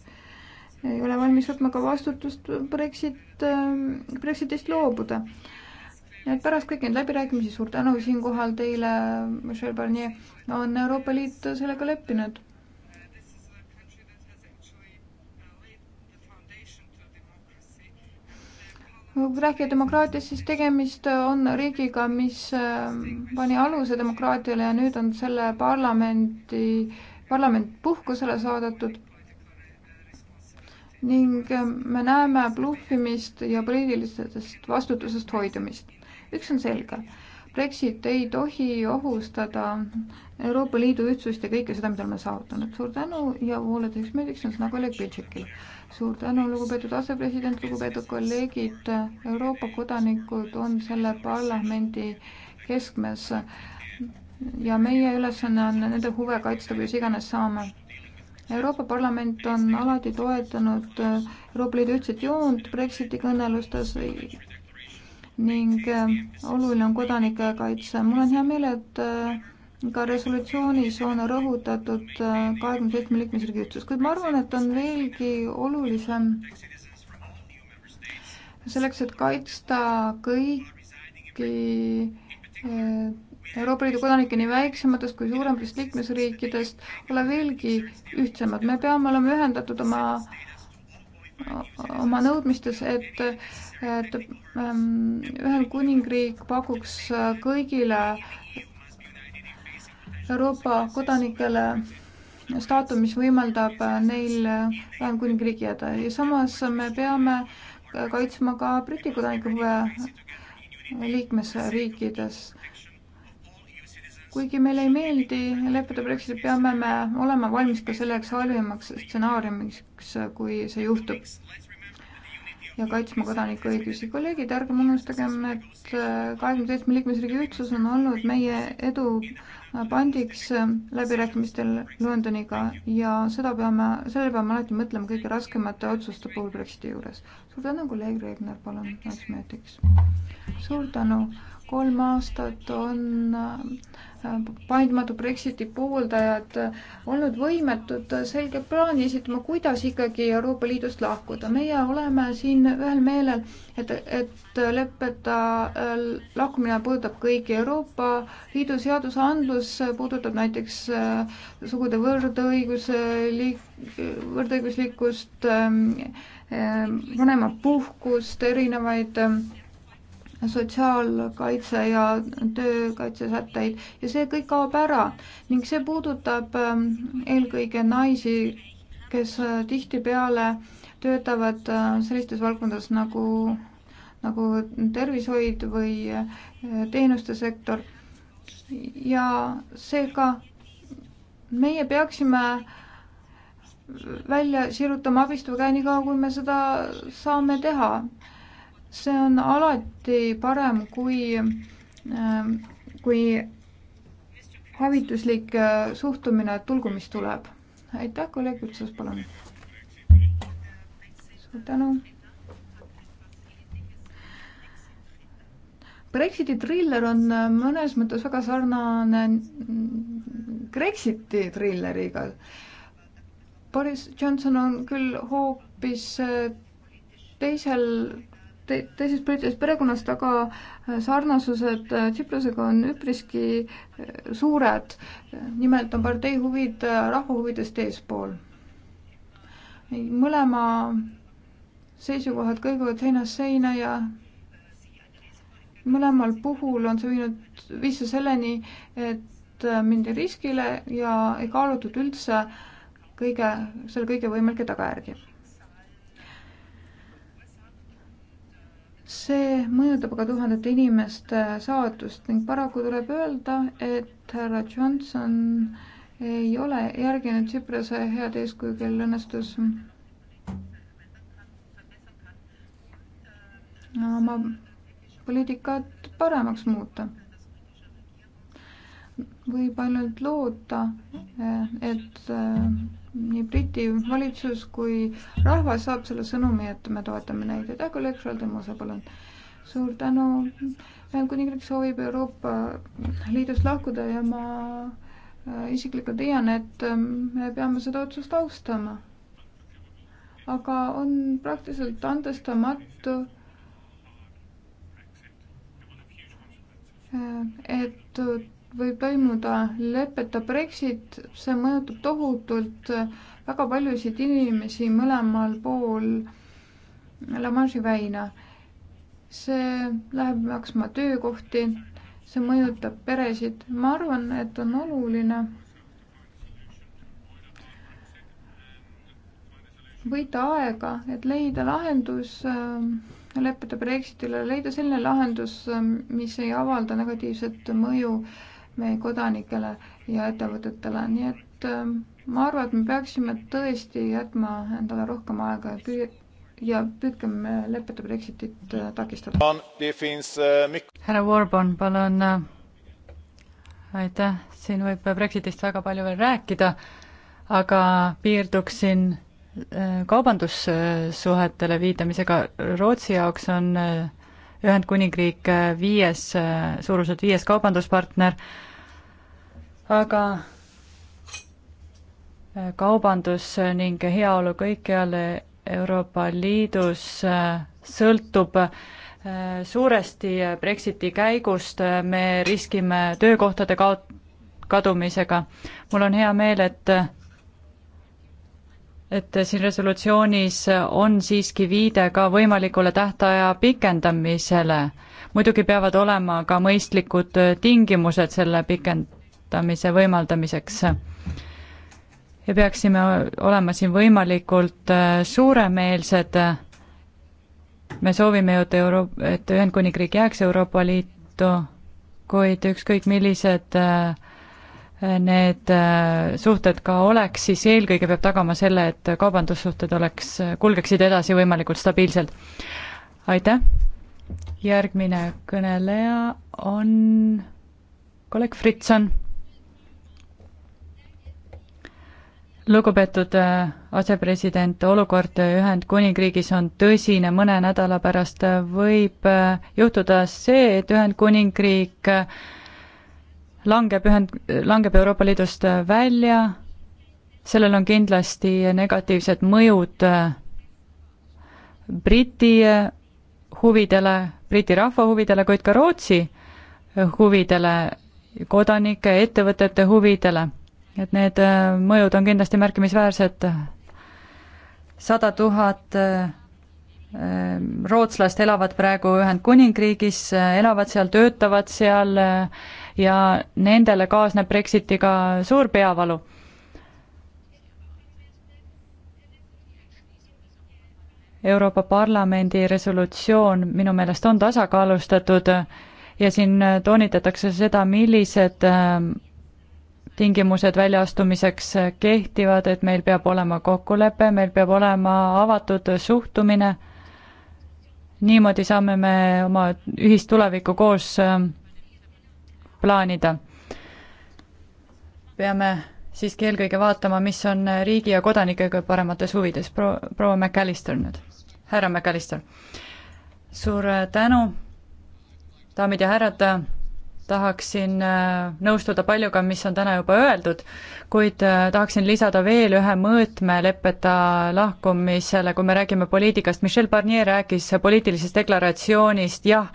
ei ole valmis võtma ka vastutust Brexit, ähm, Brexitist loobuda nii et pärast kõiki neid läbirääkimisi, suur tänu siinkohal teile, Michel Barnier, on Euroopa Liit sellega leppinud kui rääkida demokraatiast, siis tegemist on riigiga, mis äh, pani aluse demokraatiale ja nüüd on selle parlamendi, parlament puhkusele saadetud. ning äh, me näeme bluffimist ja poliitilisest vastutusest hoidumist üks on selge. Brexit ei tohi ohustada Euroopa Liidu ühtsust ja kõike seda, mida oleme saavutanud. suur tänu ja pooleteiseks minutiks on sõna kolleeg Pitšikil. suur tänu, lugupeetud asepresident, lugupeetud kolleegid. Euroopa kodanikud on selle parlamendi keskmes ja meie ülesanne on nende huve kaitsta, kuidas iganes saame. Euroopa Parlament on alati toetanud Euroopa Liidu ühtset joont Brexiti kõnelustes ning äh, oluline on kodanike kaitse. mul on hea meel, et äh, ka resolutsioonis on rõhutatud äh, kahekümne seitsme liikmesriigi ühtsust, kuid ma arvan, et on veelgi olulisem selleks, et kaitsta kõiki Euroopa Liidu kodanike nii väiksematest kui suurematest liikmesriikidest olla veelgi ühtsemad. me peame olema ühendatud oma äh, oma nõudmistes, et, et ähm, Ühendkuningriik pakuks kõigile Euroopa kodanikele staatu, mis võimaldab neil Ühendkuningriigi jääda ja samas me peame kaitsma ka Briti kodanike huve liikmesriikides kuigi meile ei meeldi leppida Brexiti, peame me olema valmis ka selleks halvimaks stsenaariumiks, kui see juhtub. ja kaitsma kodanike õigusi. kolleegid, ärgem unustagem, et kahekümne seitsme liikmesriigi ühtsus on olnud meie edu pandiks läbirääkimistel Londoniga ja seda peame, selle peame alati mõtlema kõige raskemate otsuste puhul Brexiti juures. suur tänu, kolleeg Regner, palun, üheks minutiks. suur tänu kolm aastat on paindumatu Brexiti pooldajad olnud võimetud selge plaani esitama, kuidas ikkagi Euroopa Liidust lahkuda. meie oleme siin ühel meelel, et, et leppeta äh, lahkumine puudutab kõiki. Euroopa Liidu seadusandlus puudutab näiteks äh, sugude võrdõiguse, võrdõiguslikkust, ähm, äh, vanemapuhkust, erinevaid ähm, sotsiaalkaitse ja töökaitsesätteid ja see kõik kaob ära ning see puudutab ähm, eelkõige naisi, kes äh, tihtipeale töötavad äh, sellistes valdkondades nagu, nagu tervishoid või äh, teenuste sektor. ja seega meie peaksime välja sirutama abistava käe niikaua, kui me seda saame teha see on alati parem kui, äh, kui hävituslik äh, suhtumine, et tulgu, mis tuleb. aitäh, kolleeg Ütsas, palun. suur tänu. Brexiti triller on äh, mõnes mõttes väga sarnane Brexiti trilleriga. Boris Johnson on küll hoopis teisel te-, teisest poliitilisest perekonnast, aga äh, sarnasused äh, Tsiprusega on üpriski äh, suured. nimelt on partei huvid rahva huvidest eespool. mõlema seisukohad kõiguvad seinast seina ja mõlemal puhul on see viinud, viis see selleni, et mindi riskile ja ei kaalutud üldse kõige, selle kõige võimalikke tagajärgi see mõjutab aga tuhandete inimeste saatust ning paraku tuleb öelda, et härra Johnson ei ole järginud Tsiprase head eeskuju, kel õnnestus oma poliitikat paremaks muuta. võib ainult loota, et nii Briti valitsus kui rahvas saab selle sõnumi, et me toetame neid. aitäh, kolleeg Šaldemose, palun. suur tänu. Ühendkuningriik soovib Euroopa Liidust lahkuda ja ma äh, isiklikult leian, et ähm, me peame seda otsust austama. aga on praktiliselt andestamatu, äh, et võib toimuda leppeta Brexit, see mõjutab tohutult väga paljusid inimesi mõlemal pool La Manche'i väina. see läheb maksma töökohti, see mõjutab peresid, ma arvan, et on oluline võita aega, et leida lahendus äh, leppida Brexitile, leida selline lahendus, äh, mis ei avalda negatiivset mõju äh, meie kodanikele ja ettevõtetele, nii et ähm, ma arvan, et me peaksime tõesti jätma endale rohkem aega ja püü-, ja püüdkem äh, lepete Brexitit äh, takistada. Äh, härra Warbon, palun. aitäh, siin võib Brexitist väga palju veel rääkida, aga piirduksin kaubandussuhetele viitamisega. Rootsi jaoks on Ühendkuningriik viies, suuruselt viies kaubanduspartner aga äh, kaubandus äh, ning heaolu kõikjal Euroopa Liidus äh, sõltub suuresti Brexiti käigust, me riskime töökohtade kao-, kadumisega. mul on hea meel, et et siin resolutsioonis on siiski viide ka võimalikule tähtaja pikendamisele. muidugi peavad olema ka mõistlikud tingimused selle pikend-, kasutamise võimaldamiseks. ja peaksime olema siin võimalikult äh, suuremeelsed, me soovime ju, et Euro-, et Ühendkuningriik jääks Euroopa Liitu, kuid ükskõik millised äh, need äh, suhted ka oleks, siis eelkõige peab tagama selle, et kaubandussuhted oleks, kulgeksid edasi võimalikult stabiilselt. aitäh! järgmine kõneleja on kolleeg Fritson. lugupeetud äh, asepresident, olukord Ühendkuningriigis on tõsine, mõne nädala pärast äh, võib äh, juhtuda see, et Ühendkuningriik langeb ühend, langeb Euroopa Liidust välja, sellel on kindlasti negatiivsed mõjud Briti huvidele, Briti rahva huvidele, kuid ka Rootsi huvidele, kodanike, ettevõtete huvidele et need äh, mõjud on kindlasti märkimisväärsed. sada tuhat äh, äh, rootslast elavad praegu Ühendkuningriigis, elavad seal, töötavad seal ja nendele kaasneb Brexitiga suur peavalu. Euroopa Parlamendi resolutsioon minu meelest on tasakaalustatud ja siin toonitatakse seda, millised tingimused väljaastumiseks kehtivad, et meil peab olema kokkulepe, meil peab olema avatud suhtumine, niimoodi saame me oma ühist tulevikku koos ähm, plaanida. peame siiski eelkõige vaatama, mis on riigi ja kodanikega paremates huvides Pro,, proua McAllister nüüd, härra McAllister. suur äh, tänu, daamid ja härrad tahaksin äh, nõustuda paljuga, mis on täna juba öeldud, kuid äh, tahaksin lisada veel ühe mõõtme leppeta lahkumisele, kui me räägime poliitikast. Michel Barnier rääkis poliitilisest deklaratsioonist, jah,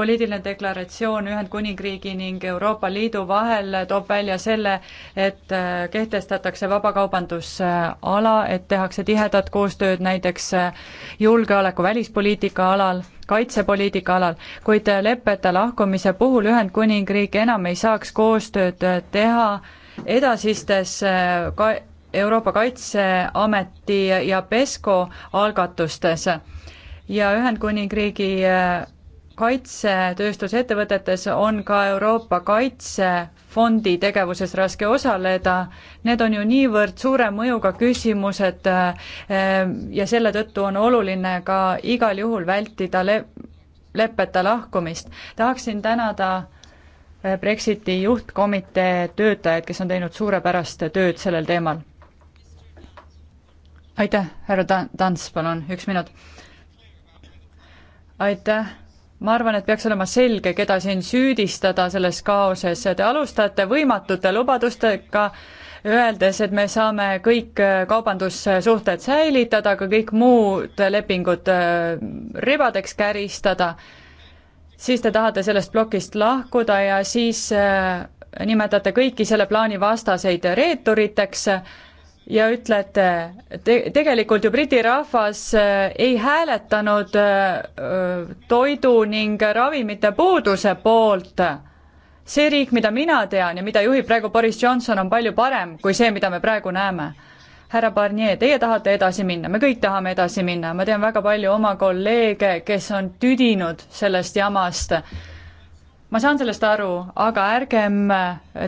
poliitiline deklaratsioon Ühendkuningriigi ning Euroopa Liidu vahel toob välja selle, et äh, kehtestatakse vabakaubandusala, et tehakse tihedat koostööd näiteks julgeoleku välispoliitika alal kaitsepoliitika alal, kuid leppeta lahkumise puhul Ühendkuningriik enam ei saaks koostööd teha edasistes äh, ka-, Euroopa Kaitseameti ja PESCO algatustes ja Ühendkuningriigi äh, kaitsetööstusettevõtetes on ka Euroopa Kaitsefondi tegevuses raske osaleda, need on ju niivõrd suure mõjuga küsimused eh, ja selle tõttu on oluline ka igal juhul vältida le-, leppeta lahkumist. tahaksin tänada eh, Brexiti juhtkomitee töötajaid, kes on teinud suurepärast tööd sellel teemal. aitäh, härra Dan-, Tants, palun, üks minut. aitäh ma arvan, et peaks olema selge, keda siin süüdistada selles kaoses, te alustate võimatute lubadustega, öeldes, et me saame kõik äh, kaubandussuhted säilitada, aga kõik muud lepingud äh, ribadeks käristada, siis te tahate sellest plokist lahkuda ja siis äh, nimetate kõiki selle plaani vastaseid reeturiteks ja ütlete, te, tegelikult ju Briti rahvas äh, ei hääletanud äh, äh, toidu ning ravimite puuduse poolt. see riik, mida mina tean ja mida juhib praegu Boris Johnson, on palju parem kui see, mida me praegu näeme. härra Barnier, teie tahate edasi minna, me kõik tahame edasi minna, ma tean väga palju oma kolleege, kes on tüdinud sellest jamast. ma saan sellest aru, aga ärgem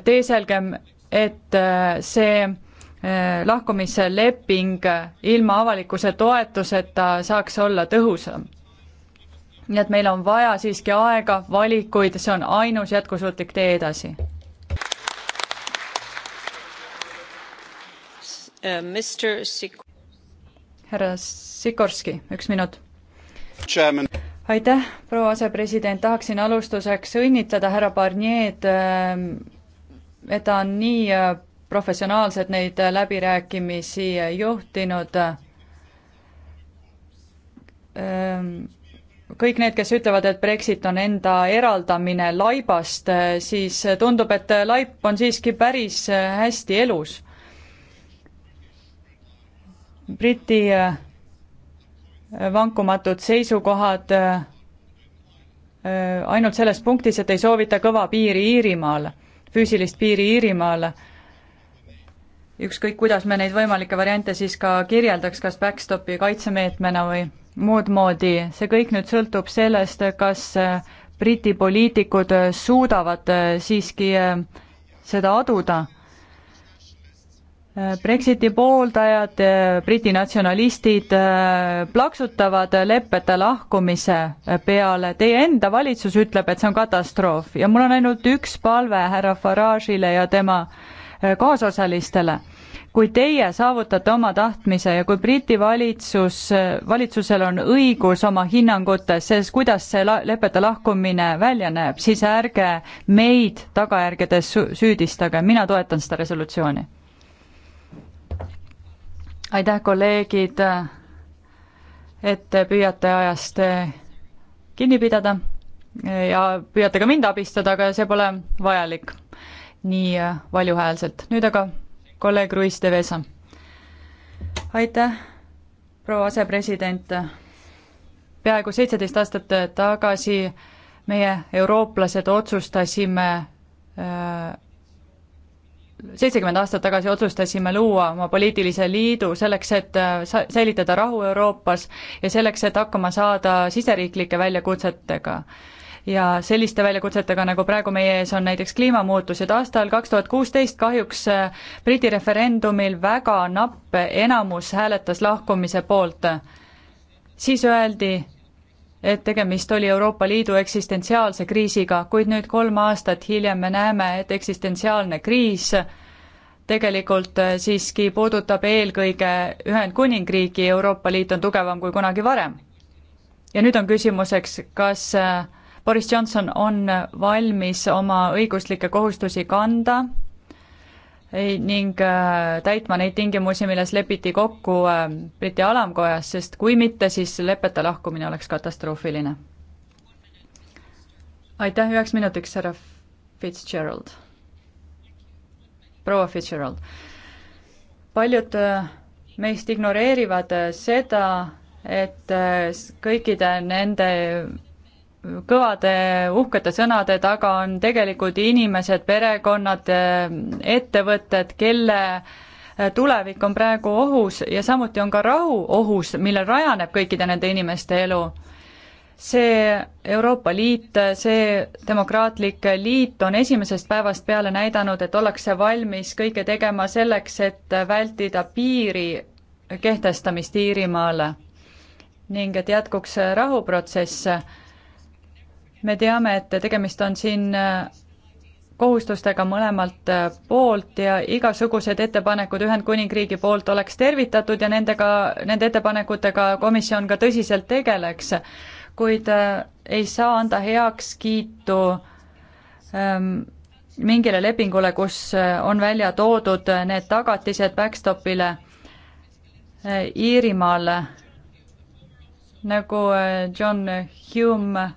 teeselgem, et see Eh, lahkumisleping ilma avalikkuse toetuseta saaks olla tõhusam. nii et meil on vaja siiski aega, valikuid, see on ainus jätkusuutlik tee edasi. Eh, härra Sikorski, üks minut. aitäh, proua asepresident, tahaksin alustuseks õnnitleda härra Barnier'd, eh, et ta on nii professionaalselt neid läbirääkimisi juhtinud. Ehm, kõik need, kes ütlevad, et Brexit on enda eraldamine laibast, siis tundub, et laip on siiski päris hästi elus. Briti eh, vankumatud seisukohad eh, ainult selles punktis, et ei soovita kõva piiri Iirimaal, füüsilist piiri Iirimaal ükskõik, kuidas me neid võimalikke variante siis ka kirjeldaks, kas backstopi kaitsemeetmena või muud moodi, see kõik nüüd sõltub sellest, kas äh, Briti poliitikud äh, suudavad äh, siiski seda aduda. Brexiti pooldajad, Briti natsionalistid plaksutavad leppeta lahkumise peale, teie enda valitsus ütleb, et see on katastroof ja mul on ainult üks palve härra Farage'ile ja tema äh, Äh, kaasosalistele. kui teie saavutate oma tahtmise ja kui Briti valitsus, valitsusel on õigus oma hinnangutes selles, kuidas see la-, lepete lahkumine välja näeb, siis ärge meid tagajärgedes süüdistage, mina toetan seda resolutsiooni. aitäh, kolleegid, et püüate ajast kinni pidada ja püüate ka mind abistada, aga see pole vajalik nii äh, valjuhäälselt. nüüd aga kolleeg Ruiz de Vesa. aitäh, proua asepresident. peaaegu seitseteist aastat tagasi meie, eurooplased, otsustasime äh, seitsekümmend aastat tagasi otsustasime luua oma poliitilise liidu selleks, et äh, säilitada rahu Euroopas ja selleks, et hakkama saada siseriiklike väljakutsetega ja selliste väljakutsetega, nagu praegu meie ees on näiteks kliimamuutused, aastal kaks tuhat kuusteist kahjuks äh, Briti referendumil väga napp enamus hääletas lahkumise poolt. siis öeldi, et tegemist oli Euroopa Liidu eksistentsiaalse kriisiga, kuid nüüd kolm aastat hiljem me näeme, et eksistentsiaalne kriis tegelikult äh, siiski puudutab eelkõige Ühendkuningriigi, Euroopa Liit on tugevam kui kunagi varem. ja nüüd on küsimuseks, kas äh, Boris Johnson on valmis oma õiguslikke kohustusi kanda ning äh, täitma neid tingimusi, milles lepiti kokku äh, Briti alamkojas, sest kui mitte, siis lepeta lahkumine oleks katastroofiline. aitäh üheks minutiks, härra Fitzgerald. proua Fitzgerald. paljud äh, meist ignoreerivad seda, et kõikide nende kõvade uhkete sõnade taga on tegelikult inimesed, perekonnad, ettevõtted, kelle eh, tulevik on praegu ohus ja samuti on ka rahu ohus, millel rajaneb kõikide nende inimeste elu. see Euroopa Liit, see demokraatlik liit on esimesest päevast peale näidanud, et ollakse valmis kõike tegema selleks, et vältida piiri kehtestamist Iirimaale ning et jätkuks rahuprotsess me teame, et tegemist on siin äh, kohustustega mõlemalt äh, poolt ja igasugused ettepanekud Ühendkuningriigi poolt oleks tervitatud ja nendega, nende ettepanekutega komisjon ka tõsiselt tegeleks. kuid äh, ei saa anda heakskiitu ähm, mingile lepingule, kus on välja toodud need tagatised backstopile Iirimaal, nagu John Hume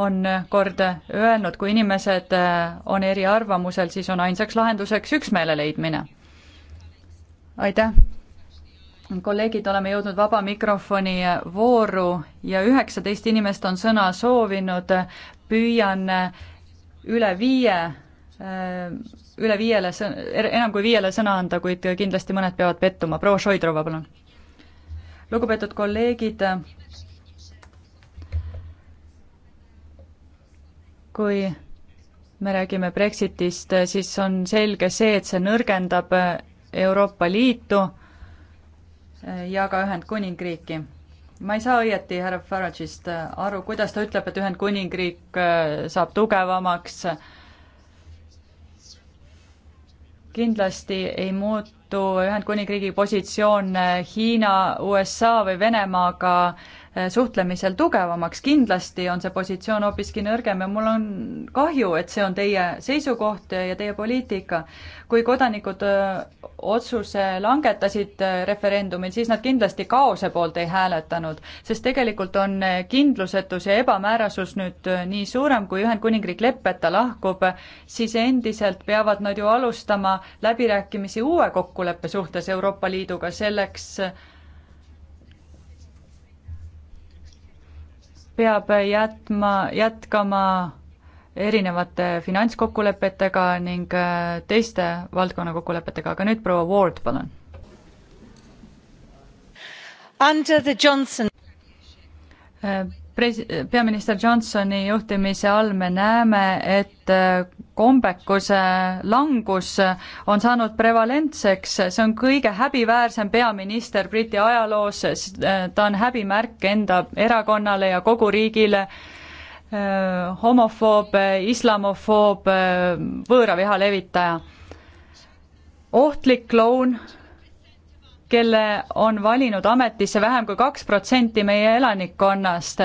on kord öelnud, kui inimesed äh, on eriarvamusel, siis on ainsaks lahenduseks üksmeele leidmine. aitäh! kolleegid, oleme jõudnud vaba mikrofoni äh, vooru ja üheksateist inimest on sõna soovinud, püüan äh, üle viie, üle viiele, er-, enam kui viiele sõna anda, kuid kindlasti mõned peavad pettuma, proua Šoidrova, palun. lugupeetud kolleegid, kui me räägime Brexitist, siis on selge see, et see nõrgendab Euroopa Liitu ja ka Ühendkuningriiki. ma ei saa õieti härra Farage'ist aru, kuidas ta ütleb, et Ühendkuningriik äh, saab tugevamaks. kindlasti ei muutu Ühendkuningriigi positsioon Hiina, USA või Venemaaga äh, Äh, suhtlemisel tugevamaks, kindlasti on see positsioon hoopiski nõrgem ja mul on kahju, et see on teie seisukoht ja teie poliitika. kui kodanikud äh, otsuse langetasid äh, referendumil, siis nad kindlasti kaose poolt ei hääletanud, sest tegelikult on kindlusetus ja ebamäärasus nüüd nii suurem, kui Ühendkuningriik leppeta lahkub, siis endiselt peavad nad ju alustama läbirääkimisi uue kokkuleppe suhtes Euroopa Liiduga selleks, peab jätma, jätkama erinevate finantskokkulepetega ning äh, teiste valdkonna kokkulepetega, aga nüüd proua Ward, palun. Under the Johnson äh, pres-, peaminister Johnsoni juhtimise all me näeme, et äh, kombekuse langus on saanud prevalentseks, see on kõige häbiväärsem peaminister Briti ajaloos, äh, ta on häbimärk enda erakonnale ja kogu riigile, äh, homofoob, islamofoob, võõraviha levitaja. ohtlik kloun kelle on valinud ametisse vähem kui kaks protsenti meie elanikkonnast.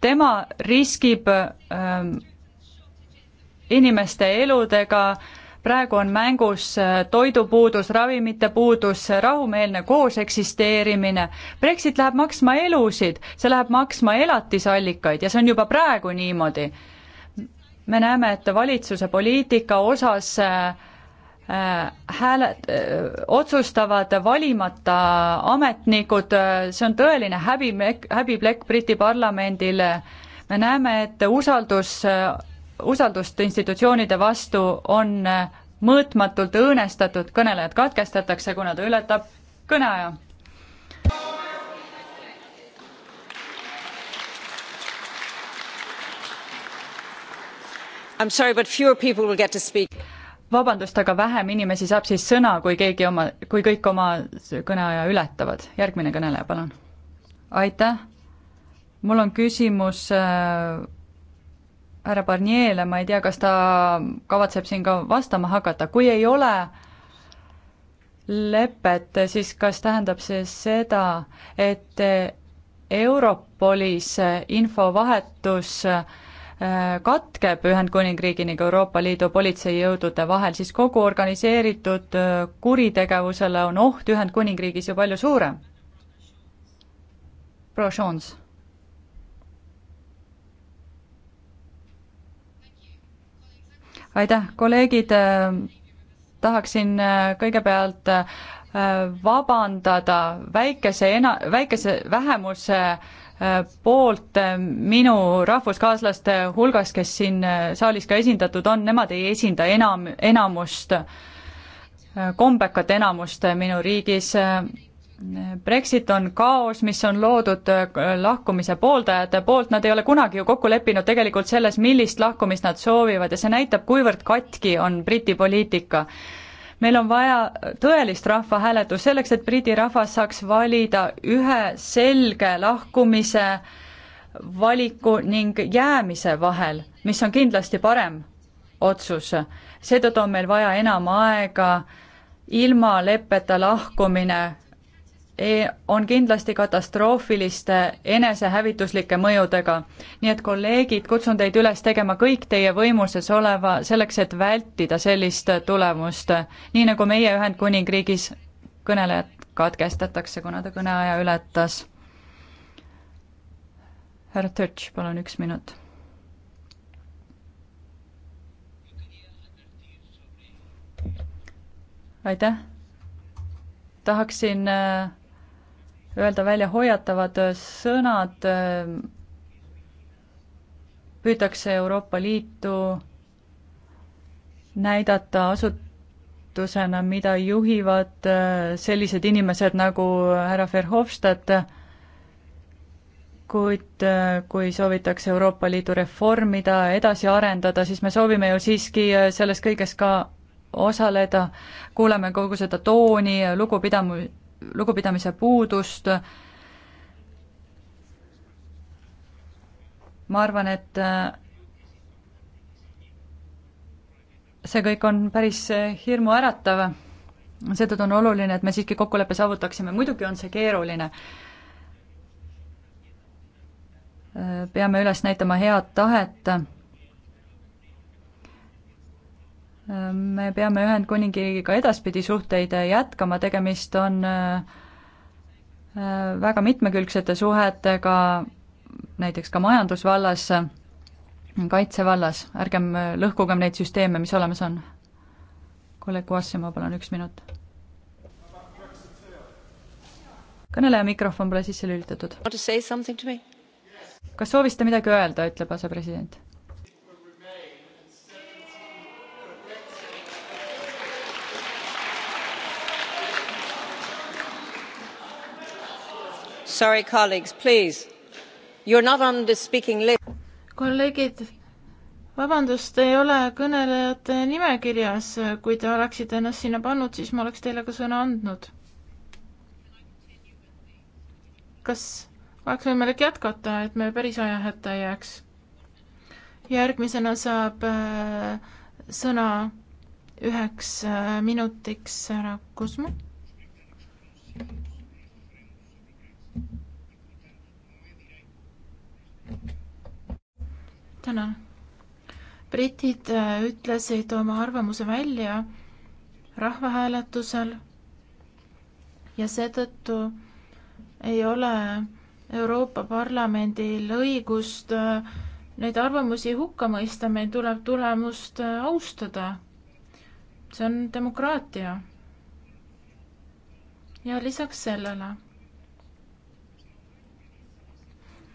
tema riskib ähm, inimeste eludega, praegu on mängus äh, toidupuudus, ravimite puudus, äh, rahumeelne kooseksisteerimine. Brexit läheb maksma elusid, see läheb maksma elatisallikaid ja see on juba praegu niimoodi. me näeme, et valitsuse poliitika osas äh, Äh, hääle, äh, otsustavad valimata ametnikud, äh, see on tõeline häbi, häbiplekk Briti parlamendile. me näeme, et usaldus, usaldust institutsioonide vastu on mõõtmatult õõnestatud, kõnelejad katkestatakse, kuna ta ületab kõneaja. I am sorry but fewer people will get to speak vabandust, aga vähem inimesi saab siis sõna, kui keegi oma, kui kõik oma kõneaja ületavad. järgmine kõneleja, palun. aitäh. mul on küsimus äh, härra Barnier'le, ma ei tea, kas ta kavatseb siin ka vastama hakata, kui ei ole lepet, siis kas tähendab see seda, et Europolis infovahetus äh, katkeb Ühendkuningriigi ning Euroopa Liidu politseijõudude vahel, siis kogu organiseeritud äh, kuritegevusele on oht Ühendkuningriigis ju palju suurem. proua Jones aitäh, kolleegid, äh, tahaksin äh, kõigepealt vabandada väikese ena-, väikese vähemuse poolt minu rahvuskaaslaste hulgas, kes siin saalis ka esindatud on, nemad ei esinda enam, enamust, kombekat enamust minu riigis. Brexit on kaos, mis on loodud lahkumise pooldajate poolt, nad ei ole kunagi ju kokku leppinud tegelikult selles, millist lahkumist nad soovivad ja see näitab, kuivõrd katki on Briti poliitika meil on vaja tõelist rahvahääletust selleks, et Briti rahvas saaks valida ühe selge lahkumise valiku ning jäämise vahel, mis on kindlasti parem otsus. seetõttu on meil vaja enam aega ilma leppeta lahkumine E on kindlasti katastroofiliste enesehävituslike mõjudega. nii et kolleegid, kutsun teid üles tegema kõik teie võimuses oleva selleks, et vältida sellist tulemust, nii nagu meie Ühendkuningriigis kõnelejad katkestatakse, kuna ta kõneaja ületas. härra Tõrts, palun üks minut. aitäh. tahaksin äh, öelda välja hoiatavad sõnad, püütakse Euroopa Liitu näidata asutusena, mida juhivad sellised inimesed nagu härra Verhofstadt, kuid kui soovitakse Euroopa Liidu reformida, edasi arendada, siis me soovime ju siiski selles kõiges ka osaleda, kuuleme kogu seda tooni, lugupidamu-, lugupidamise puudust. ma arvan, et äh, see kõik on päris äh, hirmuäratav, seetõttu on oluline, et me siiski kokkuleppe saavutaksime, muidugi on see keeruline. Äh, peame üles näitama head tahet me peame Ühendkuningriigiga edaspidi suhteid äh, jätkama, tegemist on äh, äh, väga mitmekülgsete suhetega, näiteks ka majandusvallas, kaitsevallas, ärgem lõhkugem neid süsteeme, mis olemas on. kolleeg Vassimaa, palun üks minut. kõneleja mikrofon pole sisse lülitatud. kas soovisite midagi öelda, ütleb asepresident Sorry, colleagues, please. You are not on the speaking list. kolleegid, vabandust, ei ole kõnelejate nimekirjas. kui te oleksite ennast sinna pannud, siis ma oleks teile ka sõna andnud. kas oleks võimalik jätkata, et me päris ajahätta ei jääks? järgmisena saab äh, sõna üheks äh, minutiks härra Kusmu. tänan. britid äh, ütlesid oma arvamuse välja rahvahääletusel ja seetõttu ei ole Euroopa Parlamendil õigust äh, neid arvamusi hukka mõista, meil tuleb tulemust äh, austada. see on demokraatia. ja lisaks sellele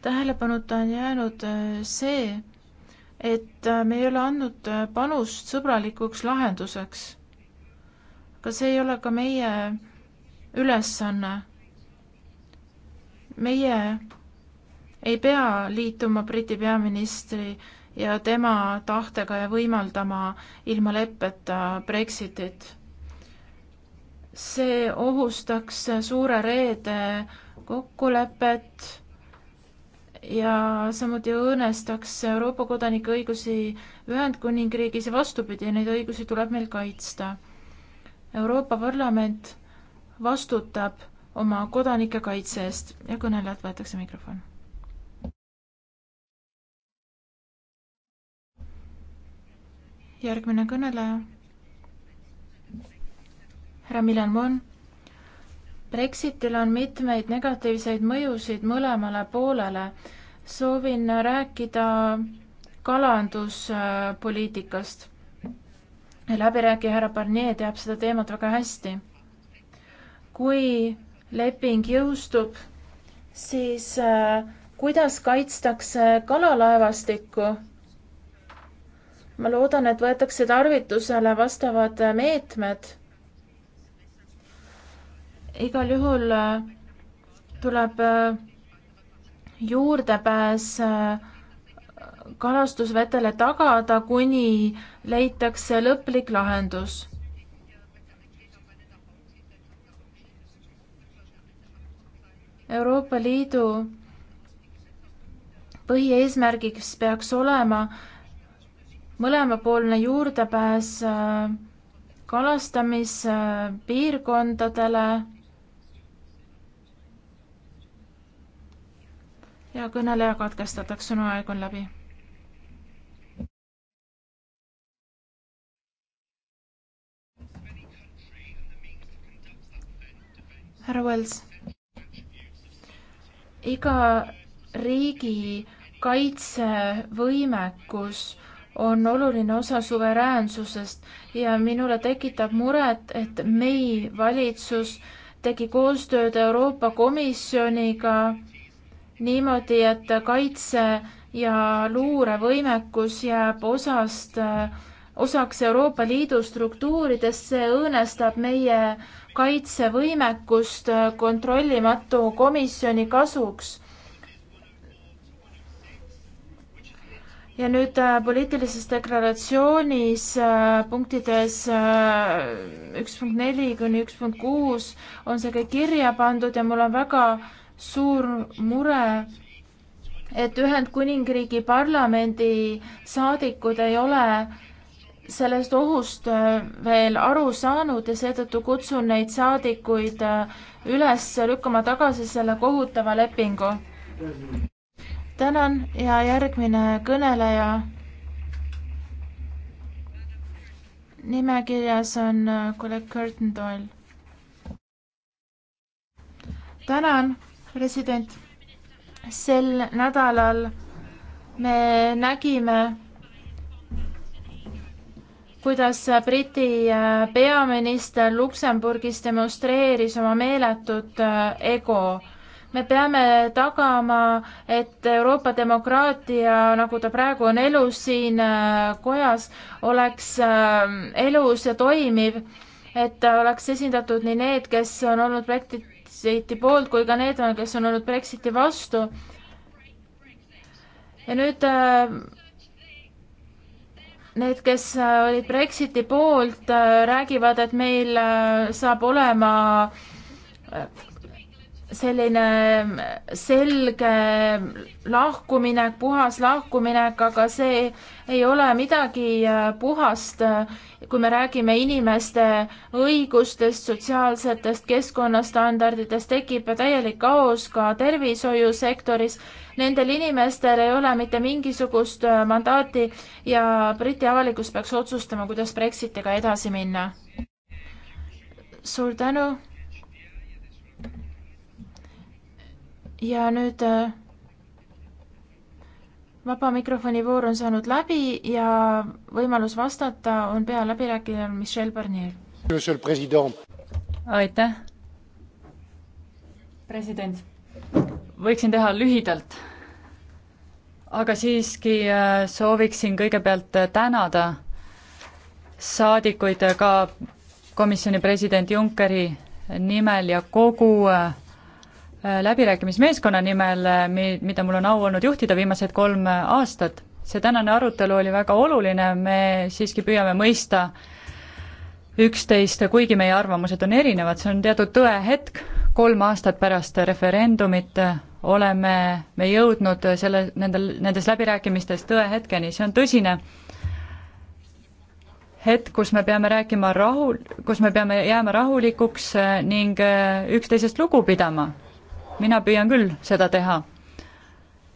tähelepanuta on jäänud see, et äh, me ei ole andnud äh, panust sõbralikuks lahenduseks. aga see ei ole ka meie ülesanne. meie ei pea liituma Briti peaministri ja tema tahtega ja võimaldama ilma leppeta Brexitit. see ohustaks Suure Reede kokkulepet ja samuti õõnestaks Euroopa kodanike õigusi Ühendkuningriigis ja vastupidi, neid õigusi tuleb meil kaitsta. Euroopa Parlament vastutab oma kodanike kaitse eest ja kõnelejalt võetakse mikrofon. järgmine kõneleja, härra Milan Mon Brexitil on mitmeid negatiivseid mõjusid mõlemale poolele. soovin rääkida kalanduspoliitikast. läbirääkija härra Barnier teab seda teemat väga hästi. kui leping jõustub, siis äh, kuidas kaitstakse kalalaevastikku? ma loodan, et võetakse tarvitusele vastavad meetmed igal juhul äh, tuleb äh, juurdepääs äh, kalastusvetele tagada, kuni leitakse lõplik lahendus. Euroopa Liidu põhieesmärgiks peaks olema mõlemapoolne juurdepääs kalastamispiirkondadele äh, ja kõneleja katkestatakse, sõna aeg on läbi. härra Wells, iga riigi kaitsevõimekus on oluline osa suveräänsusest ja minule tekitab muret, et meie valitsus tegi koostööd Euroopa Komisjoniga äh, niimoodi, et kaitse ja luurevõimekus jääb osast, osaks Euroopa Liidu struktuuridest, see õõnestab meie kaitsevõimekust kontrollimatu komisjoni kasuks. ja nüüd äh, poliitilises deklaratsioonis äh, punktides äh, üks punkt neli kuni üks punkt kuus on see kõik kirja pandud ja mul on väga äh, suur mure, et Ühendkuningriigi parlamendi saadikud ei ole sellest ohust äh, veel aru saanud ja seetõttu kutsun neid saadikuid äh, üles lükkama tagasi selle kohutava lepingu. tänan ja järgmine kõneleja. nimekirjas on äh, kolleeg Curtin Doyle. tänan president, sel nädalal me nägime, kuidas Briti äh, peaminister Luksemburgis demonstreeris oma meeletut äh, ego. me peame tagama, et Euroopa demokraatia, nagu ta praegu on elus siin äh, kojas, oleks elus ja toimiv, et oleks esindatud nii need, kes on olnud projekti Brexiti poolt kui ka need, kes on olnud Brexiti vastu. ja nüüd äh, need, kes äh, olid Brexiti poolt, äh, räägivad, et meil saab olema selline selge lahkuminek, puhas lahkuminek, aga see ei ole midagi äh, puhast, äh, kui me räägime inimeste õigustest, sotsiaalsetest keskkonnastandarditest, tekib täielik kaos ka tervishoiusektoris. Nendel inimestel ei ole mitte mingisugust äh, mandaati ja Briti avalikkus peaks otsustama, kuidas Brexitiga edasi minna. suur tänu ja nüüd äh, vaba mikrofoni voor on saanud läbi ja võimalus vastata on pealäbirääkijal Michel Barnier. aitäh. president, võiksin teha lühidalt, aga siiski äh, sooviksin kõigepealt äh, tänada saadikuid ka komisjoni presidendi Junckeri nimel ja kogu äh, Äh, läbirääkimismeeskonna nimel, äh, mi-, mida mul on au olnud juhtida viimased kolm aastat. see tänane arutelu oli väga oluline, me siiski püüame mõista üksteist, kuigi meie arvamused on erinevad, see on teatud tõehetk, kolm aastat pärast referendumit oleme me jõudnud selle, nendel, nendes läbirääkimistes tõehetkeni, see on tõsine hetk, kus me peame rääkima rahul, kus me peame jääma rahulikuks ning üksteisest lugu pidama mina püüan küll seda teha.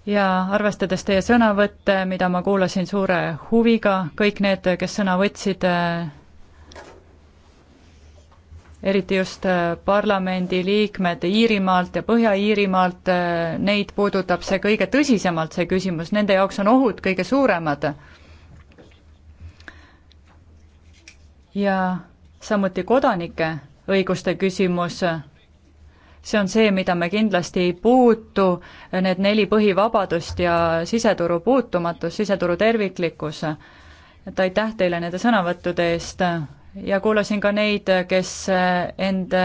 ja arvestades teie sõnavõtte, mida ma kuulasin suure huviga, kõik need, kes sõna võtsid, eh, eriti just eh, parlamendiliikmed Iirimaalt ja Põhja-Iirimaalt, eh, neid puudutab see kõige tõsisemalt, see küsimus, nende jaoks on ohud kõige suuremad. ja samuti kodanike õiguste küsimus see on see, mida me kindlasti ei puutu, need neli põhivabadust ja siseturu puutumatus, siseturu terviklikkus. et aitäh teile nende sõnavõttude eest ja kuulasin ka neid, kes end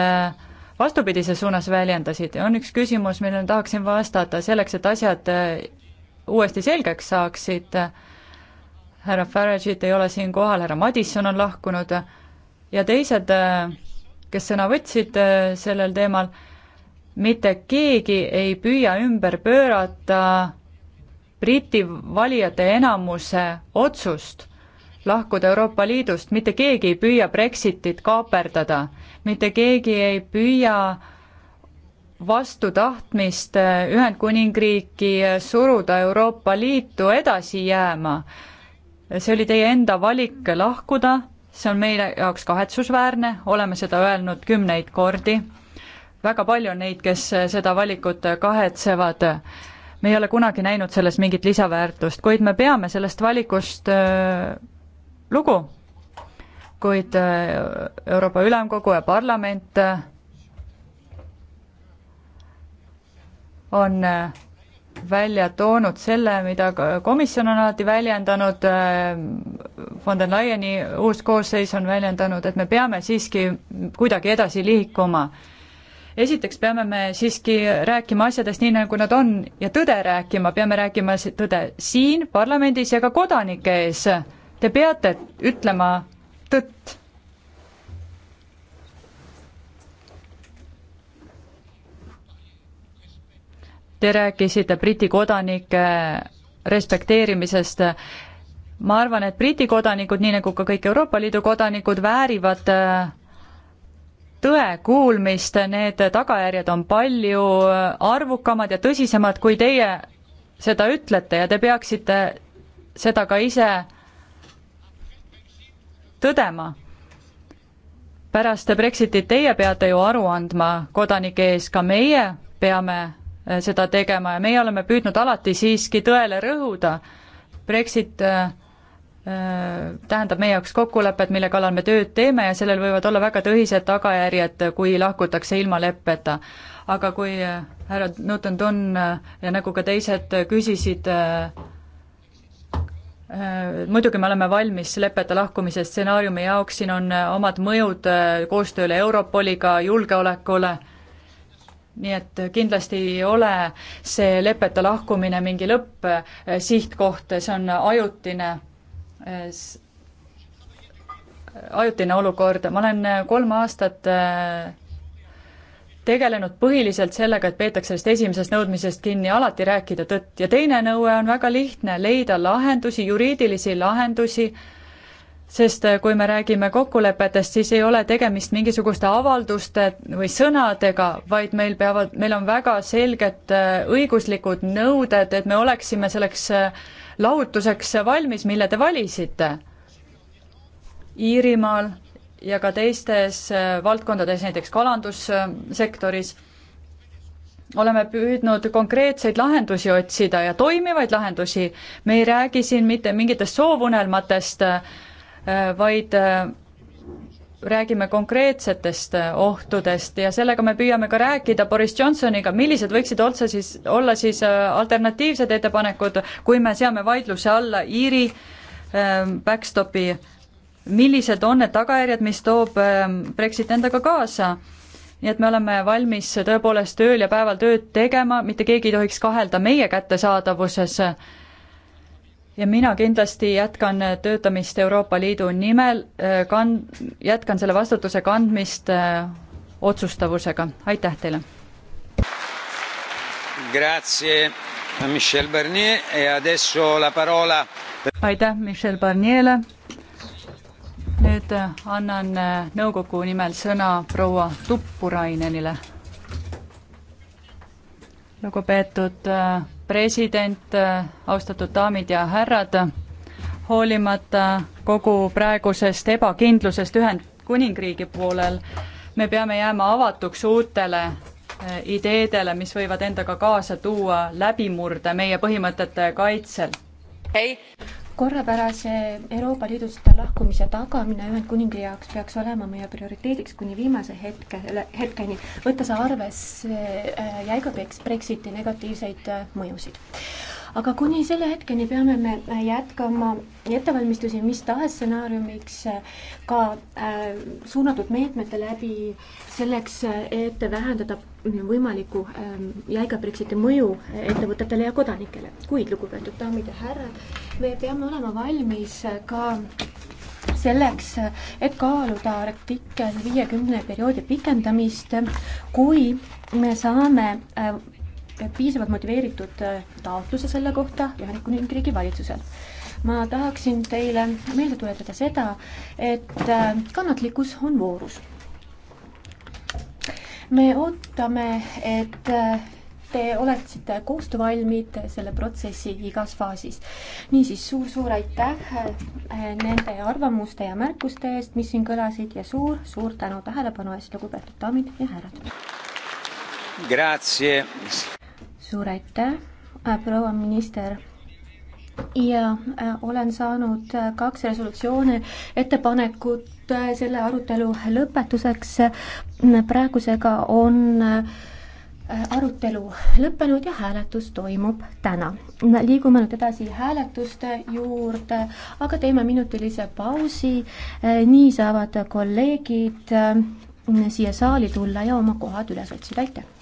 vastupidises suunas väljendasid ja on üks küsimus, millele tahaksin vastata, selleks et asjad uuesti selgeks saaksid, härra Farage'it ei ole siin kohal, härra Madisson on lahkunud ja teised, kes sõna võtsid sellel teemal mitte keegi ei püüa ümber pöörata Briti valijate enamuse otsust lahkuda Euroopa Liidust, mitte keegi ei püüa Brexitit kaaperdada, mitte keegi ei püüa vastu tahtmist Ühendkuningriiki suruda Euroopa Liitu edasi jääma. see oli teie enda valik lahkuda, see on meile jaoks kahetsusväärne, oleme seda öelnud kümneid kordi väga palju on neid, kes eh, seda valikut eh, kahetsevad. me ei ole kunagi näinud selles mingit lisaväärtust, kuid me peame sellest valikust äh, lugu. kuid äh, Euroopa Ülemkogu ja parlament äh, on välja toonud selle, mida komisjon on alati väljendanud, von der Leyeni uus koosseis on väljendanud, et me peame siiski kuidagi edasi liikuma esiteks peame me siiski rääkima asjadest nii, nagu nad on ja tõde rääkima, peame rääkima tõde siin parlamendis ja ka kodanike ees. Te peate ütlema tõtt. Te rääkisite Briti kodanike respekteerimisest ma arvan, et Briti kodanikud, nii nagu ka kõik Euroopa Liidu kodanikud, väärivad äh, tõe kuulmist, need tagajärjed on palju arvukamad ja tõsisemad, kui teie seda ütlete ja te peaksite seda ka ise tõdema. pärast Brexitit teie peate ju aru andma kodanike ees, ka meie peame eh, seda tegema ja meie oleme püüdnud alati siiski tõele rõhuda. Brexit äh, tähendab meie jaoks kokkulepet, mille kallal me tööd teeme ja sellel võivad olla väga tõsised tagajärjed, kui lahkutakse ilma leppeta. aga kui äh, härra Newton Dunn äh, ja nagu ka teised küsisid, äh, muidugi me oleme valmis lepete lahkumise stsenaariumi jaoks, siin on omad mõjud koostööle Europoliga, julgeolekule nii et kindlasti ei ole see lepete lahkumine mingi lõppsihtkoht, see on ajutine ajutine olukord, ma olen äh, kolm aastat äh, tegelenud põhiliselt sellega, et peetakse sellest esimesest nõudmisest kinni, alati rääkida tõtt ja teine nõue on väga lihtne, leida lahendusi, juriidilisi lahendusi, sest äh, kui me räägime kokkulepetest, siis ei ole tegemist mingisuguste avalduste või sõnadega, vaid meil peavad, meil on väga selged õiguslikud nõuded, et me oleksime selleks lahutuseks valmis, mille te valisite Iirimaal ja ka teistes äh, valdkondades, näiteks kalandussektoris, äh, oleme püüdnud konkreetseid lahendusi otsida ja toimivaid lahendusi. me ei räägi siin mitte mingitest soovunelmatest, äh, vaid räägime konkreetsetest äh, ohtudest ja sellega me püüame ka rääkida Boris Johnsoniga, millised võiksid otse siis, olla siis äh, alternatiivsed ettepanekud, kui me seame vaidluse alla Iiri ähm, backstopi, millised on need tagajärjed, mis toob ähm, Brexit endaga kaasa. nii et me oleme valmis tõepoolest ööl ja päeval tööd tegema, mitte keegi ei tohiks kahelda meie kättesaadavuses ja mina kindlasti jätkan töötamist Euroopa Liidu nimel, äh, kan-, jätkan selle vastutuse kandmist äh, otsustavusega, aitäh teile! E aitäh Michel Barnier'le, nüüd äh, annan nõukogu nimel sõna proua Tuppurainenile. lugupeetud president, austatud daamid ja härrad, hoolimata kogu praegusest ebakindlusest Ühendkuningriigi poolel, me peame jääma avatuks uutele eh, ideedele, mis võivad endaga kaasa tuua läbimurde meie põhimõtete kaitsel hey korrapärase Euroopa Liidust lahkumise tagamine Ühendkuningriigi jaoks peaks olema meie prioriteediks kuni viimase hetke, hetkeni, võttes arvesse äh, jäiga Brexiti negatiivseid äh, mõjusid aga kuni selle hetkeni peame me äh, jätkama ettevalmistusi mis tahes stsenaariumiks, äh, ka äh, suunatud meetmete läbi selleks, et vähendada võimaliku ähm, jäiga Brexiti mõju ettevõtetele ja kodanikele. kuid, lugupeetud daamid ja härrad, me peame olema valmis ka selleks, et kaaluda artikkel viiekümne perioodi pikendamist, kui me saame piisavalt motiveeritud äh, taotluse selle kohta Ühendkuningriigi valitsuselt. ma tahaksin teile meelde tuletada seda, et äh, kannatlikkus on voorus. me ootame, et äh, te oleksite koostöövalmid selle protsessi igas faasis. niisiis suur-suur aitäh nende arvamuste ja märkuste eest, mis siin kõlasid ja suur-suur tänu tähelepanu eest, lugupeetud daamid ja härrad. Grazie suur aitäh, äh, proua minister ja äh, olen saanud äh, kaks resolutsiooni ettepanekut selle arutelu lõpetuseks. praegusega on arutelu lõppenud ja hääletus toimub täna. liigume nüüd edasi hääletuste juurde, aga teeme minutilise pausi. nii saavad kolleegid siia saali tulla ja oma kohad üles otsida, aitäh!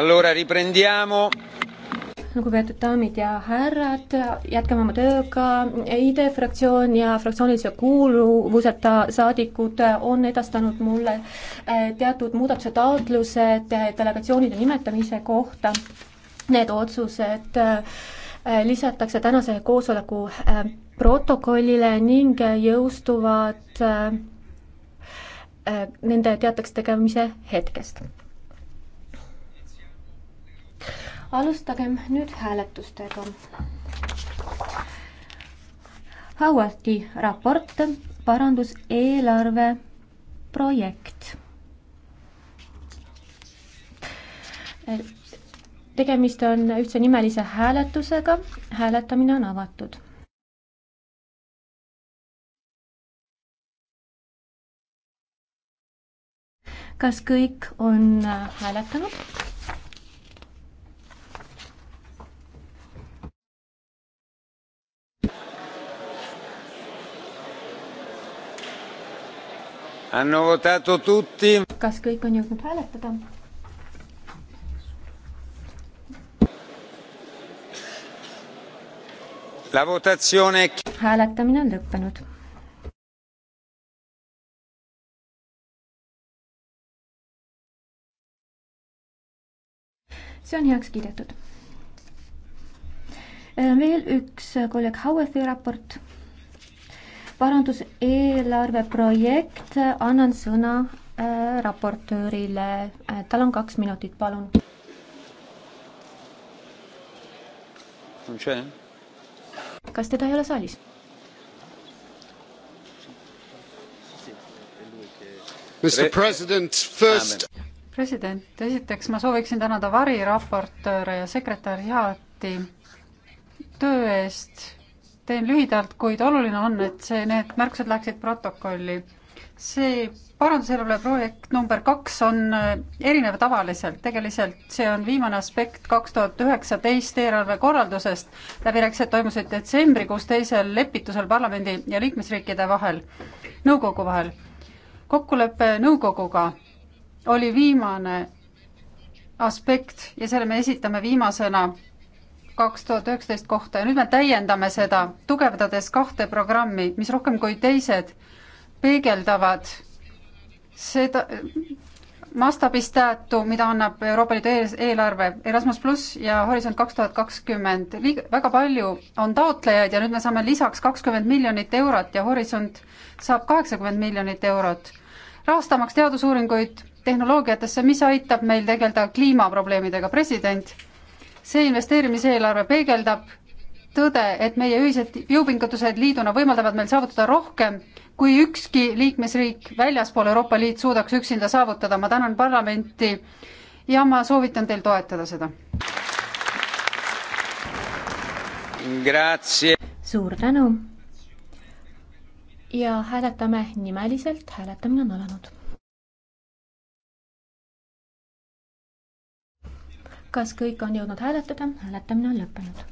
Allora riprendiamo. lugupeetud daamid ja härrad, jätkame oma tööga, ID fraktsioon ja fraktsioonilise kuuluvuseta saadikud on edastanud mulle eh, teatud muudatuse taotlused eh, delegatsioonide nimetamise kohta. Need otsused eh, lisatakse tänase koosoleku protokollile ning jõustuvad nende teateks tegemise hetkest alustagem nüüd hääletustega. Hauati raport, paranduseelarve projekt. tegemist on ühtsenimelise hääletusega, hääletamine on avatud kas kõik on hääletanud? kas kõik on jõudnud hääletada? hääletamine on lõppenud. see on heaks kiidetud. Äh, veel üks kolleeg Hauethi raport paranduseelarve projekt, annan sõna äh, raportöörile äh,, tal on kaks minutit, palun. kas teda ei ole saalis? president, first... president, esiteks ma sooviksin tänada variraportööre ja sekretäriaati töö eest teen lühidalt, kuid oluline on, et see, need märksõnad läheksid protokolli. see paranduseelarve projekt number kaks on äh, erinev tavaliselt, tegelikult see on viimane aspekt kaks tuhat üheksateist eelarve korraldusest, läbirääkimised toimusid detsembrikuus teisel lepitusel parlamendi ja liikmesriikide vahel, nõukogu vahel. kokkulepe nõukoguga oli viimane aspekt ja selle me esitame viimasena kaks tuhat üheksateist kohta ja nüüd me täiendame seda, tugevdades kahte programmi, mis rohkem kui teised peegeldavad seda mastaabis teatu, mida annab Euroopa Liidu eelarve Erasmus pluss ja Horisont kaks tuhat kakskümmend. väga palju on taotlejaid ja nüüd me saame lisaks kakskümmend miljonit eurot ja Horisont saab kaheksakümmend miljonit eurot, rahastamaks teadusuuringuid tehnoloogiatesse, mis aitab meil tegeleda kliimaprobleemidega. president see investeerimiseelarve peegeldab tõde, et meie ühised jõupingutused liiduna võimaldavad meil saavutada rohkem, kui ükski liikmesriik väljaspool Euroopa Liit suudaks üksinda saavutada. ma tänan parlamenti ja ma soovitan teil toetada seda. suur tänu. ja hääletame nimeliselt, hääletamine on alanud kas kõik on jõudnud hääletada? hääletamine on lõppenud.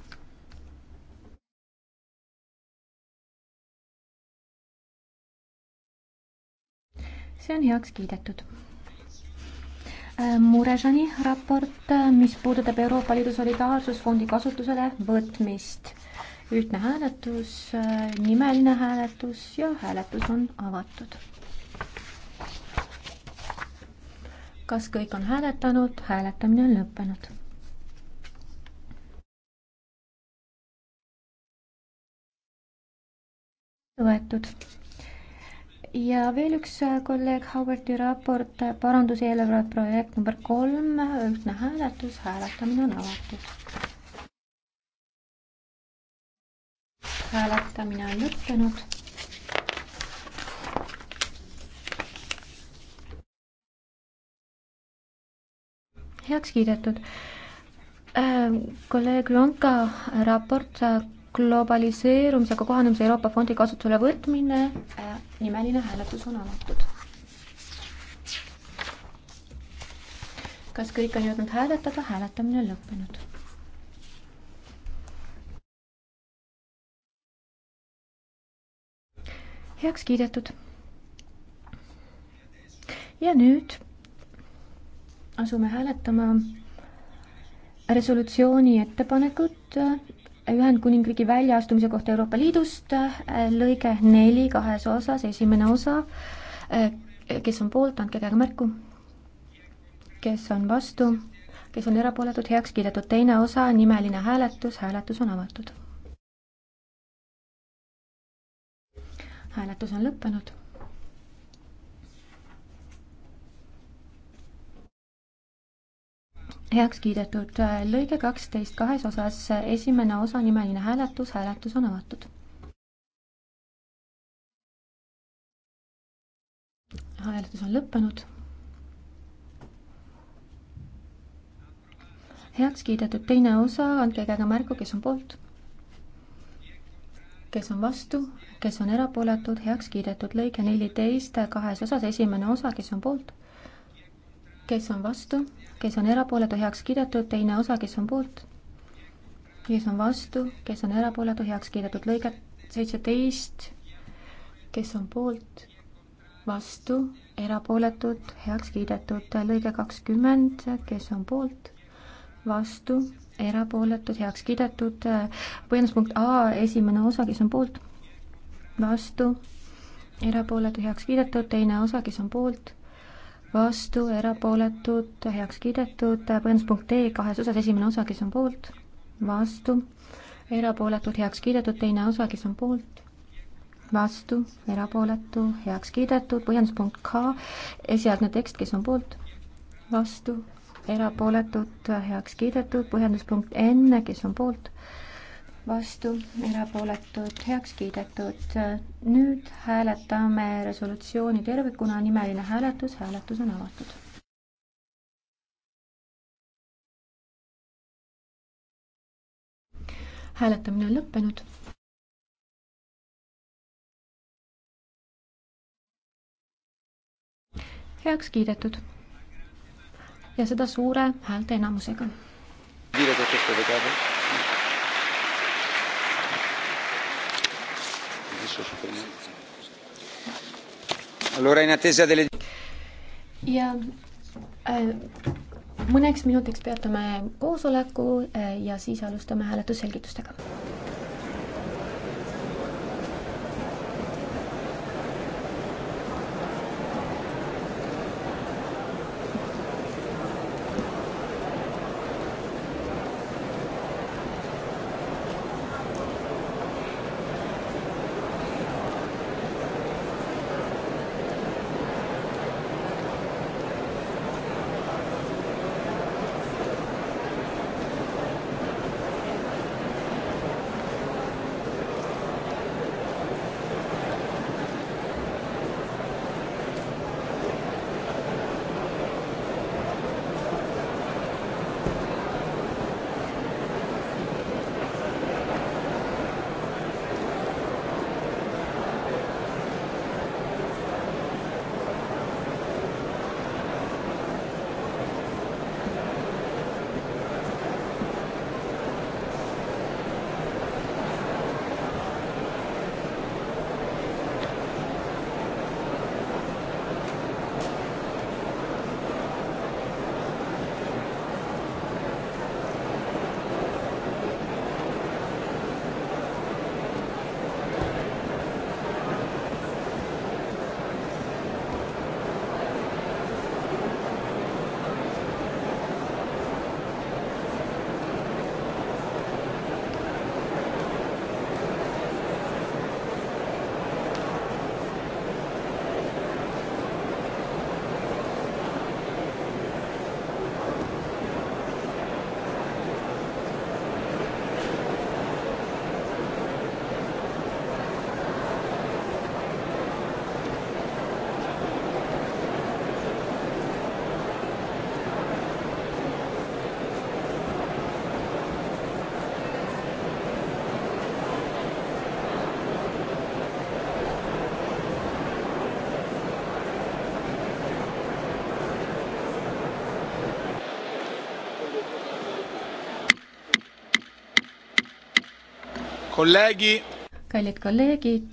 see on heaks kiidetud. Äh, Murežani raport, äh, mis puudutab Euroopa Liidu Solidaarsusfondi kasutusele võtmist. ühtne hääletus, äh, nimeline hääletus ja hääletus on avatud kas kõik on hääletanud? hääletamine on lõppenud. võetud. ja veel üks äh, kolleeg Howardi raport, äh, paranduseelarve projekt number kolm, ühtne hääletus, hääletamine on avatud. hääletamine on lõppenud heaks kiidetud. Äh, kolleeg Lonka raport äh, globaliseerumisega kohanemise Euroopa Fondi kasutusele võtmine, äh, nimeline hääletus on avatud. kas kõik on jõudnud hääletada, hääletamine on lõppenud. heaks kiidetud. ja nüüd asume hääletama resolutsiooni ettepanekut äh, Ühendkuningriigi väljaastumise kohta Euroopa Liidust, äh, lõige neli kahes osas, esimene osa, äh, kes on poolt, andke käega märku. kes on vastu, kes on erapooletud, heaks kiidetud, teine osa, nimeline hääletus, hääletus on avatud. hääletus on lõppenud heaks kiidetud. lõige kaksteist kahes osas, esimene osa, nimeline hääletus, hääletus on avatud. hääletus on lõppenud. heaks kiidetud teine osa, andke käega märku, kes on poolt, kes on vastu, kes on erapooletud, heaks kiidetud lõige neliteist kahes osas, esimene osa, kes on poolt kes on vastu, kes on erapooletu, heaks kiidetud, teine osa, kes on poolt, kes on vastu, kes on erapooletu, heaks kiidetud, lõige seitseteist, kes on poolt, vastu, erapooletud, heaks kiidetud, lõige kakskümmend, kes on poolt, vastu, erapooletud, heaks kiidetud, põhjenduspunkt A, esimene osa, kes on poolt, vastu, erapooletu, heaks kiidetud, teine osa, kes on poolt, vastu, erapooletud, heaks kiidetud, põhjenduspunkt D kahes osas, esimene osa, kes on poolt, vastu, erapooletud, heaks kiidetud, teine osa, kes on poolt, vastu, erapooletu, heaks kiidetud, põhjenduspunkt K, esialgne tekst, kes on poolt, vastu, erapooletud, heaks kiidetud, põhjenduspunkt N, kes on poolt, vastu, erapooletud, heaks kiidetud. nüüd hääletame resolutsiooni tervikuna, nimeline hääletus, hääletus on avatud. hääletamine on lõppenud. heaks kiidetud ja seda suure häälteenamusega. kiire tutvustada ka. ja äh, mõneks minutiks peatame koosoleku äh, ja siis alustame hääletusselgitustega. kolleegi. kallid kolleegid,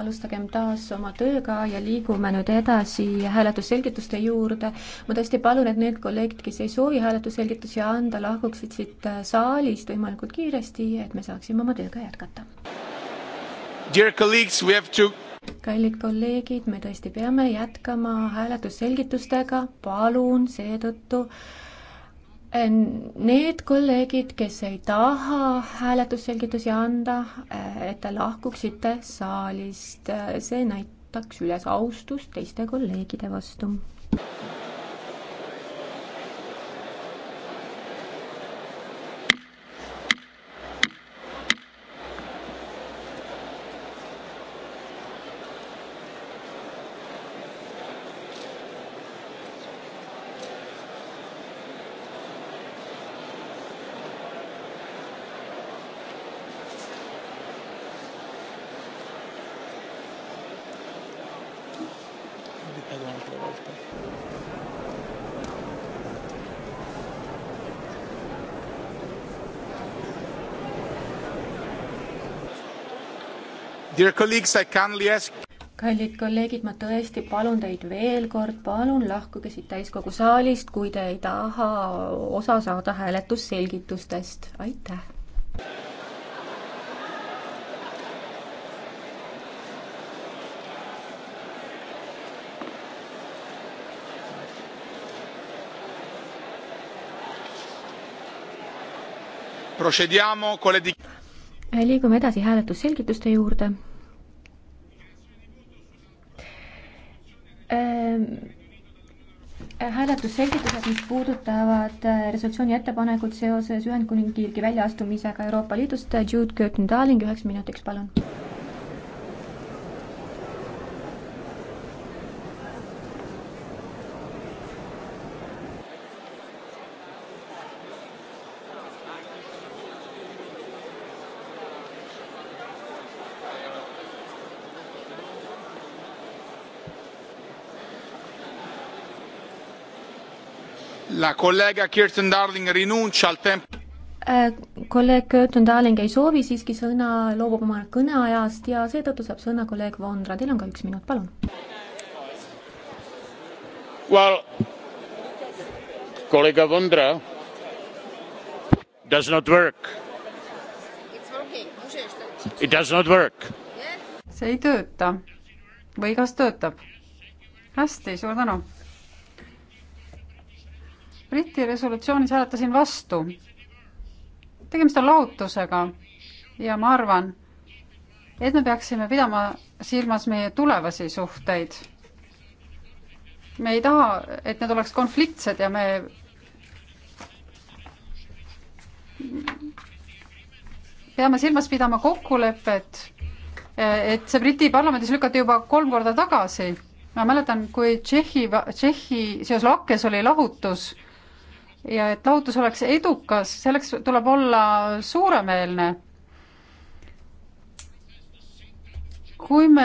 alustagem taas oma tööga ja liigume nüüd edasi hääletusselgituste juurde. ma tõesti palun, et need kolleegid, kes ei soovi hääletusselgitusi anda, lahkuksid siit saalist võimalikult kiiresti, et me saaksime oma tööga jätkata. Dear colleagues, we have to kallid kolleegid, me tõesti peame jätkama hääletusselgitustega, palun seetõttu äh, Äh, need kolleegid, kes ei taha hääletusselgitusi anda, äh, et te lahkuksite saalist, äh, see näitaks üles austust teiste kolleegide vastu. kallid kolleegid, ma tõesti palun teid veel kord, palun lahkuge siit täiskogu saalist, kui te ei taha osa saada hääletusselgitustest, aitäh. liigume edasi hääletusselgituste juurde Ähm, hääletusselgitused, mis puudutavad äh, resolutsiooni ettepanekut seoses Ühendkuningriigi väljaastumisega Euroopa Liidust. Jude Curtin-Darling üheks minutiks, palun La collega Kirsten Darling rinuncia al tempo. Äh, kolleeg Kirsten Darling ei soovi siiski sõna, loobub oma kõneajast ja seetõttu saab sõna kolleeg Vondra, teil on ka üks minut, palun. Well, kolleeg Vondra does not work. It does not work. see ei tööta või kas töötab? hästi, suur tänu Briti resolutsioonis hääletasin vastu. tegemist on lahutusega ja ma arvan, et me peaksime pidama silmas meie tulevasi suhteid. me ei taha, et need oleks konfliktsed ja me peame silmas pidama kokkulepet, et see Briti parlamendis lükati juba kolm korda tagasi. ma mäletan, kui Tšehhi, Tšehhi Tšehhoslovakkias oli lahutus ja et lahutus oleks edukas, selleks tuleb olla suuremeelne. kui me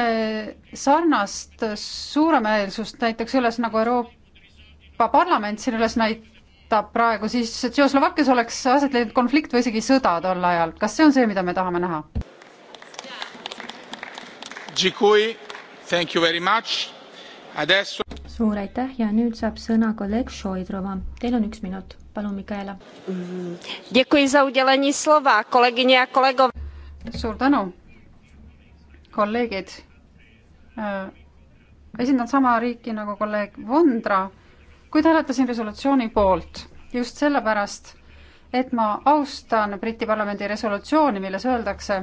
sarnast suuremeelsust näitaks üles, nagu Euroopa Parlament siin üles näitab praegu, siis Tšehhoslovakkias oleks aset leidnud konflikt või isegi sõda tol ajal. kas see on see, mida me tahame näha? Adesso suur aitäh ja nüüd saab sõna kolleeg Šoidrova. Teil on üks minut, palun, Mikaela mm.. suur tänu, kolleegid. Äh, esindan sama riiki nagu kolleeg Vondra, kuid hääletasin resolutsiooni poolt just sellepärast, et ma austan Briti parlamendi resolutsiooni, milles öeldakse,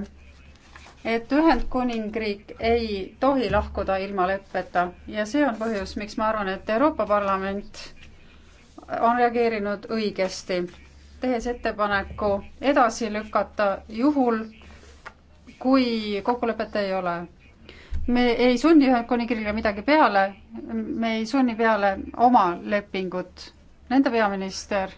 et Ühendkuningriik ei tohi lahkuda ilma leppeta ja see on põhjus, miks ma arvan, et Euroopa Parlament on reageerinud õigesti, tehes ettepaneku edasi lükata juhul, kui kokkulepet ei ole. me ei sunni Ühendkuningriigile midagi peale, me ei sunni peale oma lepingut. Nende peaminister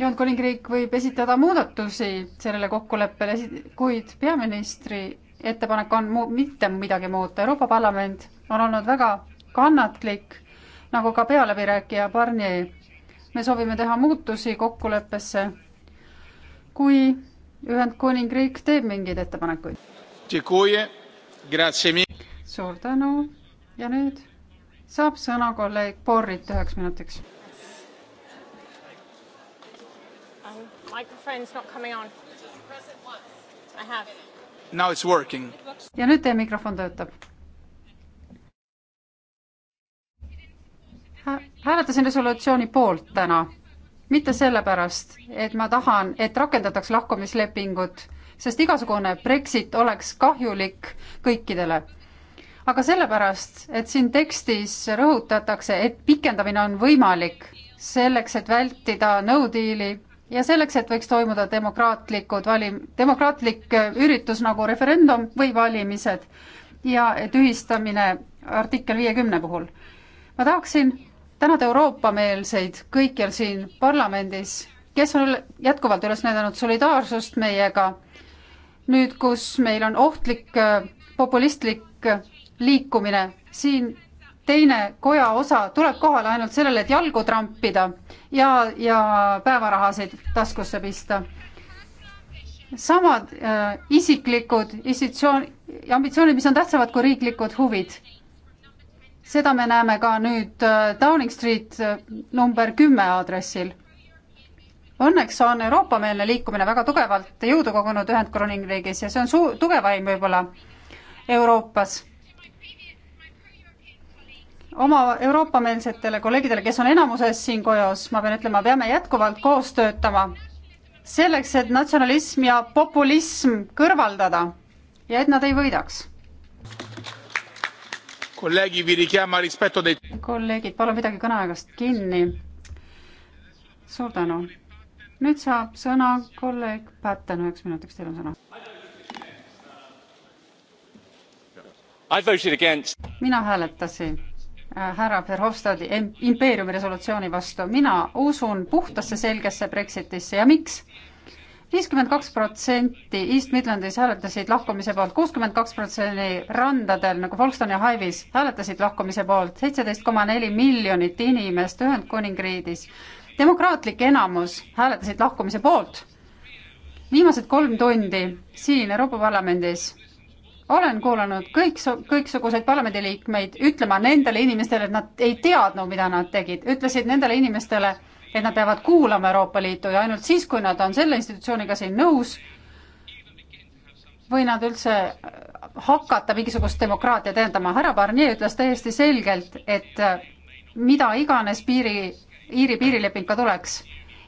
Ühendkuningriik võib esitada muudatusi sellele kokkuleppele, kuid peaministri ettepanek on mu-, mitte midagi muuta, Euroopa Parlament on olnud väga kannatlik, nagu ka pealeläbirääkija Barnier. me soovime teha muutusi kokkuleppesse, kui Ühendkuningriik teeb mingeid ettepanekuid. suur tänu ja nüüd saab sõna kolleeg Borrit üheks minutiks Microphone's not coming on. I have. Now it's working. ja nüüd teie mikrofon töötab. hääletasin resolutsiooni poolt täna, mitte sellepärast, et ma tahan, et rakendataks lahkumislepingut, sest igasugune Brexit oleks kahjulik kõikidele aga sellepärast, et siin tekstis rõhutatakse, et pikendamine on võimalik selleks, et vältida no deal'i ja selleks, et võiks toimuda demokraatlikud valim-, demokraatlik äh, üritus nagu referendum või valimised ja tühistamine artikkel viiekümne puhul. ma tahaksin tänada Euroopa-meelseid kõikjal siin parlamendis, kes on jätkuvalt üles näidanud solidaarsust meiega, nüüd, kus meil on ohtlik äh, populistlik äh, liikumine, siin teine koja osa tuleb kohale ainult sellele, et jalgu trampida ja, ja päevarahasid taskusse pista. samad äh, isiklikud institutsioon ja ambitsioonid, mis on tähtsamad kui riiklikud huvid. seda me näeme ka nüüd äh, Downing Street äh, number kümme aadressil. Õnneks on Euroopa-meelne liikumine väga tugevalt jõudu kogunud Ühendkuningriigis ja see on suu-, tugevaim võib-olla Euroopas oma Euroopa-meelsetele kolleegidele, kes on enamuses siin kojas, ma pean ütlema, peame jätkuvalt koos töötama selleks, et natsionalism ja populism kõrvaldada ja et nad ei võidaks. kolleegid, palun pidage kõneaegast kinni. suur tänu. nüüd saab sõna kolleeg Pätten, üheks minutiks teil on sõna. mina hääletasin Äh, härra Verhofstadi impeeriumi resolutsiooni vastu. mina usun puhtasse selgesse Brexitisse ja miks? viiskümmend kaks protsenti East Midlandis hääletasid lahkumise poolt, kuuskümmend kaks protsenti randadel nagu Folkestone ja Hive'is hääletasid lahkumise poolt, seitseteist koma neli miljonit inimest Ühendkuningriigis. demokraatlik enamus hääletasid lahkumise poolt. viimased kolm tundi siin Euroopa Parlamendis olen kuulanud kõik, kõiksuguseid parlamendiliikmeid ütlema nendele inimestele, et nad ei teadnud, mida nad tegid, ütlesid nendele inimestele, et nad peavad kuulama Euroopa Liitu ja ainult siis, kui nad on selle institutsiooniga siin nõus, või nad üldse hakata mingisugust demokraatiat edendama. härra Barnier ütles täiesti selgelt, et mida iganes piiri, Iiri piirileping ka tuleks,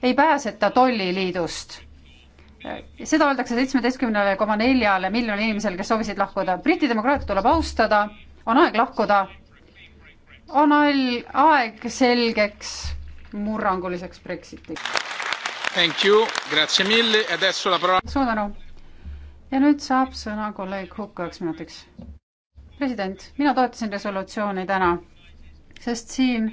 ei pääseta tolliliidust seda öeldakse seitsmeteistkümnele koma neljale miljonile inimesele, kes soovisid lahkuda. Briti demokraatiat tuleb austada, on aeg lahkuda, on aeg selgeks murranguliseks Brexitiks. E suur tänu. ja nüüd saab sõna kolleeg Hukk üheks minutiks. president, mina toetasin resolutsiooni täna, sest siin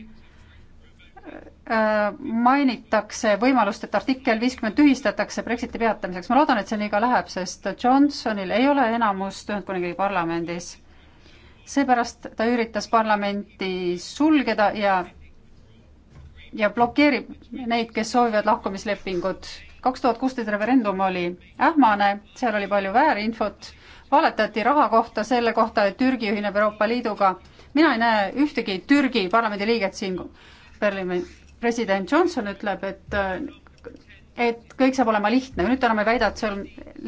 Äh, mainitakse võimalust, et artikkel viiskümmend tühistatakse Brexiti peatamiseks. ma loodan, et see nii ka läheb, sest Johnsonil ei ole enamust Ühendkuningriigi parlamendis. seepärast ta üritas parlamenti sulgeda ja ja blokeerib neid, kes soovivad lahkumislepingut. kaks tuhat kuusteist referendum oli ähmane, seal oli palju väärinfot, valetati raha kohta, selle kohta, et Türgi ühineb Euroopa Liiduga. mina ei näe ühtegi Türgi parlamendiliiget siin parlamendis president Johnson ütleb, et, et kõik saab olema lihtne, nüüd enam ei väida, et see on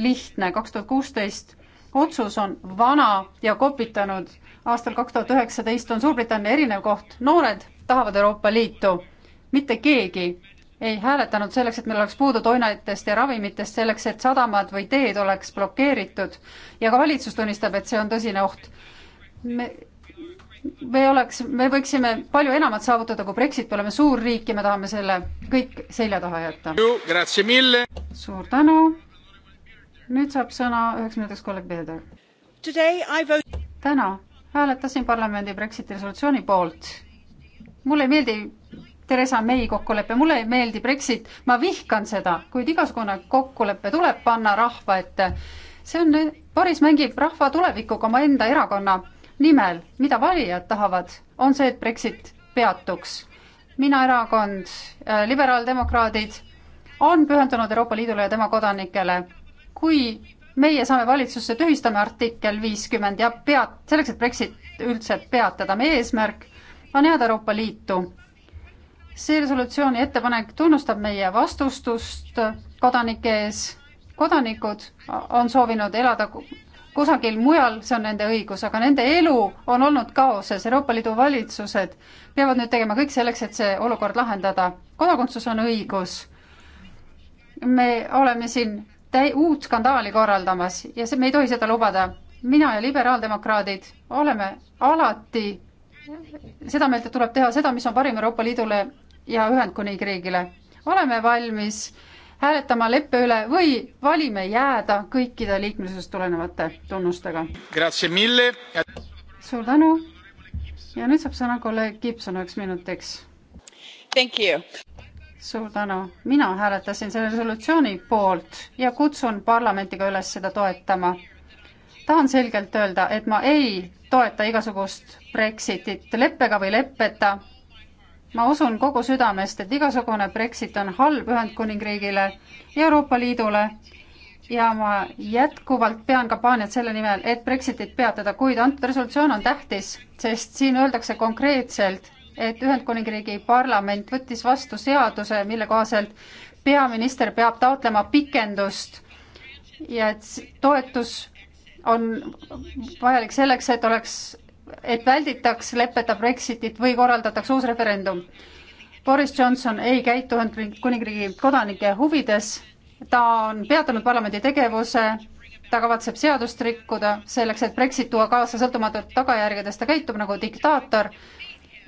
lihtne, kaks tuhat kuusteist otsus on vana ja kopitanud, aastal kaks tuhat üheksateist on Suurbritannia erinev koht, noored tahavad Euroopa Liitu, mitte keegi ei hääletanud selleks, et meil oleks puudu toinetest ja ravimitest, selleks, et sadamad või teed oleks blokeeritud ja ka valitsus tunnistab, et see on tõsine oht. me me oleks, me võiksime palju enamat saavutada kui Brexit, me oleme suur riik ja me tahame selle kõik selja taha jätta. suur tänu. nüüd saab sõna üheks minutiks kolleeg Peeter. täna hääletasin parlamendi Brexiti resolutsiooni poolt. mulle ei meeldi Theresa May kokkulepe, mulle ei meeldi Brexit, ma vihkan seda, kuid igasugune kokkulepe tuleb panna rahva ette. see on, Boris mängib rahva tulevikuga omaenda erakonna nimel, mida valijad tahavad, on see, et Brexit peatuks. mina, erakond, äh, liberaaldemokraadid on pühendunud Euroopa Liidule ja tema kodanikele. kui meie saame valitsusse, tühistame artikkel viiskümmend ja peat-, selleks, et Brexit üldse peatada, meie eesmärk on jääda Euroopa Liitu. see resolutsiooni ettepanek tunnustab meie vastustust kodanike ees, kodanikud on soovinud elada kusagil mujal, see on nende õigus, aga nende elu on olnud kaoses, Euroopa Liidu valitsused peavad nüüd tegema kõik selleks, et see olukord lahendada. kodakondsus on õigus. me oleme siin täi-, uut skandaali korraldamas ja see, me ei tohi seda lubada. mina ja liberaaldemokraadid oleme alati seda meelt, et tuleb teha seda, mis on parim Euroopa Liidule ja Ühendkuningriigile. oleme valmis äh, hääletama leppe üle või valime jääda kõikide liikmesusest tulenevate tunnustega. suur tänu ja nüüd saab sõna kolleeg Gibson üheks minutiks. suur tänu, mina hääletasin selle resolutsiooni poolt ja kutsun parlamenti ka üles seda toetama. tahan selgelt öelda, et ma ei toeta igasugust Brexitit leppega või leppeta ma usun kogu südamest, et igasugune Brexit on halb Ühendkuningriigile ja Euroopa Liidule ja ma jätkuvalt pean kampaaniat selle nimel, et Brexitit peatada, kuid antud resolutsioon on tähtis, sest siin öeldakse konkreetselt, et Ühendkuningriigi parlament võttis vastu seaduse, mille kohaselt peaminister peab taotlema pikendust ja et toetus on vajalik selleks, et oleks et välditaks leppeta Brexitit või korraldatakse uus referendum. Boris Johnson ei käitu Ühendkuningriigi kodanike huvides, ta on peatanud parlamendi tegevuse, ta kavatseb seadust rikkuda selleks, et Brexit tuua kaasa sõltumatult tagajärgedest, ta käitub nagu diktaator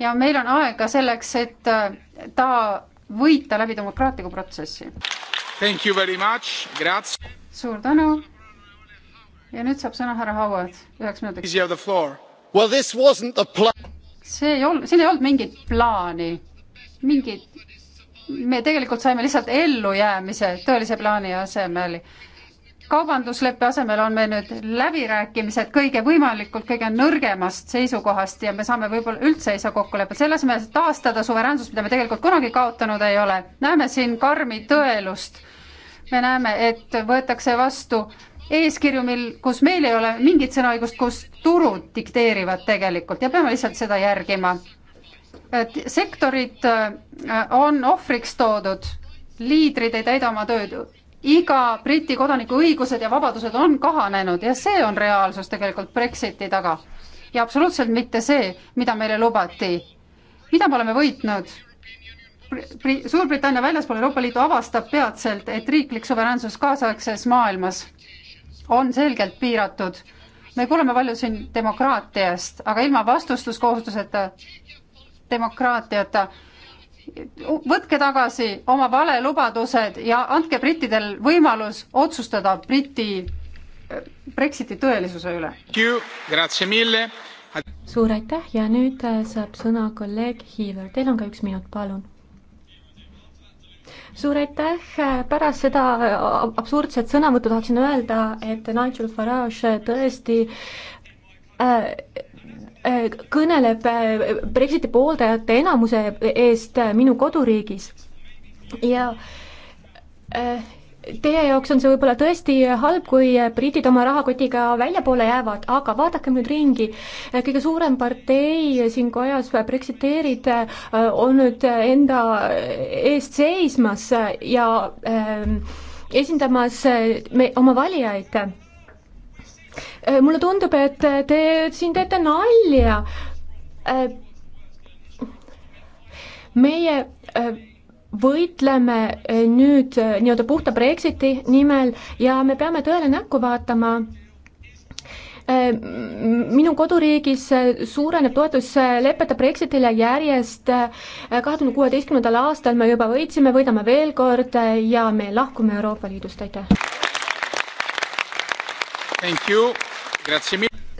ja meil on aega selleks, et äh, ta võita läbi demokraatliku protsessi. suur tänu. ja nüüd saab sõna härra Howard üheks minutiks. Well, this wasn't the plan. see ei olnud, siin ei olnud mingit plaani, mingit, me tegelikult saime lihtsalt ellujäämise tõelise plaani asemel kaubandusleppe asemel on meil nüüd läbirääkimised kõige võimalikult kõige nõrgemast seisukohast ja me saame võib-olla üldse ei saa kokkulepet, selle asemel, et taastada suveräänsust, mida me tegelikult kunagi kaotanud ei ole, näeme siin karmi tõelust. me näeme, et võetakse vastu eeskirju, mil, kus meil ei ole mingit sõnaõigust, kus turud dikteerivad tegelikult ja peame lihtsalt seda järgima. et sektorid äh, on ohvriks toodud, liidrid ei täida oma tööd, iga Briti kodaniku õigused ja vabadused on kahanenud ja see on reaalsus tegelikult Brexiti taga. ja absoluutselt mitte see, mida meile lubati. mida me oleme võitnud? Suurbritannia väljaspool Euroopa Liitu avastab peatselt, et riiklik suveräänsus kaasaegses maailmas on selgelt piiratud. me kuuleme palju siin demokraatiast, aga ilma vastustuskohustuseta, demokraatiata. võtke tagasi oma valelubadused ja andke brittidel võimalus otsustada Briti Brexiti tõelisuse üle. suur aitäh ja nüüd äh, saab sõna kolleeg Hiiver, teil on ka üks minut, palun suur aitäh, pärast seda äh, absurdset sõnavõttu tahaksin öelda, et Nigel Farage tõesti äh, äh, kõneleb äh, Brexiti pooldajate enamuse eest minu koduriigis ja äh, Teie jaoks on see võib-olla tõesti halb, kui britid oma rahakotiga väljapoole jäävad, aga vaadakem nüüd ringi. kõige suurem partei siin kojas, Brexiteerid, on nüüd enda eest seismas ja ähm, esindamas me, oma valijaid. mulle tundub, et te siin teete nalja. Äh, meie äh, võitleme eh, nüüd eh, nii-öelda puhta Brexiti nimel ja me peame tõele näkku vaatama. Eh, minu koduriigis suureneb toetus leppeta Brexitile järjest. kahe tuhande kuueteistkümnendal aastal me juba võitsime, võidame veel kord ja me lahkume Euroopa Liidust, aitäh.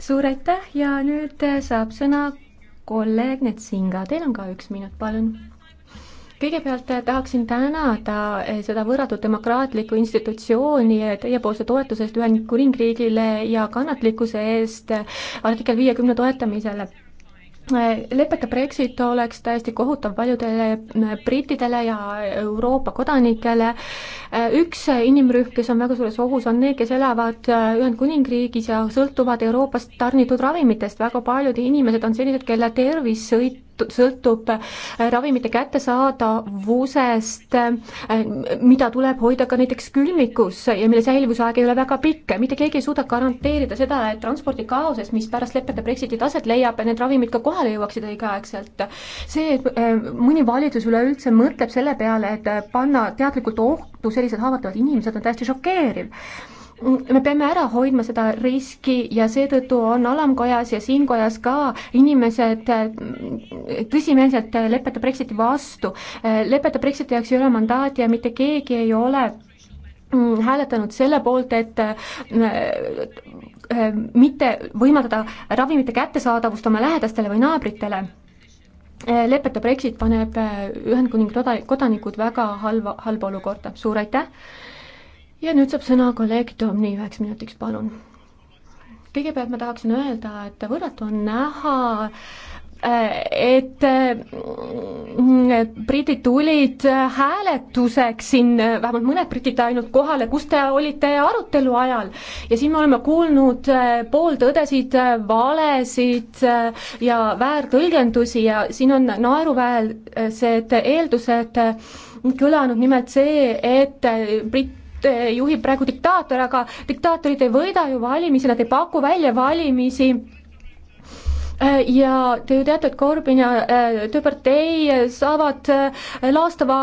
suur aitäh ja nüüd saab sõna kolleeg Netsinga, teil on ka üks minut, palun kõigepealt eh, tahaksin tänada eh, seda võrratut demokraatlikku institutsiooni eh, teiepoolse toetuse eest Ühendkuningriigile ja kannatlikkuse eest artikkel viiekümne toetamisele lepeta Brexit oleks täiesti kohutav paljudele brittidele ja Euroopa kodanikele. üks inimrühm, kes on väga suures ohus, on need, kes elavad Ühendkuningriigis ja sõltuvad Euroopast tarnitud ravimitest. väga paljud inimesed on sellised, kelle tervis sõit-, sõltub äh, ravimite kättesaadavusest, äh, mida tuleb hoida ka näiteks külmikus ja mille säilivusaeg ei ole väga pikk. mitte keegi ei suuda garanteerida seda, et transpordikaoses, mis pärast lepete Brexiti taset leiab, need ravimid ka kohale jõuaksid õigeaegselt. see, et äh, mõni valitsus üleüldse mõtleb selle peale, et panna teadlikult ohtu sellised haavatavad inimesed, on täiesti šokeeriv me peame ära hoidma seda riski ja seetõttu on alamkojas ja siin kojas ka inimesed tõsimeelselt lepeta Brexiti vastu. lepeta Brexiti jaoks ei ole mandaati ja mitte keegi ei ole mm, hääletanud selle poolt, et äh, mitte võimaldada ravimite kättesaadavust oma lähedastele või naabritele. lepeta Brexit paneb äh, Ühendkuningriigi kodanikud väga halva, halba olukorda, suur aitäh ja nüüd saab sõna kolleeg Tomni üheks minutiks, palun. kõigepealt ma tahaksin öelda, et võrratu on näha äh, et äh, britid tulid hääletuseks siin, vähemalt mõned britid ainult kohale, kus te olite arutelu ajal. ja siin me oleme kuulnud äh, pooltõdesid, valesid ja väärtõlgendusi ja siin on naeruväärsed eeldused kõlanud, nimelt see, et britt juhib praegu diktaator, aga diktaatorid ei võida ju valimisi, nad ei paku välja valimisi Äh, ja te ju teate, et Korbin ja äh, Tööpartei saavad äh, laastava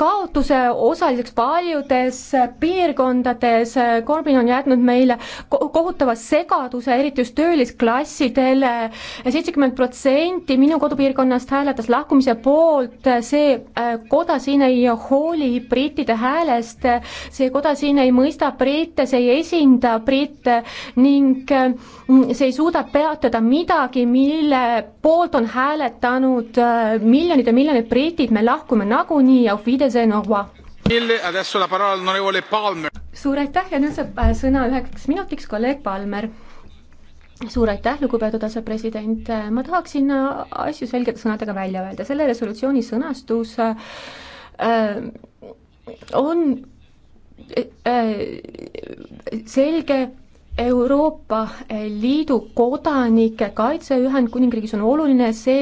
kaotuse osaliseks paljudes piirkondades. Korbin on jätnud meile kohutava segaduse, eriti just töölisklassidele. seitsekümmend protsenti minu kodupiirkonnast hääletas lahkumise poolt, see koda siin ei hooli brittide häälest, see koda siin ei mõista britte, see ei esinda britte ning see ei suuda peatada midagi, midagi, mille poolt on hääletanud äh, miljonid ja miljonid britid, me lahkume nagunii, auf Wiedersehen, au revoir. suur aitäh ja nüüd saab äh, sõna üheks minutiks kolleeg Palmer. suur aitäh, lugupeetud asepresident, äh, ma tahaksin asju selgete sõnadega välja öelda, selle resolutsiooni sõnastus äh, on selge Euroopa Liidu kodanike kaitse Ühendkuningriigis on oluline, see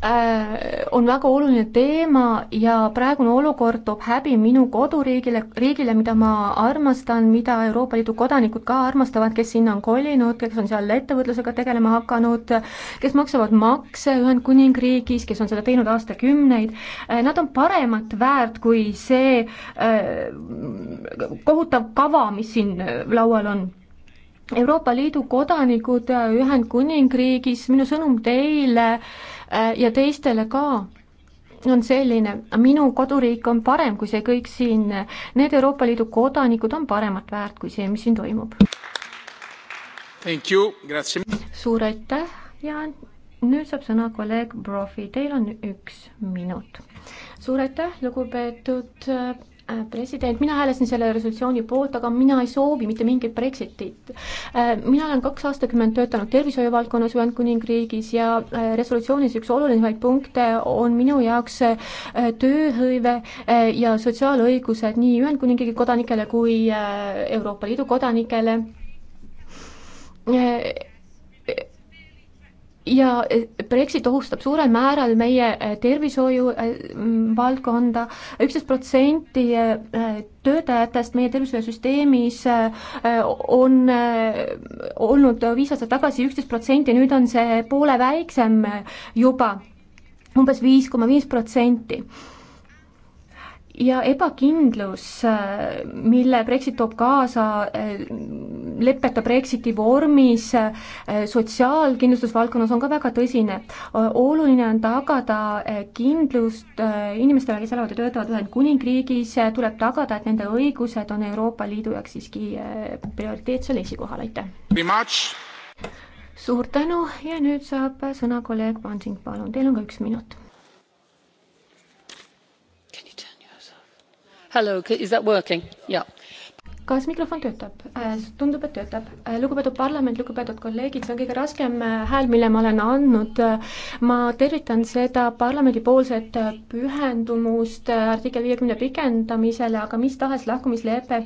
Äh, on väga oluline teema ja praegune olukord toob häbi minu koduriigile, riigile, mida ma armastan, mida Euroopa Liidu kodanikud ka armastavad, kes sinna on kolinud, kes on seal ettevõtlusega tegelema hakanud, kes maksavad makse Ühendkuningriigis, kes on seda teinud aastakümneid, äh, nad on paremat väärt kui see äh, kohutav kava, mis siin laual on Euroopa Liidu kodanikud Ühendkuningriigis, minu sõnum teile äh, Äh, ja teistele ka on selline, minu koduriik on parem kui see kõik siin, need Euroopa Liidu kodanikud on paremat väärt kui see, mis siin toimub. suur aitäh ja nüüd saab sõna kolleeg Brofi, teil on üks minut. suur aitäh, lugupeetud äh, Äh, president, mina hääletasin selle resolutsiooni poolt, aga mina ei soovi mitte mingit Brexitit. Äh, mina olen kaks aastakümmet töötanud tervishoiu valdkonnas Ühendkuningriigis ja äh, resolutsioonis üks olulisemaid punkte on minu jaoks tööhõive ja sotsiaalõigused nii Ühendkuningriigi kodanikele kui Euroopa Liidu kodanikele ja eh, Brexit ohustab suurel määral meie eh, tervishoiu eh, valdkonda, üksteist protsenti töötajatest meie tervishoiusüsteemis on olnud viis aastat tagasi üksteist protsenti, nüüd on see poole väiksem juba umbes, umbes viis koma viis protsenti ja ebakindlus, mille Brexit toob kaasa leppeta Brexiti vormis sotsiaalkindlustusvaldkonnas, on ka väga tõsine. oluline on tagada kindlust inimestele, kes elavad ja töötavad Ühendkuningriigis, tuleb tagada, et nende õigused on Euroopa Liidu jaoks siiski prioriteetsel esikohal, aitäh! suur tänu ja nüüd saab sõna kolleeg Pansing, palun, teil on ka üks minut kas mikrofon töötab? Äh, tundub, et töötab. Äh, lugupeetud parlament, lugupeetud kolleegid, see on kõige raskem äh, hääl, mille ma olen andnud. ma tervitan seda parlamendipoolset pühendumust artikkel viiekümne pikendamisele, aga mis tahes lahkumislepe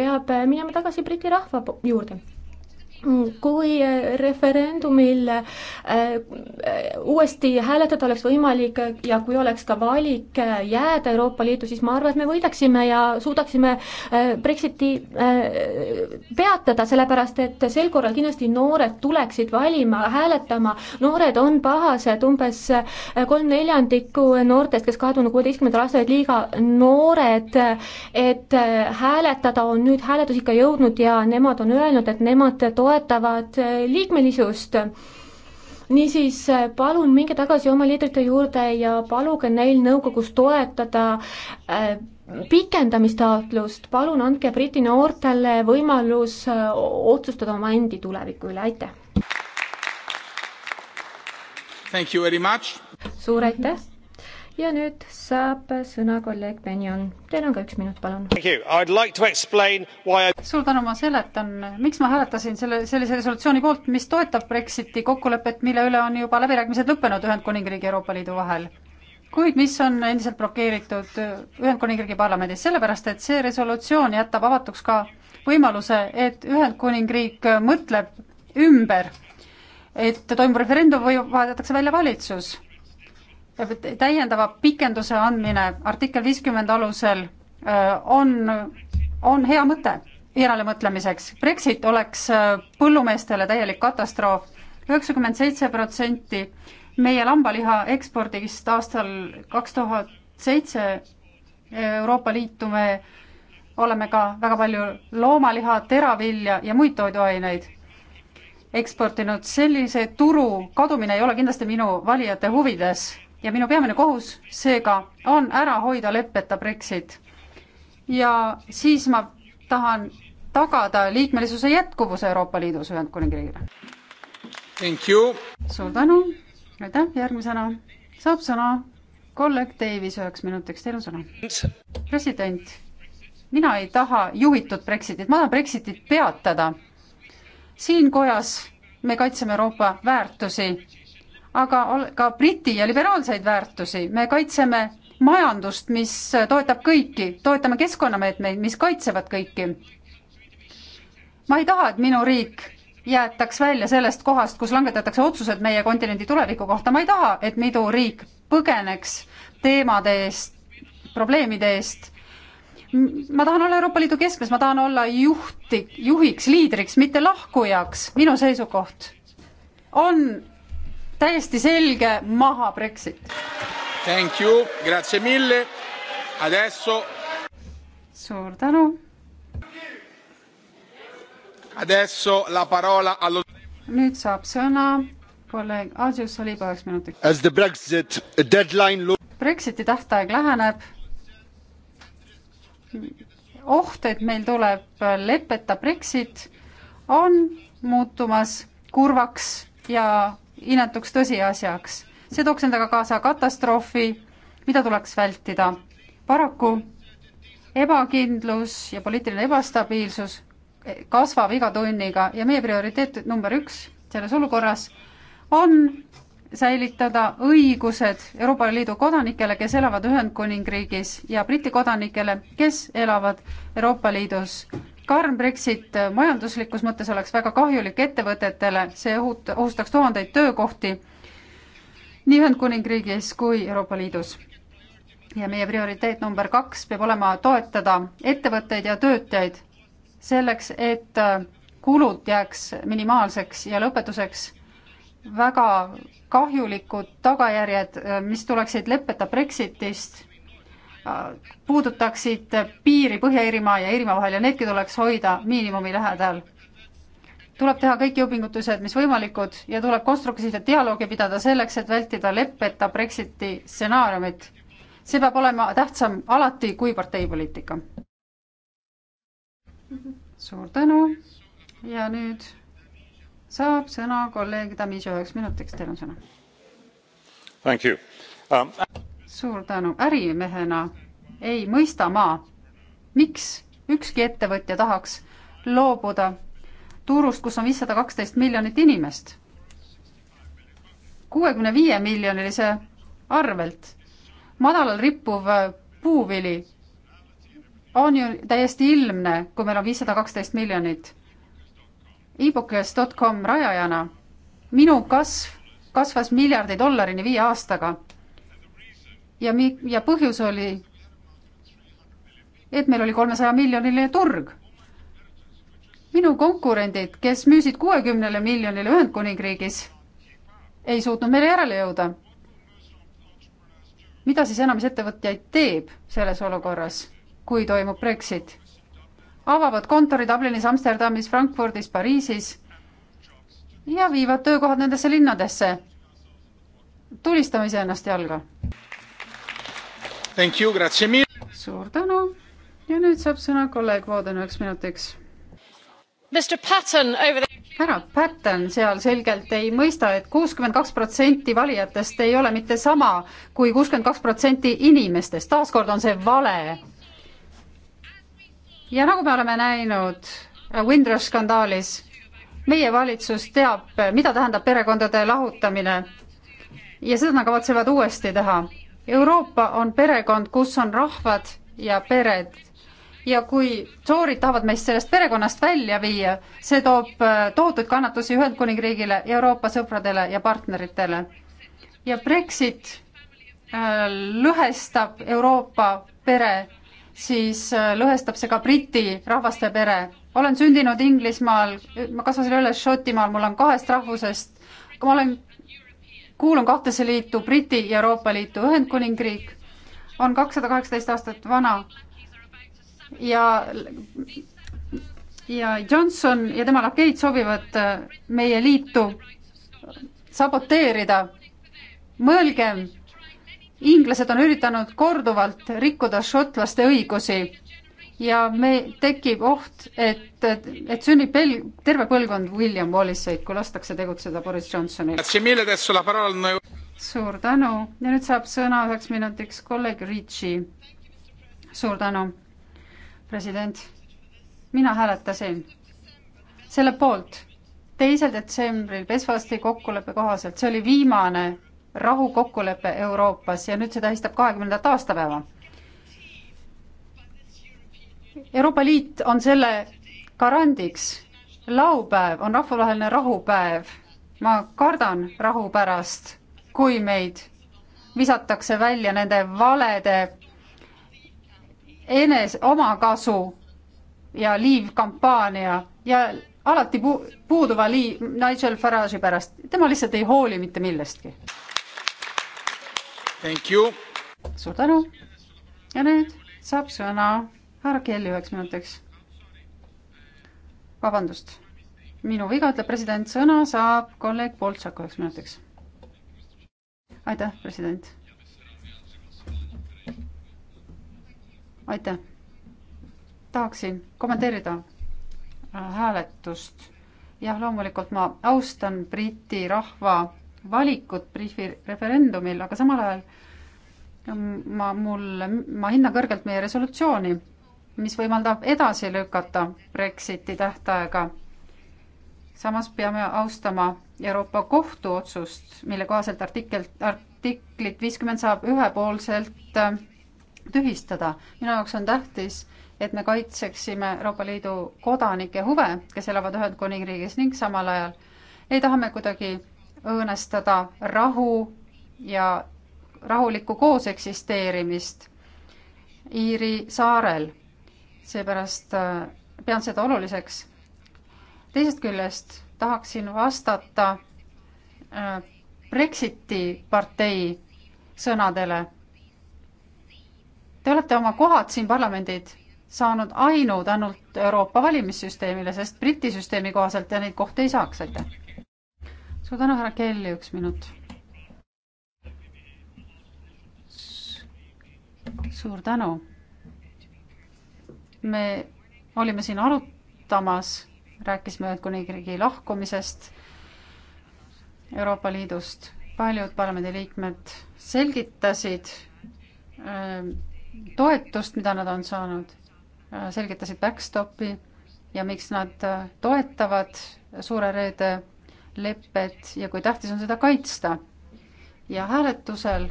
peab minema tagasi Briti rahva juurde kui äh, referendumil äh, äh, uuesti hääletada oleks võimalik ja kui oleks ka valik jääda Euroopa Liitu, siis ma arvan, et me võidaksime ja suudaksime Brexiti peatada, sellepärast et sel korral kindlasti noored tuleksid valima, hääletama, noored on pahased, umbes kolm neljandikku noortest, kes kahe tuhande kuueteistkümnendal aastal olid liiga noored, et hääletada on nüüd hääletusikka jõudnud ja nemad on öelnud, et nemad to-, toetavad äh, liikmelisust. niisiis äh, palun minge tagasi oma liidrite juurde ja paluge neil nõukogus toetada äh, pikendamistaotlust, palun andke Briti noortele võimalus otsustada oma endi tuleviku üle, aitäh! suur aitäh! ja nüüd saab sõna kolleeg Benjon. Teil on ka üks minut, palun. Like I... suur tänu, ma seletan, miks ma hääletasin selle, sellise resolutsiooni poolt, mis toetab Brexiti kokkulepet, mille üle on juba läbirääkimised lõppenud Ühendkuningriigi ja Euroopa Liidu vahel kuid mis on endiselt blokeeritud Ühendkuningriigi parlamendis, sellepärast et see resolutsioon jätab avatuks ka võimaluse, et Ühendkuningriik mõtleb ümber, et toimub referendum või vahetatakse välja valitsus täiendava pikenduse andmine artikkel viiskümmend alusel äh, on, on hea mõte järelemõtlemiseks. Brexit oleks äh, põllumeestele täielik katastroof. üheksakümmend seitse protsenti meie lambaliha ekspordist aastal kaks tuhat seitse Euroopa Liitu me oleme ka väga palju loomaliha, teravilja ja muid toiduaineid eksportinud. sellise turu kadumine ei ole kindlasti minu valijate huvides ja minu peamine kohus seega on ära hoida leppeta Brexit. ja siis ma tahan tagada liikmelisuse jätkuvuse Euroopa Liidus Ühendkuningriigile. suur tänu, aitäh, järgmisena saab sõna kolleeg Davis üheks minutiks, teil on sõna. president, mina ei taha juhitud Brexitit, ma tahan Brexitit peatada. siin kojas me kaitseme Euroopa väärtusi aga ka Briti ja liberaalseid väärtusi, me kaitseme majandust, mis toetab kõiki, toetame keskkonnameetmeid, mis kaitsevad kõiki. ma ei taha, et minu riik jäetaks välja sellest kohast, kus langetatakse otsused meie kontinendi tuleviku kohta, ma ei taha, et minu riik põgeneks teemade eest, probleemide eest. ma tahan olla Euroopa Liidu keskmes, ma tahan olla juhti, juhiks, liidriks, mitte lahkujaks, minu seisukoht on täiesti selge maha Brexit. Thank you, grazie mille, adesso. suur tänu. Adesso la parola allo. nüüd saab sõna kolleeg Adjus Saliba üheks minutiks. As the Brexit deadline. Brexiti tähtaeg läheneb. oht, et meil tuleb leppeta Brexit, on muutumas kurvaks ja inetuks tõsiasjaks. see tooks endaga kaasa katastroofi, mida tuleks vältida. paraku ebakindlus ja poliitiline ebastabiilsus kasvab iga tunniga ja meie prioriteet number üks selles olukorras on säilitada õigused Euroopa Liidu kodanikele, kes elavad Ühendkuningriigis ja Briti kodanikele, kes elavad Euroopa Liidus karm Brexit majanduslikus mõttes oleks väga kahjulik ettevõtetele, see ohut-, ohustaks tuhandeid töökohti nii Ühendkuningriigis kui Euroopa Liidus. ja meie prioriteet number kaks peab olema toetada ettevõtteid ja töötajaid selleks, et äh, kulud jääks minimaalseks ja lõpetuseks väga kahjulikud tagajärjed, äh, mis tuleksid leppeta Brexitist Äh, puudutaksid piiri Põhja-Iirimaa ja Iirimaa vahel ja needki tuleks hoida miinimumi lähedal. tuleb teha kõik jõupingutused, mis võimalikud ja tuleb konstruktiivset dialoogi pidada selleks, et vältida leppeta Brexiti stsenaariumit. see peab olema tähtsam alati kui parteipoliitika. suur tänu ja nüüd saab sõna kolleeg Damisio üheks minutiks, teil on sõna. Thank you um suur tänu, ärimehena ei mõista ma, miks ükski ettevõtja tahaks loobuda turust, kus on viissada kaksteist miljonit inimest. kuuekümne viie miljonilise arvelt. madalal rippuv puuvili on ju täiesti ilmne, kui meil on viissada kaksteist miljonit e. ebookes.com rajajana minu kasv kasvas miljardi dollarini viie aastaga ja mi-, ja põhjus oli, et meil oli kolmesaja miljoniline turg. minu konkurendid, kes müüsid kuuekümnele miljonile Ühendkuningriigis, ei suutnud meile järele jõuda. mida siis enamus ettevõtjaid teeb selles olukorras, kui toimub Brexit? avavad kontori Dublinis, Amsterdamis, Frankfurdis, Pariisis ja viivad töökohad nendesse linnadesse. tulistame iseennast jalga suur tänu ja nüüd saab sõna kolleeg Vooden üheks minutiks. härra Patten seal selgelt ei mõista et, et kuuskümmend kaks protsenti valijatest ei ole mitte sama kui kuuskümmend kaks protsenti inimestest, taaskord on see vale. ja nagu me oleme näinud äh, Windrush skandaalis, meie valitsus teab, äh, mida tähendab perekondade lahutamine ja seda nad kavatsevad uuesti teha Euroopa on perekond, kus on rahvad ja pered ja kui toorid tahavad meist sellest perekonnast välja viia, see toob äh, tohutuid kannatusi Ühendkuningriigile, Euroopa sõpradele ja partneritele. ja Brexit äh, lõhestab Euroopa pere, siis äh, lõhestab see ka Briti rahvaste pere. olen sündinud Inglismaal, ma kasvasin üles Šotimaal, mul on kahest rahvusest, ma olen kuulun kahtesse liitu Briti ja Euroopa Liitu, Ühendkuningriik on kakssada kaheksateist aastat vana ja ja Johnson ja tema lakeid soovivad meie liitu saboteerida. mõelgem, inglased on üritanud korduvalt rikkuda šotlaste õigusi ja me, tekib oht, et, et sünnib pel-, terve põlvkond William Wallace'eid, kui lastakse tegutseda Boris Johnsonil. suur tänu ja nüüd saab sõna üheks minutiks kolleeg Ritchie. suur tänu, president. mina hääletasin selle poolt teisel detsembril Pesvasti kokkuleppe kohaselt, see oli viimane rahukokkulepe Euroopas ja nüüd see tähistab kahekümnendat aastapäeva Euroopa Liit on selle garandiks. laupäev on rahvusvaheline rahupäev. ma kardan rahu pärast, kui meid visatakse välja nende valede enes-, omakasu ja liivkampaania ja alati puu-, puuduva lii-, Nigel Farage'i pärast, tema lihtsalt ei hooli mitte millestki. suur tänu ja nüüd saab sõna härra Kelly üheks minutiks. vabandust, minu viga, ütleb president, sõna saab kolleeg Boltšak üheks minutiks. aitäh, president. aitäh. tahaksin kommenteerida äh, hääletust. jah, loomulikult ma austan Briti rahva valikut briifi referendumil, aga samal ajal mm, ma, mul, ma hindan kõrgelt meie resolutsiooni mis võimaldab edasi lükata Brexiti tähtaega. samas peame austama Euroopa Kohtu otsust, mille kohaselt artikkel, artiklit viiskümmend saab ühepoolselt äh, tühistada. minu jaoks on tähtis, et me kaitseksime Euroopa Liidu kodanike huve, kes elavad Ühendkuningriigis ning samal ajal ei taha me kuidagi õõnestada rahu ja rahulikku kooseksisteerimist Iiri saarel seepärast äh, pean seda oluliseks. teisest küljest tahaksin vastata äh, Brexiti partei sõnadele. Te olete oma kohad siin parlamendid saanud ainult, ainult Euroopa valimissüsteemile, sest Briti süsteemi kohaselt te neid kohti ei saaks, aitäh. suur tänu, härra Kelly, üks minut. suur tänu me olime siin arutamas, rääkisime Ühendkuningriigi lahkumisest Euroopa Liidust, paljud parlamendiliikmed selgitasid öö, ähm, toetust, mida nad on saanud, äh, selgitasid backstopi ja miks nad äh, toetavad Suure Reede lepet ja kui tähtis on seda kaitsta. ja hääletusel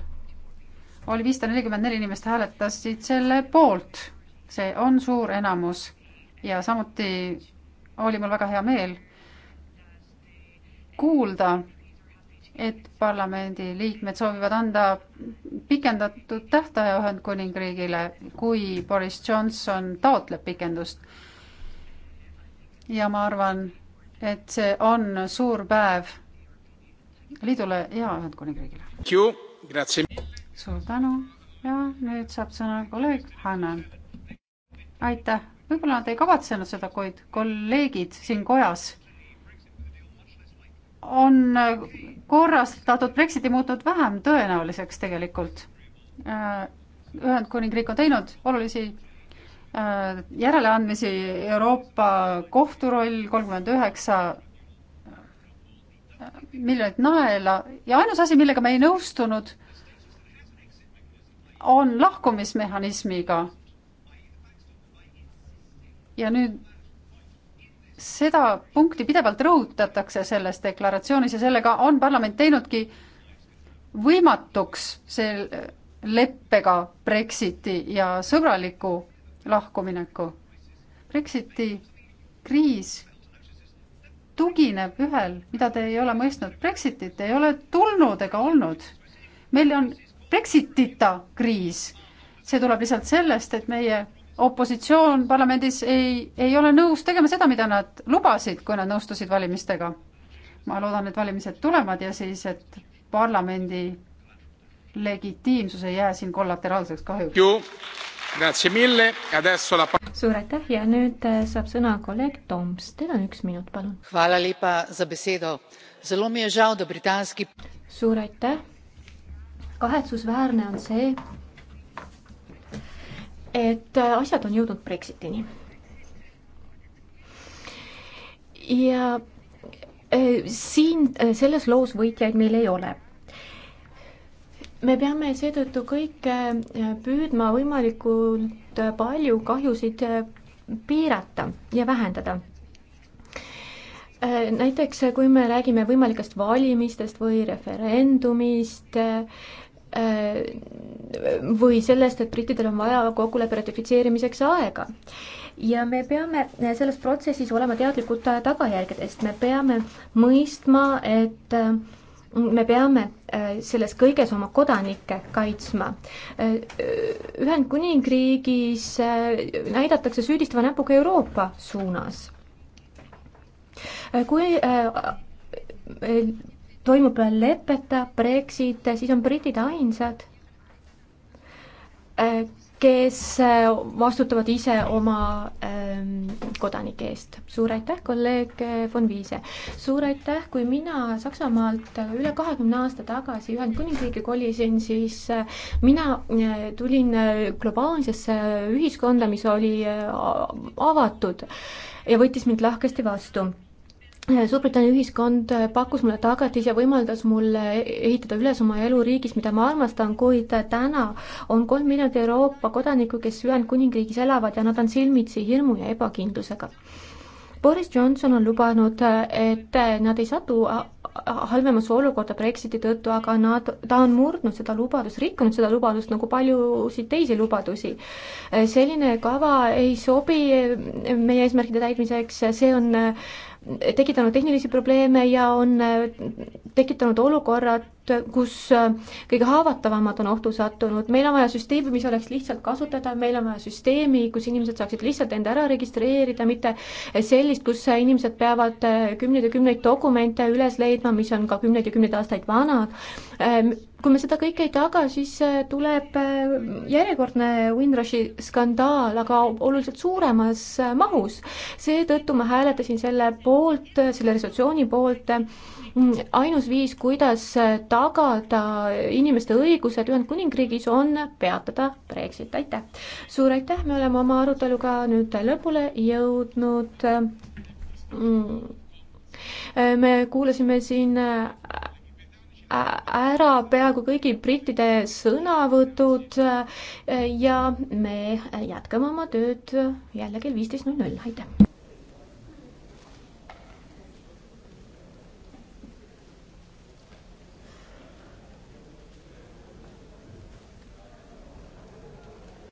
oli viissada nelikümmend neli inimest hääletasid selle poolt see on suur enamus ja samuti oli mul väga hea meel kuulda, et parlamendi liikmed soovivad anda pikendatud tähtaja Ühendkuningriigile, kui Boris Johnson taotleb pikendust. ja ma arvan, et see on suur päev liidule ja Ühendkuningriigile. suur tänu ja nüüd saab sõna kolleeg Hannan aitäh, võib-olla nad ei kavatsenud seda, kuid kolleegid siin kojas on korrastatud Brexiti muutnud vähem tõenäoliseks tegelikult. Äh, Ühendkuningriik on teinud olulisi äh, järeleandmisi, Euroopa kohtu roll kolmkümmend üheksa äh, miljonit naela ja ainus asi, millega me ei nõustunud, on lahkumismehhanismiga ja nüüd seda punkti pidevalt rõhutatakse selles deklaratsioonis ja sellega on parlament teinudki võimatuks see leppega Brexiti ja sõbraliku lahkumineku. Brexiti kriis tugineb ühel, mida te ei ole mõistnud, Brexitit ei ole tulnud ega olnud. meil on Brexitita kriis, see tuleb lihtsalt sellest, et meie opositsioon parlamendis ei, ei ole nõus tegema seda, mida nad lubasid, kui nad nõustusid valimistega. ma loodan, et valimised tulevad ja siis, et parlamendi legitiimsus ei jää siin kollateraalseks kahjuks. suur aitäh ja nüüd äh, saab sõna kolleeg Toms, teil on üks minut, palun. suur aitäh. kahetsusväärne on see, et äh, asjad on jõudnud Brexitini. ja äh, siin äh, selles loos võitjaid meil ei ole me peame seetõttu kõik püüdma võimalikult palju kahjusid piirata ja vähendada. näiteks kui me räägime võimalikest valimistest või referendumist, Äh, või sellest, et brittidel on vaja kokkuleppe ratifitseerimiseks aega. ja me peame äh, selles protsessis olema teadlikud äh, tagajärgedest, me peame mõistma, et me peame selles kõiges oma kodanikke kaitsma. Ühendkuningriigis näidatakse süüdistava näpuga Euroopa suunas. kui toimub leppeta Brexit, siis on britid ainsad, äh, kes äh, vastutavad ise oma ähm, kodanike eest. suur aitäh, kolleeg äh, von Wiese. suur aitäh, kui mina Saksamaalt üle kahekümne aasta tagasi Ühendkuningriiki kolisin, siis mina tulin globaalsesse ühiskonda, mis oli avatud ja võttis mind lahkesti vastu Suurbritannia ühiskond pakkus mulle tagatisi ja võimaldas mul ehitada üles oma elu riigis, mida ma armastan, kuid täna on kolm miljonit Euroopa kodanikku, kes Ühendkuningriigis elavad ja nad on silmitsi hirmu ja ebakindlusega. Boris Johnson on lubanud, et nad ei satu halvemasse olukorda Brexiti tõttu, aga nad, ta on murdnud seda lubadust, rikkunud seda lubadust nagu paljusid teisi lubadusi. selline kava ei sobi meie eesmärkide täitmiseks, see on äh, tekitanud tehnilisi probleeme ja on äh, tekitanud olukorrad, kus äh, kõige haavatavamad on ohtu sattunud, meil on vaja süsteemi, mis oleks lihtsalt kasutada, meil on vaja süsteemi, kus inimesed saaksid lihtsalt enda ära registreerida, mitte sellist, kus inimesed peavad äh, kümneid ja kümneid dokumente üles leidma, mis on ka kümneid ja kümneid aastaid vanad ähm, kui me seda kõike ei taga, siis äh, tuleb äh, järjekordne Windrushi skandaal, aga oluliselt suuremas äh, mahus. seetõttu ma hääletasin selle poolt, selle resolutsiooni poolt, ainus viis, kuidas tagada inimeste õigused Ühendkuningriigis, on peatada Brexit, aitäh! suur aitäh, me oleme oma aruteluga nüüd lõpule jõudnud. Mm. me kuulasime siin ära peaaegu kõigi brittide sõnavõtud ja me jätkame oma tööd jälle kell viisteist null null, aitäh!